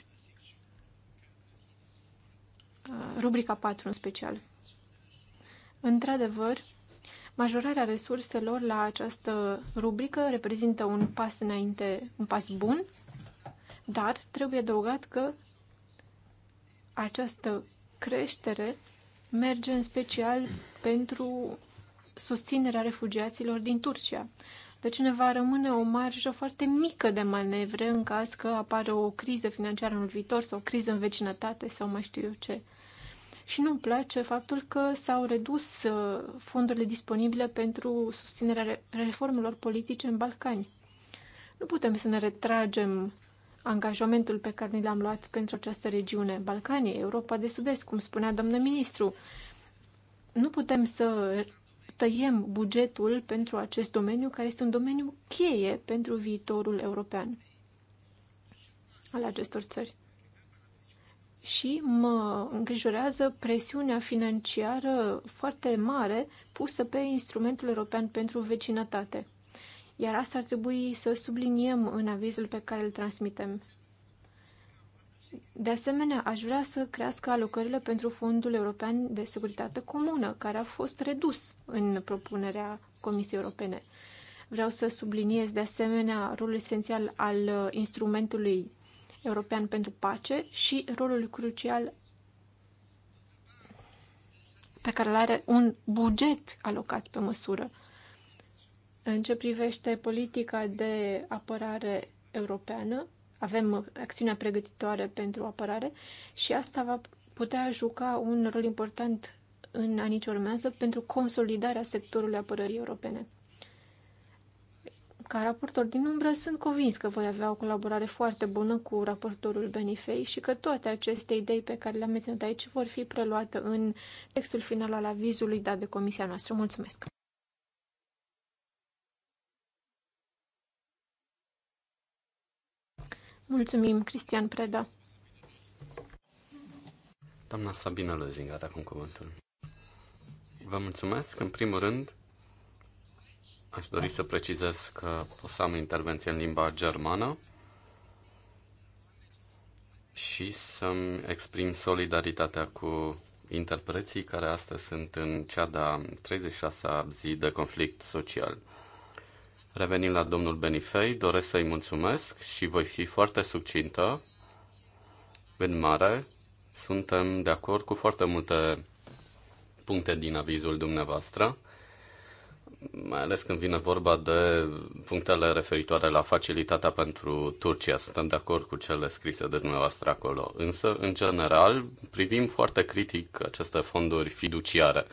Uh, rubrica 4 în special. Într-adevăr, majorarea resurselor la această rubrică reprezintă un pas înainte, un pas bun dar trebuie adăugat că această creștere merge în special pentru susținerea refugiaților din Turcia. Deci ne va rămâne o marjă foarte mică de manevre în caz că apare o criză financiară în viitor sau o criză în vecinătate sau mai știu eu ce. Și nu-mi place faptul că s-au redus uh, fondurile disponibile pentru susținerea reformelor politice în Balcani. Nu putem să ne retragem angajamentul pe care ni l-am luat pentru această regiune, Balcanii, Europa de Sud-Est, cum spunea domnul ministru. Nu putem să tăiem bugetul pentru acest domeniu, care este un domeniu cheie pentru viitorul european al acestor țări. Și mă îngrijorează presiunea financiară foarte mare pusă pe instrumentul european pentru vecinătate. Iar asta ar trebui să subliniem în avizul pe care îl transmitem. De asemenea, aș vrea să crească alocările pentru Fondul European de Securitate Comună, care a fost redus în propunerea Comisiei Europene. Vreau să subliniez de asemenea rolul esențial al uh, instrumentului european pentru pace și rolul crucial pe care îl are un buget alocat pe măsură. În ce privește politica de apărare europeană, avem acțiunea pregătitoare pentru apărare și asta va putea juca un rol important în anii ce urmează pentru consolidarea sectorului apărării europene. Ca raportor din umbră, sunt convins că voi avea o colaborare foarte bună cu raportorul Benifei și că toate aceste idei pe care le-am menționat aici vor fi preluate în textul final al avizului dat de comisia noastră. Mulțumesc! Mulțumim, Cristian Preda. Doamna Sabina Lăzing are acum cuvântul. Vă mulțumesc. În primul rând, aș dori să precizez că o să am intervenție în limba germană și să-mi exprim solidaritatea cu interpreții care astăzi sunt în cea de-a 36-a zi de conflict social. Revenind la domnul Benifei, doresc să-i mulțumesc și voi fi foarte succintă. În mare, suntem de acord cu foarte multe puncte din avizul dumneavoastră, mai ales când vine vorba de punctele referitoare la facilitatea pentru Turcia. Suntem de acord cu cele scrise de dumneavoastră acolo. Însă, în general, privim foarte critic aceste fonduri fiduciare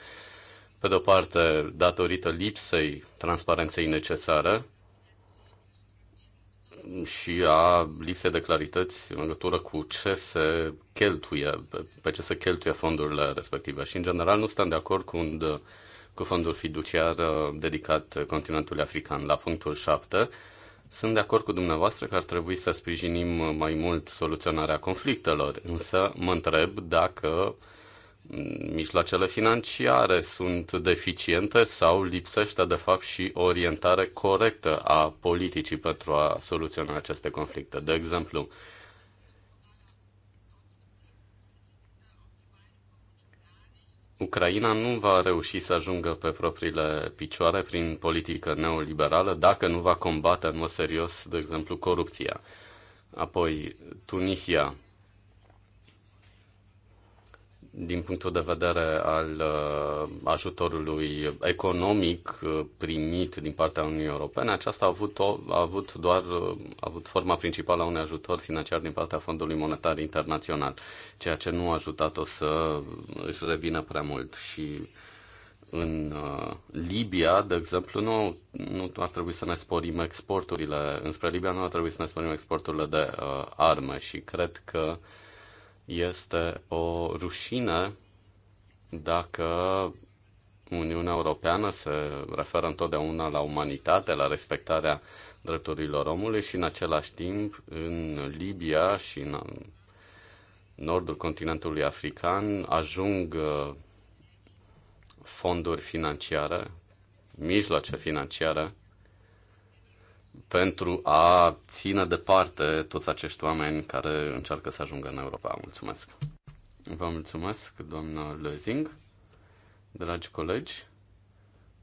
pe de o parte, datorită lipsei transparenței necesare și a lipsei de clarități în legătură cu ce se cheltuie, pe ce se cheltuie fondurile respective. Și, în general, nu stăm de acord cu un cu fondul fiduciar uh, dedicat continentului african. La punctul 7, sunt de acord cu dumneavoastră că ar trebui să sprijinim mai mult soluționarea conflictelor, însă mă întreb dacă uh, mijloacele financiare sunt deficiente sau lipsește de fapt și orientare corectă a politicii pentru a soluționa aceste conflicte. De exemplu, Ucraina nu va reuși să ajungă pe propriile picioare prin politică neoliberală dacă nu va combate în mod serios, de exemplu, corupția. Apoi, Tunisia din punctul de vedere al uh, ajutorului economic uh, primit din partea Uniunii Europene, aceasta a avut, o, a avut doar uh, a avut forma principală a unui ajutor financiar din partea Fondului Monetar Internațional, ceea ce nu a ajutat-o să își revină prea mult și în Libia, de exemplu, nu, nu ar trebui să ne sporim exporturile. Înspre Libia nu ar trebui să ne sporim exporturile de uh, arme și cred că este o rușine dacă Uniunea Europeană se referă întotdeauna la umanitate, la respectarea drepturilor omului și în același timp în Libia și în nordul continentului african ajung uh, fonduri financiare, mijloace financiare pentru a ține departe toți acești oameni care încearcă să ajungă în Europa. Mulțumesc! Vă mulțumesc, doamna Lezing. Dragi colegi,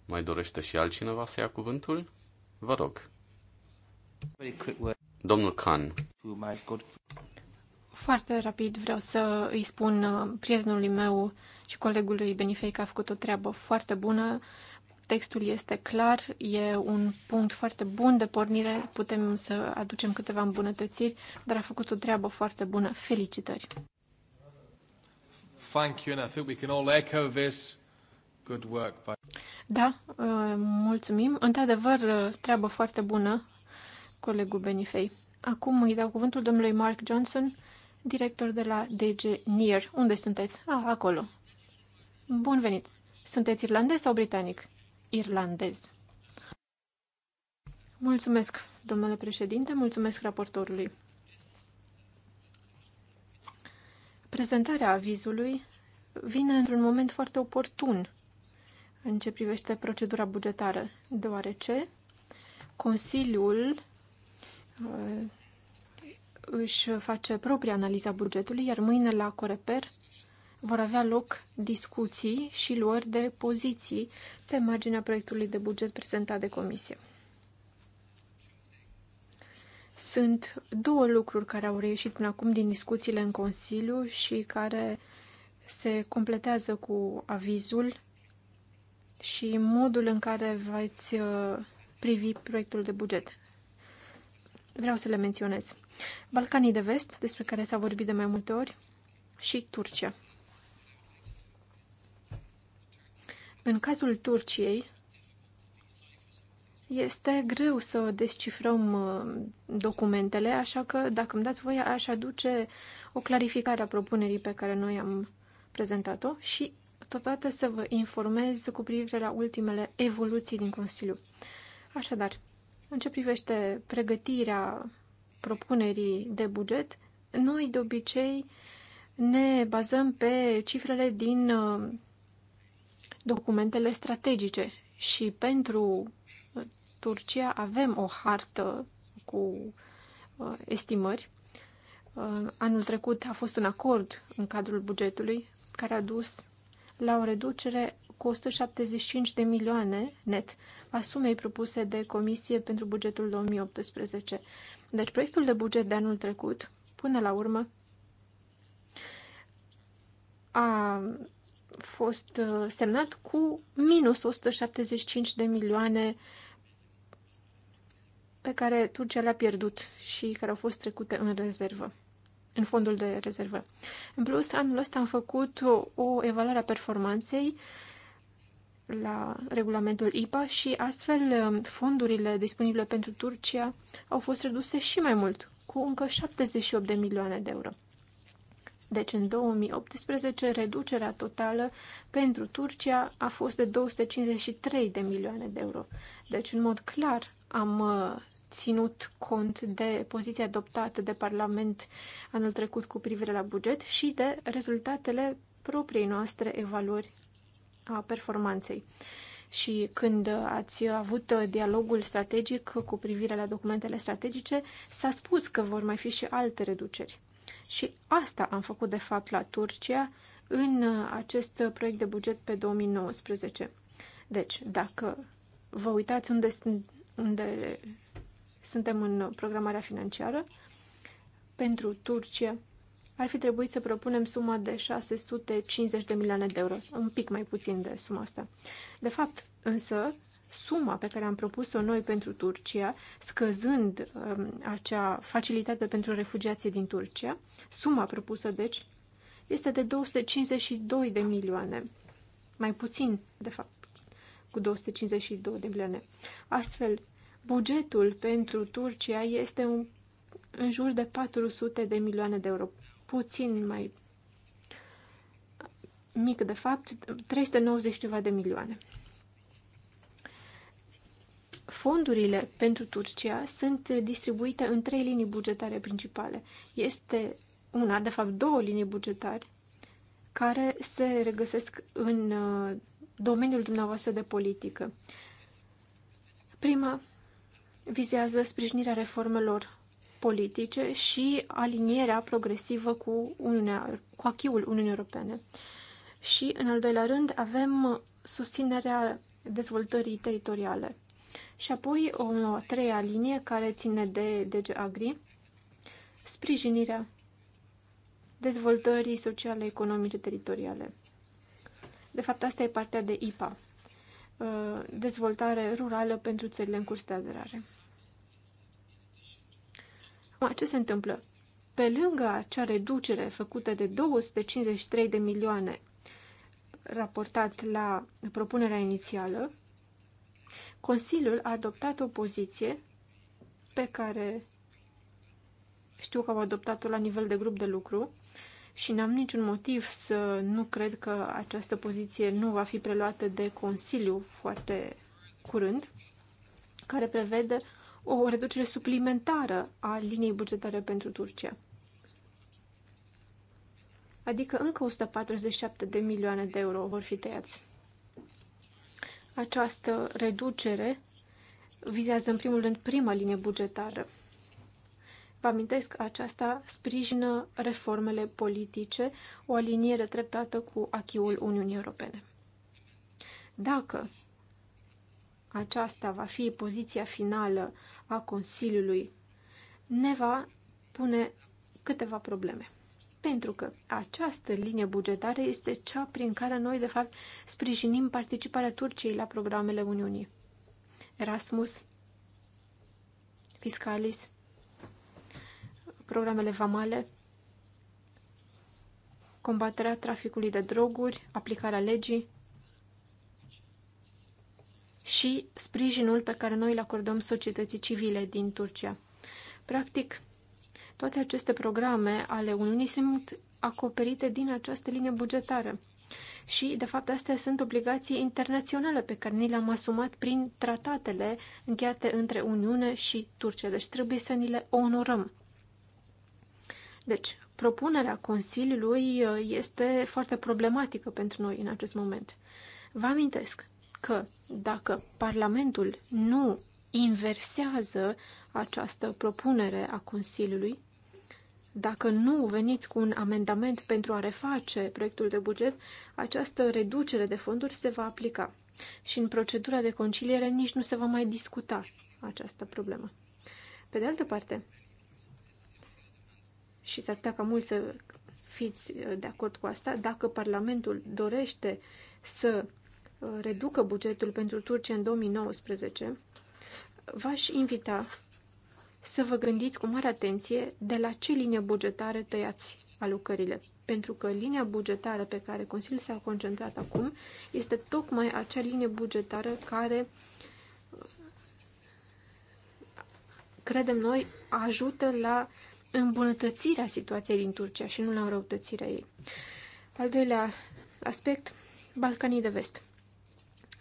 mai dorește și altcineva să ia cuvântul? Vă rog. Domnul Khan. Foarte rapid vreau să îi spun uh, prietenului meu și colegului Benifei că a făcut o treabă foarte bună textul este clar, e un punct foarte bun de pornire, putem să aducem câteva îmbunătățiri, dar a făcut o treabă foarte bună. Felicitări! Thank you, and I think we can all echo this good work. By... Da, uh, mulțumim. Într-adevăr, uh, treabă foarte bună, colegul Benifei. Acum îi dau cuvântul domnului Mark Johnson, director de la DG Near, Unde sunteți? Ah, acolo. Bun venit! Sunteți irlandez sau britanic? irlandez. Mulțumesc, domnule președinte, mulțumesc raportorului. Prezentarea avizului vine într-un moment foarte oportun în ce privește procedura bugetară, deoarece Consiliul uh, își face propria analiza bugetului, iar mâine la Coreper vor avea loc discuții și luări de poziții pe marginea proiectului de buget prezentat de comisie. Sunt două lucruri care au reieșit până acum din discuțiile în Consiliu și care se completează cu avizul și modul în care veți uh, privi proiectul de buget. Vreau să le menționez. Balcanii de Vest, despre care s-a vorbit de mai multe ori, și Turcia. În cazul Turciei, este greu să descifrăm uh, documentele, așa că, dacă îmi dați voie, aș aduce o clarificare a propunerii pe care noi am prezentat-o și totodată să vă informez cu privire la ultimele evoluții din Consiliu. Așadar, în ce privește pregătirea propunerii de buget, noi de obicei ne bazăm pe cifrele din uh, documentele strategice și pentru uh, Turcia avem o hartă cu uh, estimări. Uh, anul trecut a fost un acord în cadrul bugetului care a dus la o reducere cu 175 de milioane net a sumei propuse de Comisie pentru bugetul 2018. Deci proiectul de buget de anul trecut, până la urmă, a fost uh, semnat cu minus 175 de milioane pe care Turcia le-a pierdut și care au fost trecute în rezervă, în fondul de rezervă. În plus, anul ăsta am făcut o, o evaluare a performanței la regulamentul IPA și astfel uh, fondurile disponibile pentru Turcia au fost reduse și mai mult, cu încă 78 de milioane de euro. Deci în 2018 reducerea totală pentru Turcia a fost de 253 de milioane de euro. Deci în mod clar am uh, ținut cont de poziția adoptată de Parlament anul trecut cu privire la buget și de rezultatele propriei noastre evaluări a performanței. Și când ați avut uh, dialogul strategic cu privire la documentele strategice, s-a spus că vor mai fi și alte reduceri. Și asta am făcut, de fapt, la Turcia în uh, acest proiect de buget pe 2019. Deci, dacă vă uitați unde, unde suntem în programarea financiară, pentru Turcia ar fi trebuit să propunem suma de 650 de milioane de euro, un pic mai puțin de suma asta. De fapt, însă, suma pe care am propus-o noi pentru Turcia, scăzând um, acea facilitate pentru refugiații din Turcia, suma propusă, deci, este de 252 de milioane, mai puțin, de fapt, cu 252 de milioane. Astfel, bugetul pentru Turcia este un, în jur de 400 de milioane de euro, puțin mai mic, de fapt, 390 ceva de milioane fondurile pentru Turcia sunt distribuite în trei linii bugetare principale. Este una, de fapt două linii bugetare, care se regăsesc în uh, domeniul dumneavoastră de politică. Prima vizează sprijinirea reformelor politice și alinierea progresivă cu, Uniunea, cu achiul Uniunii Europene. Și, în al doilea rând, avem susținerea dezvoltării teritoriale. Și apoi o a treia linie care ține de DG Agri, sprijinirea dezvoltării sociale, economice, teritoriale. De fapt, asta e partea de IPA, uh, dezvoltare rurală pentru țările în curs de aderare. Ce se întâmplă? Pe lângă acea reducere făcută de 253 de milioane raportat la propunerea inițială, Consiliul a adoptat o poziție pe care știu că au adoptat-o la nivel de grup de lucru și n-am niciun motiv să nu cred că această poziție nu va fi preluată de Consiliu foarte curând, care prevede o reducere suplimentară a liniei bugetare pentru Turcia. Adică încă 147 de milioane de euro vor fi tăiați. Această reducere vizează în primul rând prima linie bugetară. Vă amintesc, aceasta sprijină reformele politice, o aliniere treptată cu achiul Uniunii Europene. Dacă aceasta va fi poziția finală a Consiliului, ne va pune câteva probleme. Pentru că această linie bugetară este cea prin care noi, de fapt, sprijinim participarea Turciei la programele Uniunii. Erasmus, Fiscalis, programele vamale, combaterea traficului de droguri, aplicarea legii și sprijinul pe care noi îl acordăm societății civile din Turcia. Practic, toate aceste programe ale Uniunii sunt acoperite din această linie bugetară. Și, de fapt, astea sunt obligații internaționale pe care ni le-am asumat prin tratatele încheiate între Uniune și Turcia. Deci trebuie să ni le onorăm. Deci, propunerea Consiliului uh, este foarte problematică pentru noi în acest moment. Vă amintesc că dacă Parlamentul nu inversează această propunere a Consiliului, dacă nu veniți cu un amendament pentru a reface proiectul de buget, această reducere de fonduri se va aplica și în procedura de conciliere nici nu se va mai discuta această problemă. Pe de altă parte, și s-ar putea ca mulți să fiți uh, de acord cu asta, dacă Parlamentul dorește să uh, reducă bugetul pentru Turcia în 2019, v-aș invita să vă gândiți cu mare atenție de la ce linie bugetară tăiați alocările. Pentru că linia bugetară pe care Consiliul s-a concentrat acum este tocmai acea linie bugetară care, credem noi, ajută la îmbunătățirea situației din Turcia și nu la înrăutățirea ei. Al doilea aspect, Balcanii de Vest.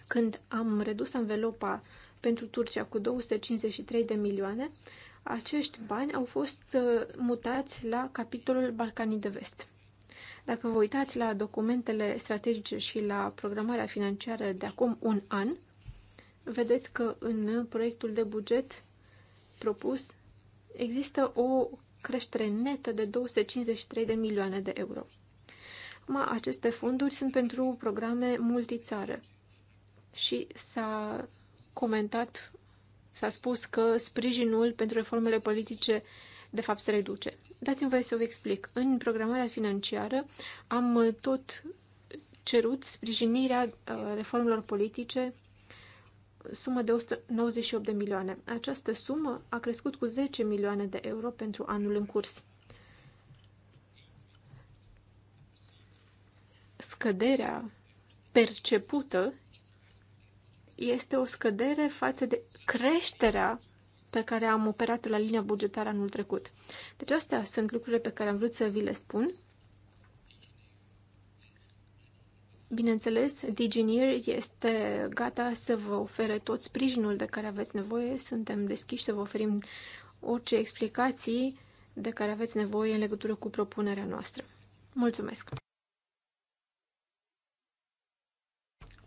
Când am redus anvelopa pentru Turcia cu 253 de milioane, acești bani au fost uh, mutați la capitolul Balcanii de Vest. Dacă vă uitați la documentele strategice și la programarea financiară de acum un an, vedeți că în proiectul de buget propus există o creștere netă de 253 de milioane de euro. Ma, aceste fonduri sunt pentru programe multițară și s-a comentat S-a spus că sprijinul pentru reformele politice de fapt se reduce. Dați-mi voie să vă explic. În programarea financiară am tot cerut sprijinirea uh, reformelor politice sumă de 198 de milioane. Această sumă a crescut cu 10 milioane de euro pentru anul în curs. Scăderea percepută este o scădere față de creșterea pe care am operat la linia bugetară anul trecut. Deci astea sunt lucrurile pe care am vrut să vi le spun. Bineînțeles, Digineer este gata să vă ofere tot sprijinul de care aveți nevoie. Suntem deschiși să vă oferim orice explicații de care aveți nevoie în legătură cu propunerea noastră. Mulțumesc!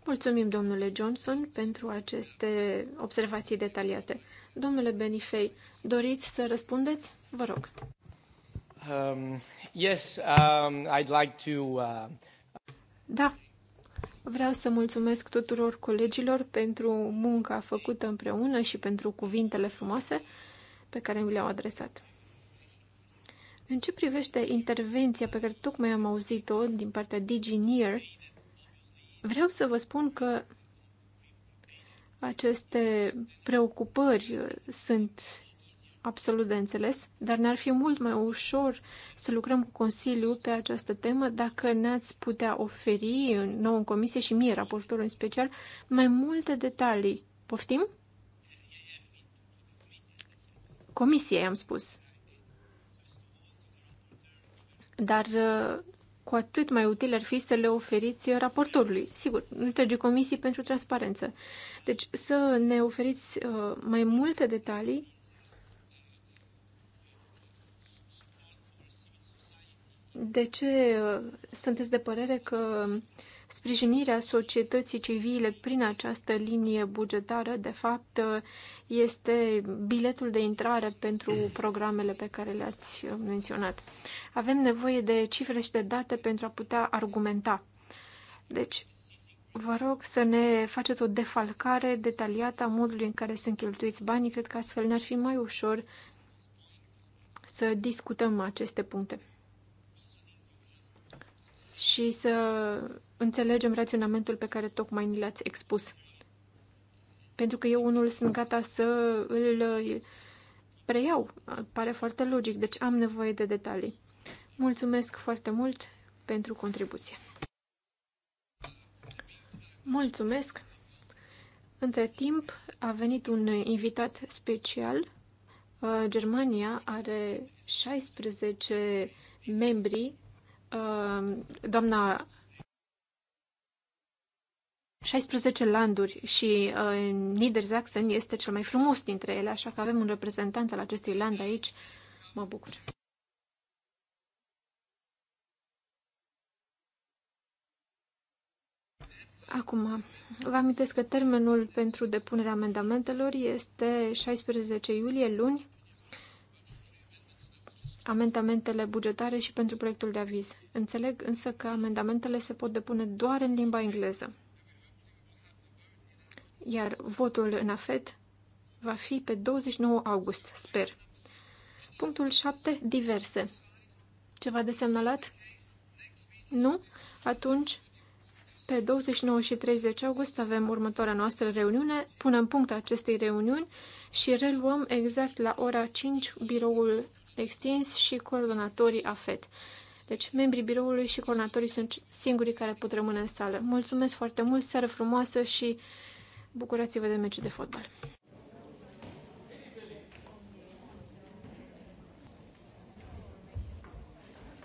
Mulțumim, domnule Johnson, pentru aceste observații detaliate. Domnule Benifei, doriți să răspundeți? Vă rog. Um, yes, um, I'd like to, uh... Da, vreau să mulțumesc tuturor colegilor pentru munca făcută împreună și pentru cuvintele frumoase pe care mi le-au adresat. În ce privește intervenția pe care tocmai am auzit-o din partea DigiNear, Vreau să vă spun că aceste preocupări sunt absolut de înțeles, dar ne-ar fi mult mai ușor să lucrăm cu Consiliu pe această temă dacă ne-ați putea oferi nouă în comisie și mie, raportorul în special, mai multe detalii. Poftim? Comisie, am spus. Dar cu atât mai util ar fi să le oferiți raportorului. Sigur, întregii comisii pentru transparență. Deci să ne oferiți uh, mai multe detalii de ce uh, sunteți de părere că uh, Sprijinirea societății civile prin această linie bugetară, de fapt, este biletul de intrare pentru programele pe care le-ați menționat. Avem nevoie de cifre și de date pentru a putea argumenta. Deci, vă rog să ne faceți o defalcare detaliată a modului în care sunt cheltuiți banii. Cred că astfel ne-ar fi mai ușor să discutăm aceste puncte și să înțelegem raționamentul pe care tocmai ni l-ați expus. Pentru că eu unul sunt gata să îl uh, preiau. Pare foarte logic, deci am nevoie de detalii. Mulțumesc foarte mult pentru contribuție. Mulțumesc! Între timp a venit un invitat special. Uh, Germania are 16 membri Ehm, doamna 16 landuri și uh, Niedersachsen este cel mai frumos dintre ele, așa că avem un reprezentant al acestui land aici. Mă bucur. Acum, vă amintesc că termenul pentru depunerea amendamentelor este 16 iulie, luni, amendamentele bugetare și pentru proiectul de aviz. Înțeleg însă că amendamentele se pot depune doar în limba engleză. Iar votul în AFET va fi pe 29 august, sper. Punctul 7. Diverse. Ceva de semnalat? Nu? Atunci, pe 29 și 30 august avem următoarea noastră reuniune. Punem punct acestei reuniuni și reluăm exact la ora 5 biroul extins și coordonatorii AFET. Deci, membrii biroului și coordonatorii sunt singurii care pot rămâne în sală. Mulțumesc foarte mult, seară frumoasă și bucurați-vă de meciul de fotbal!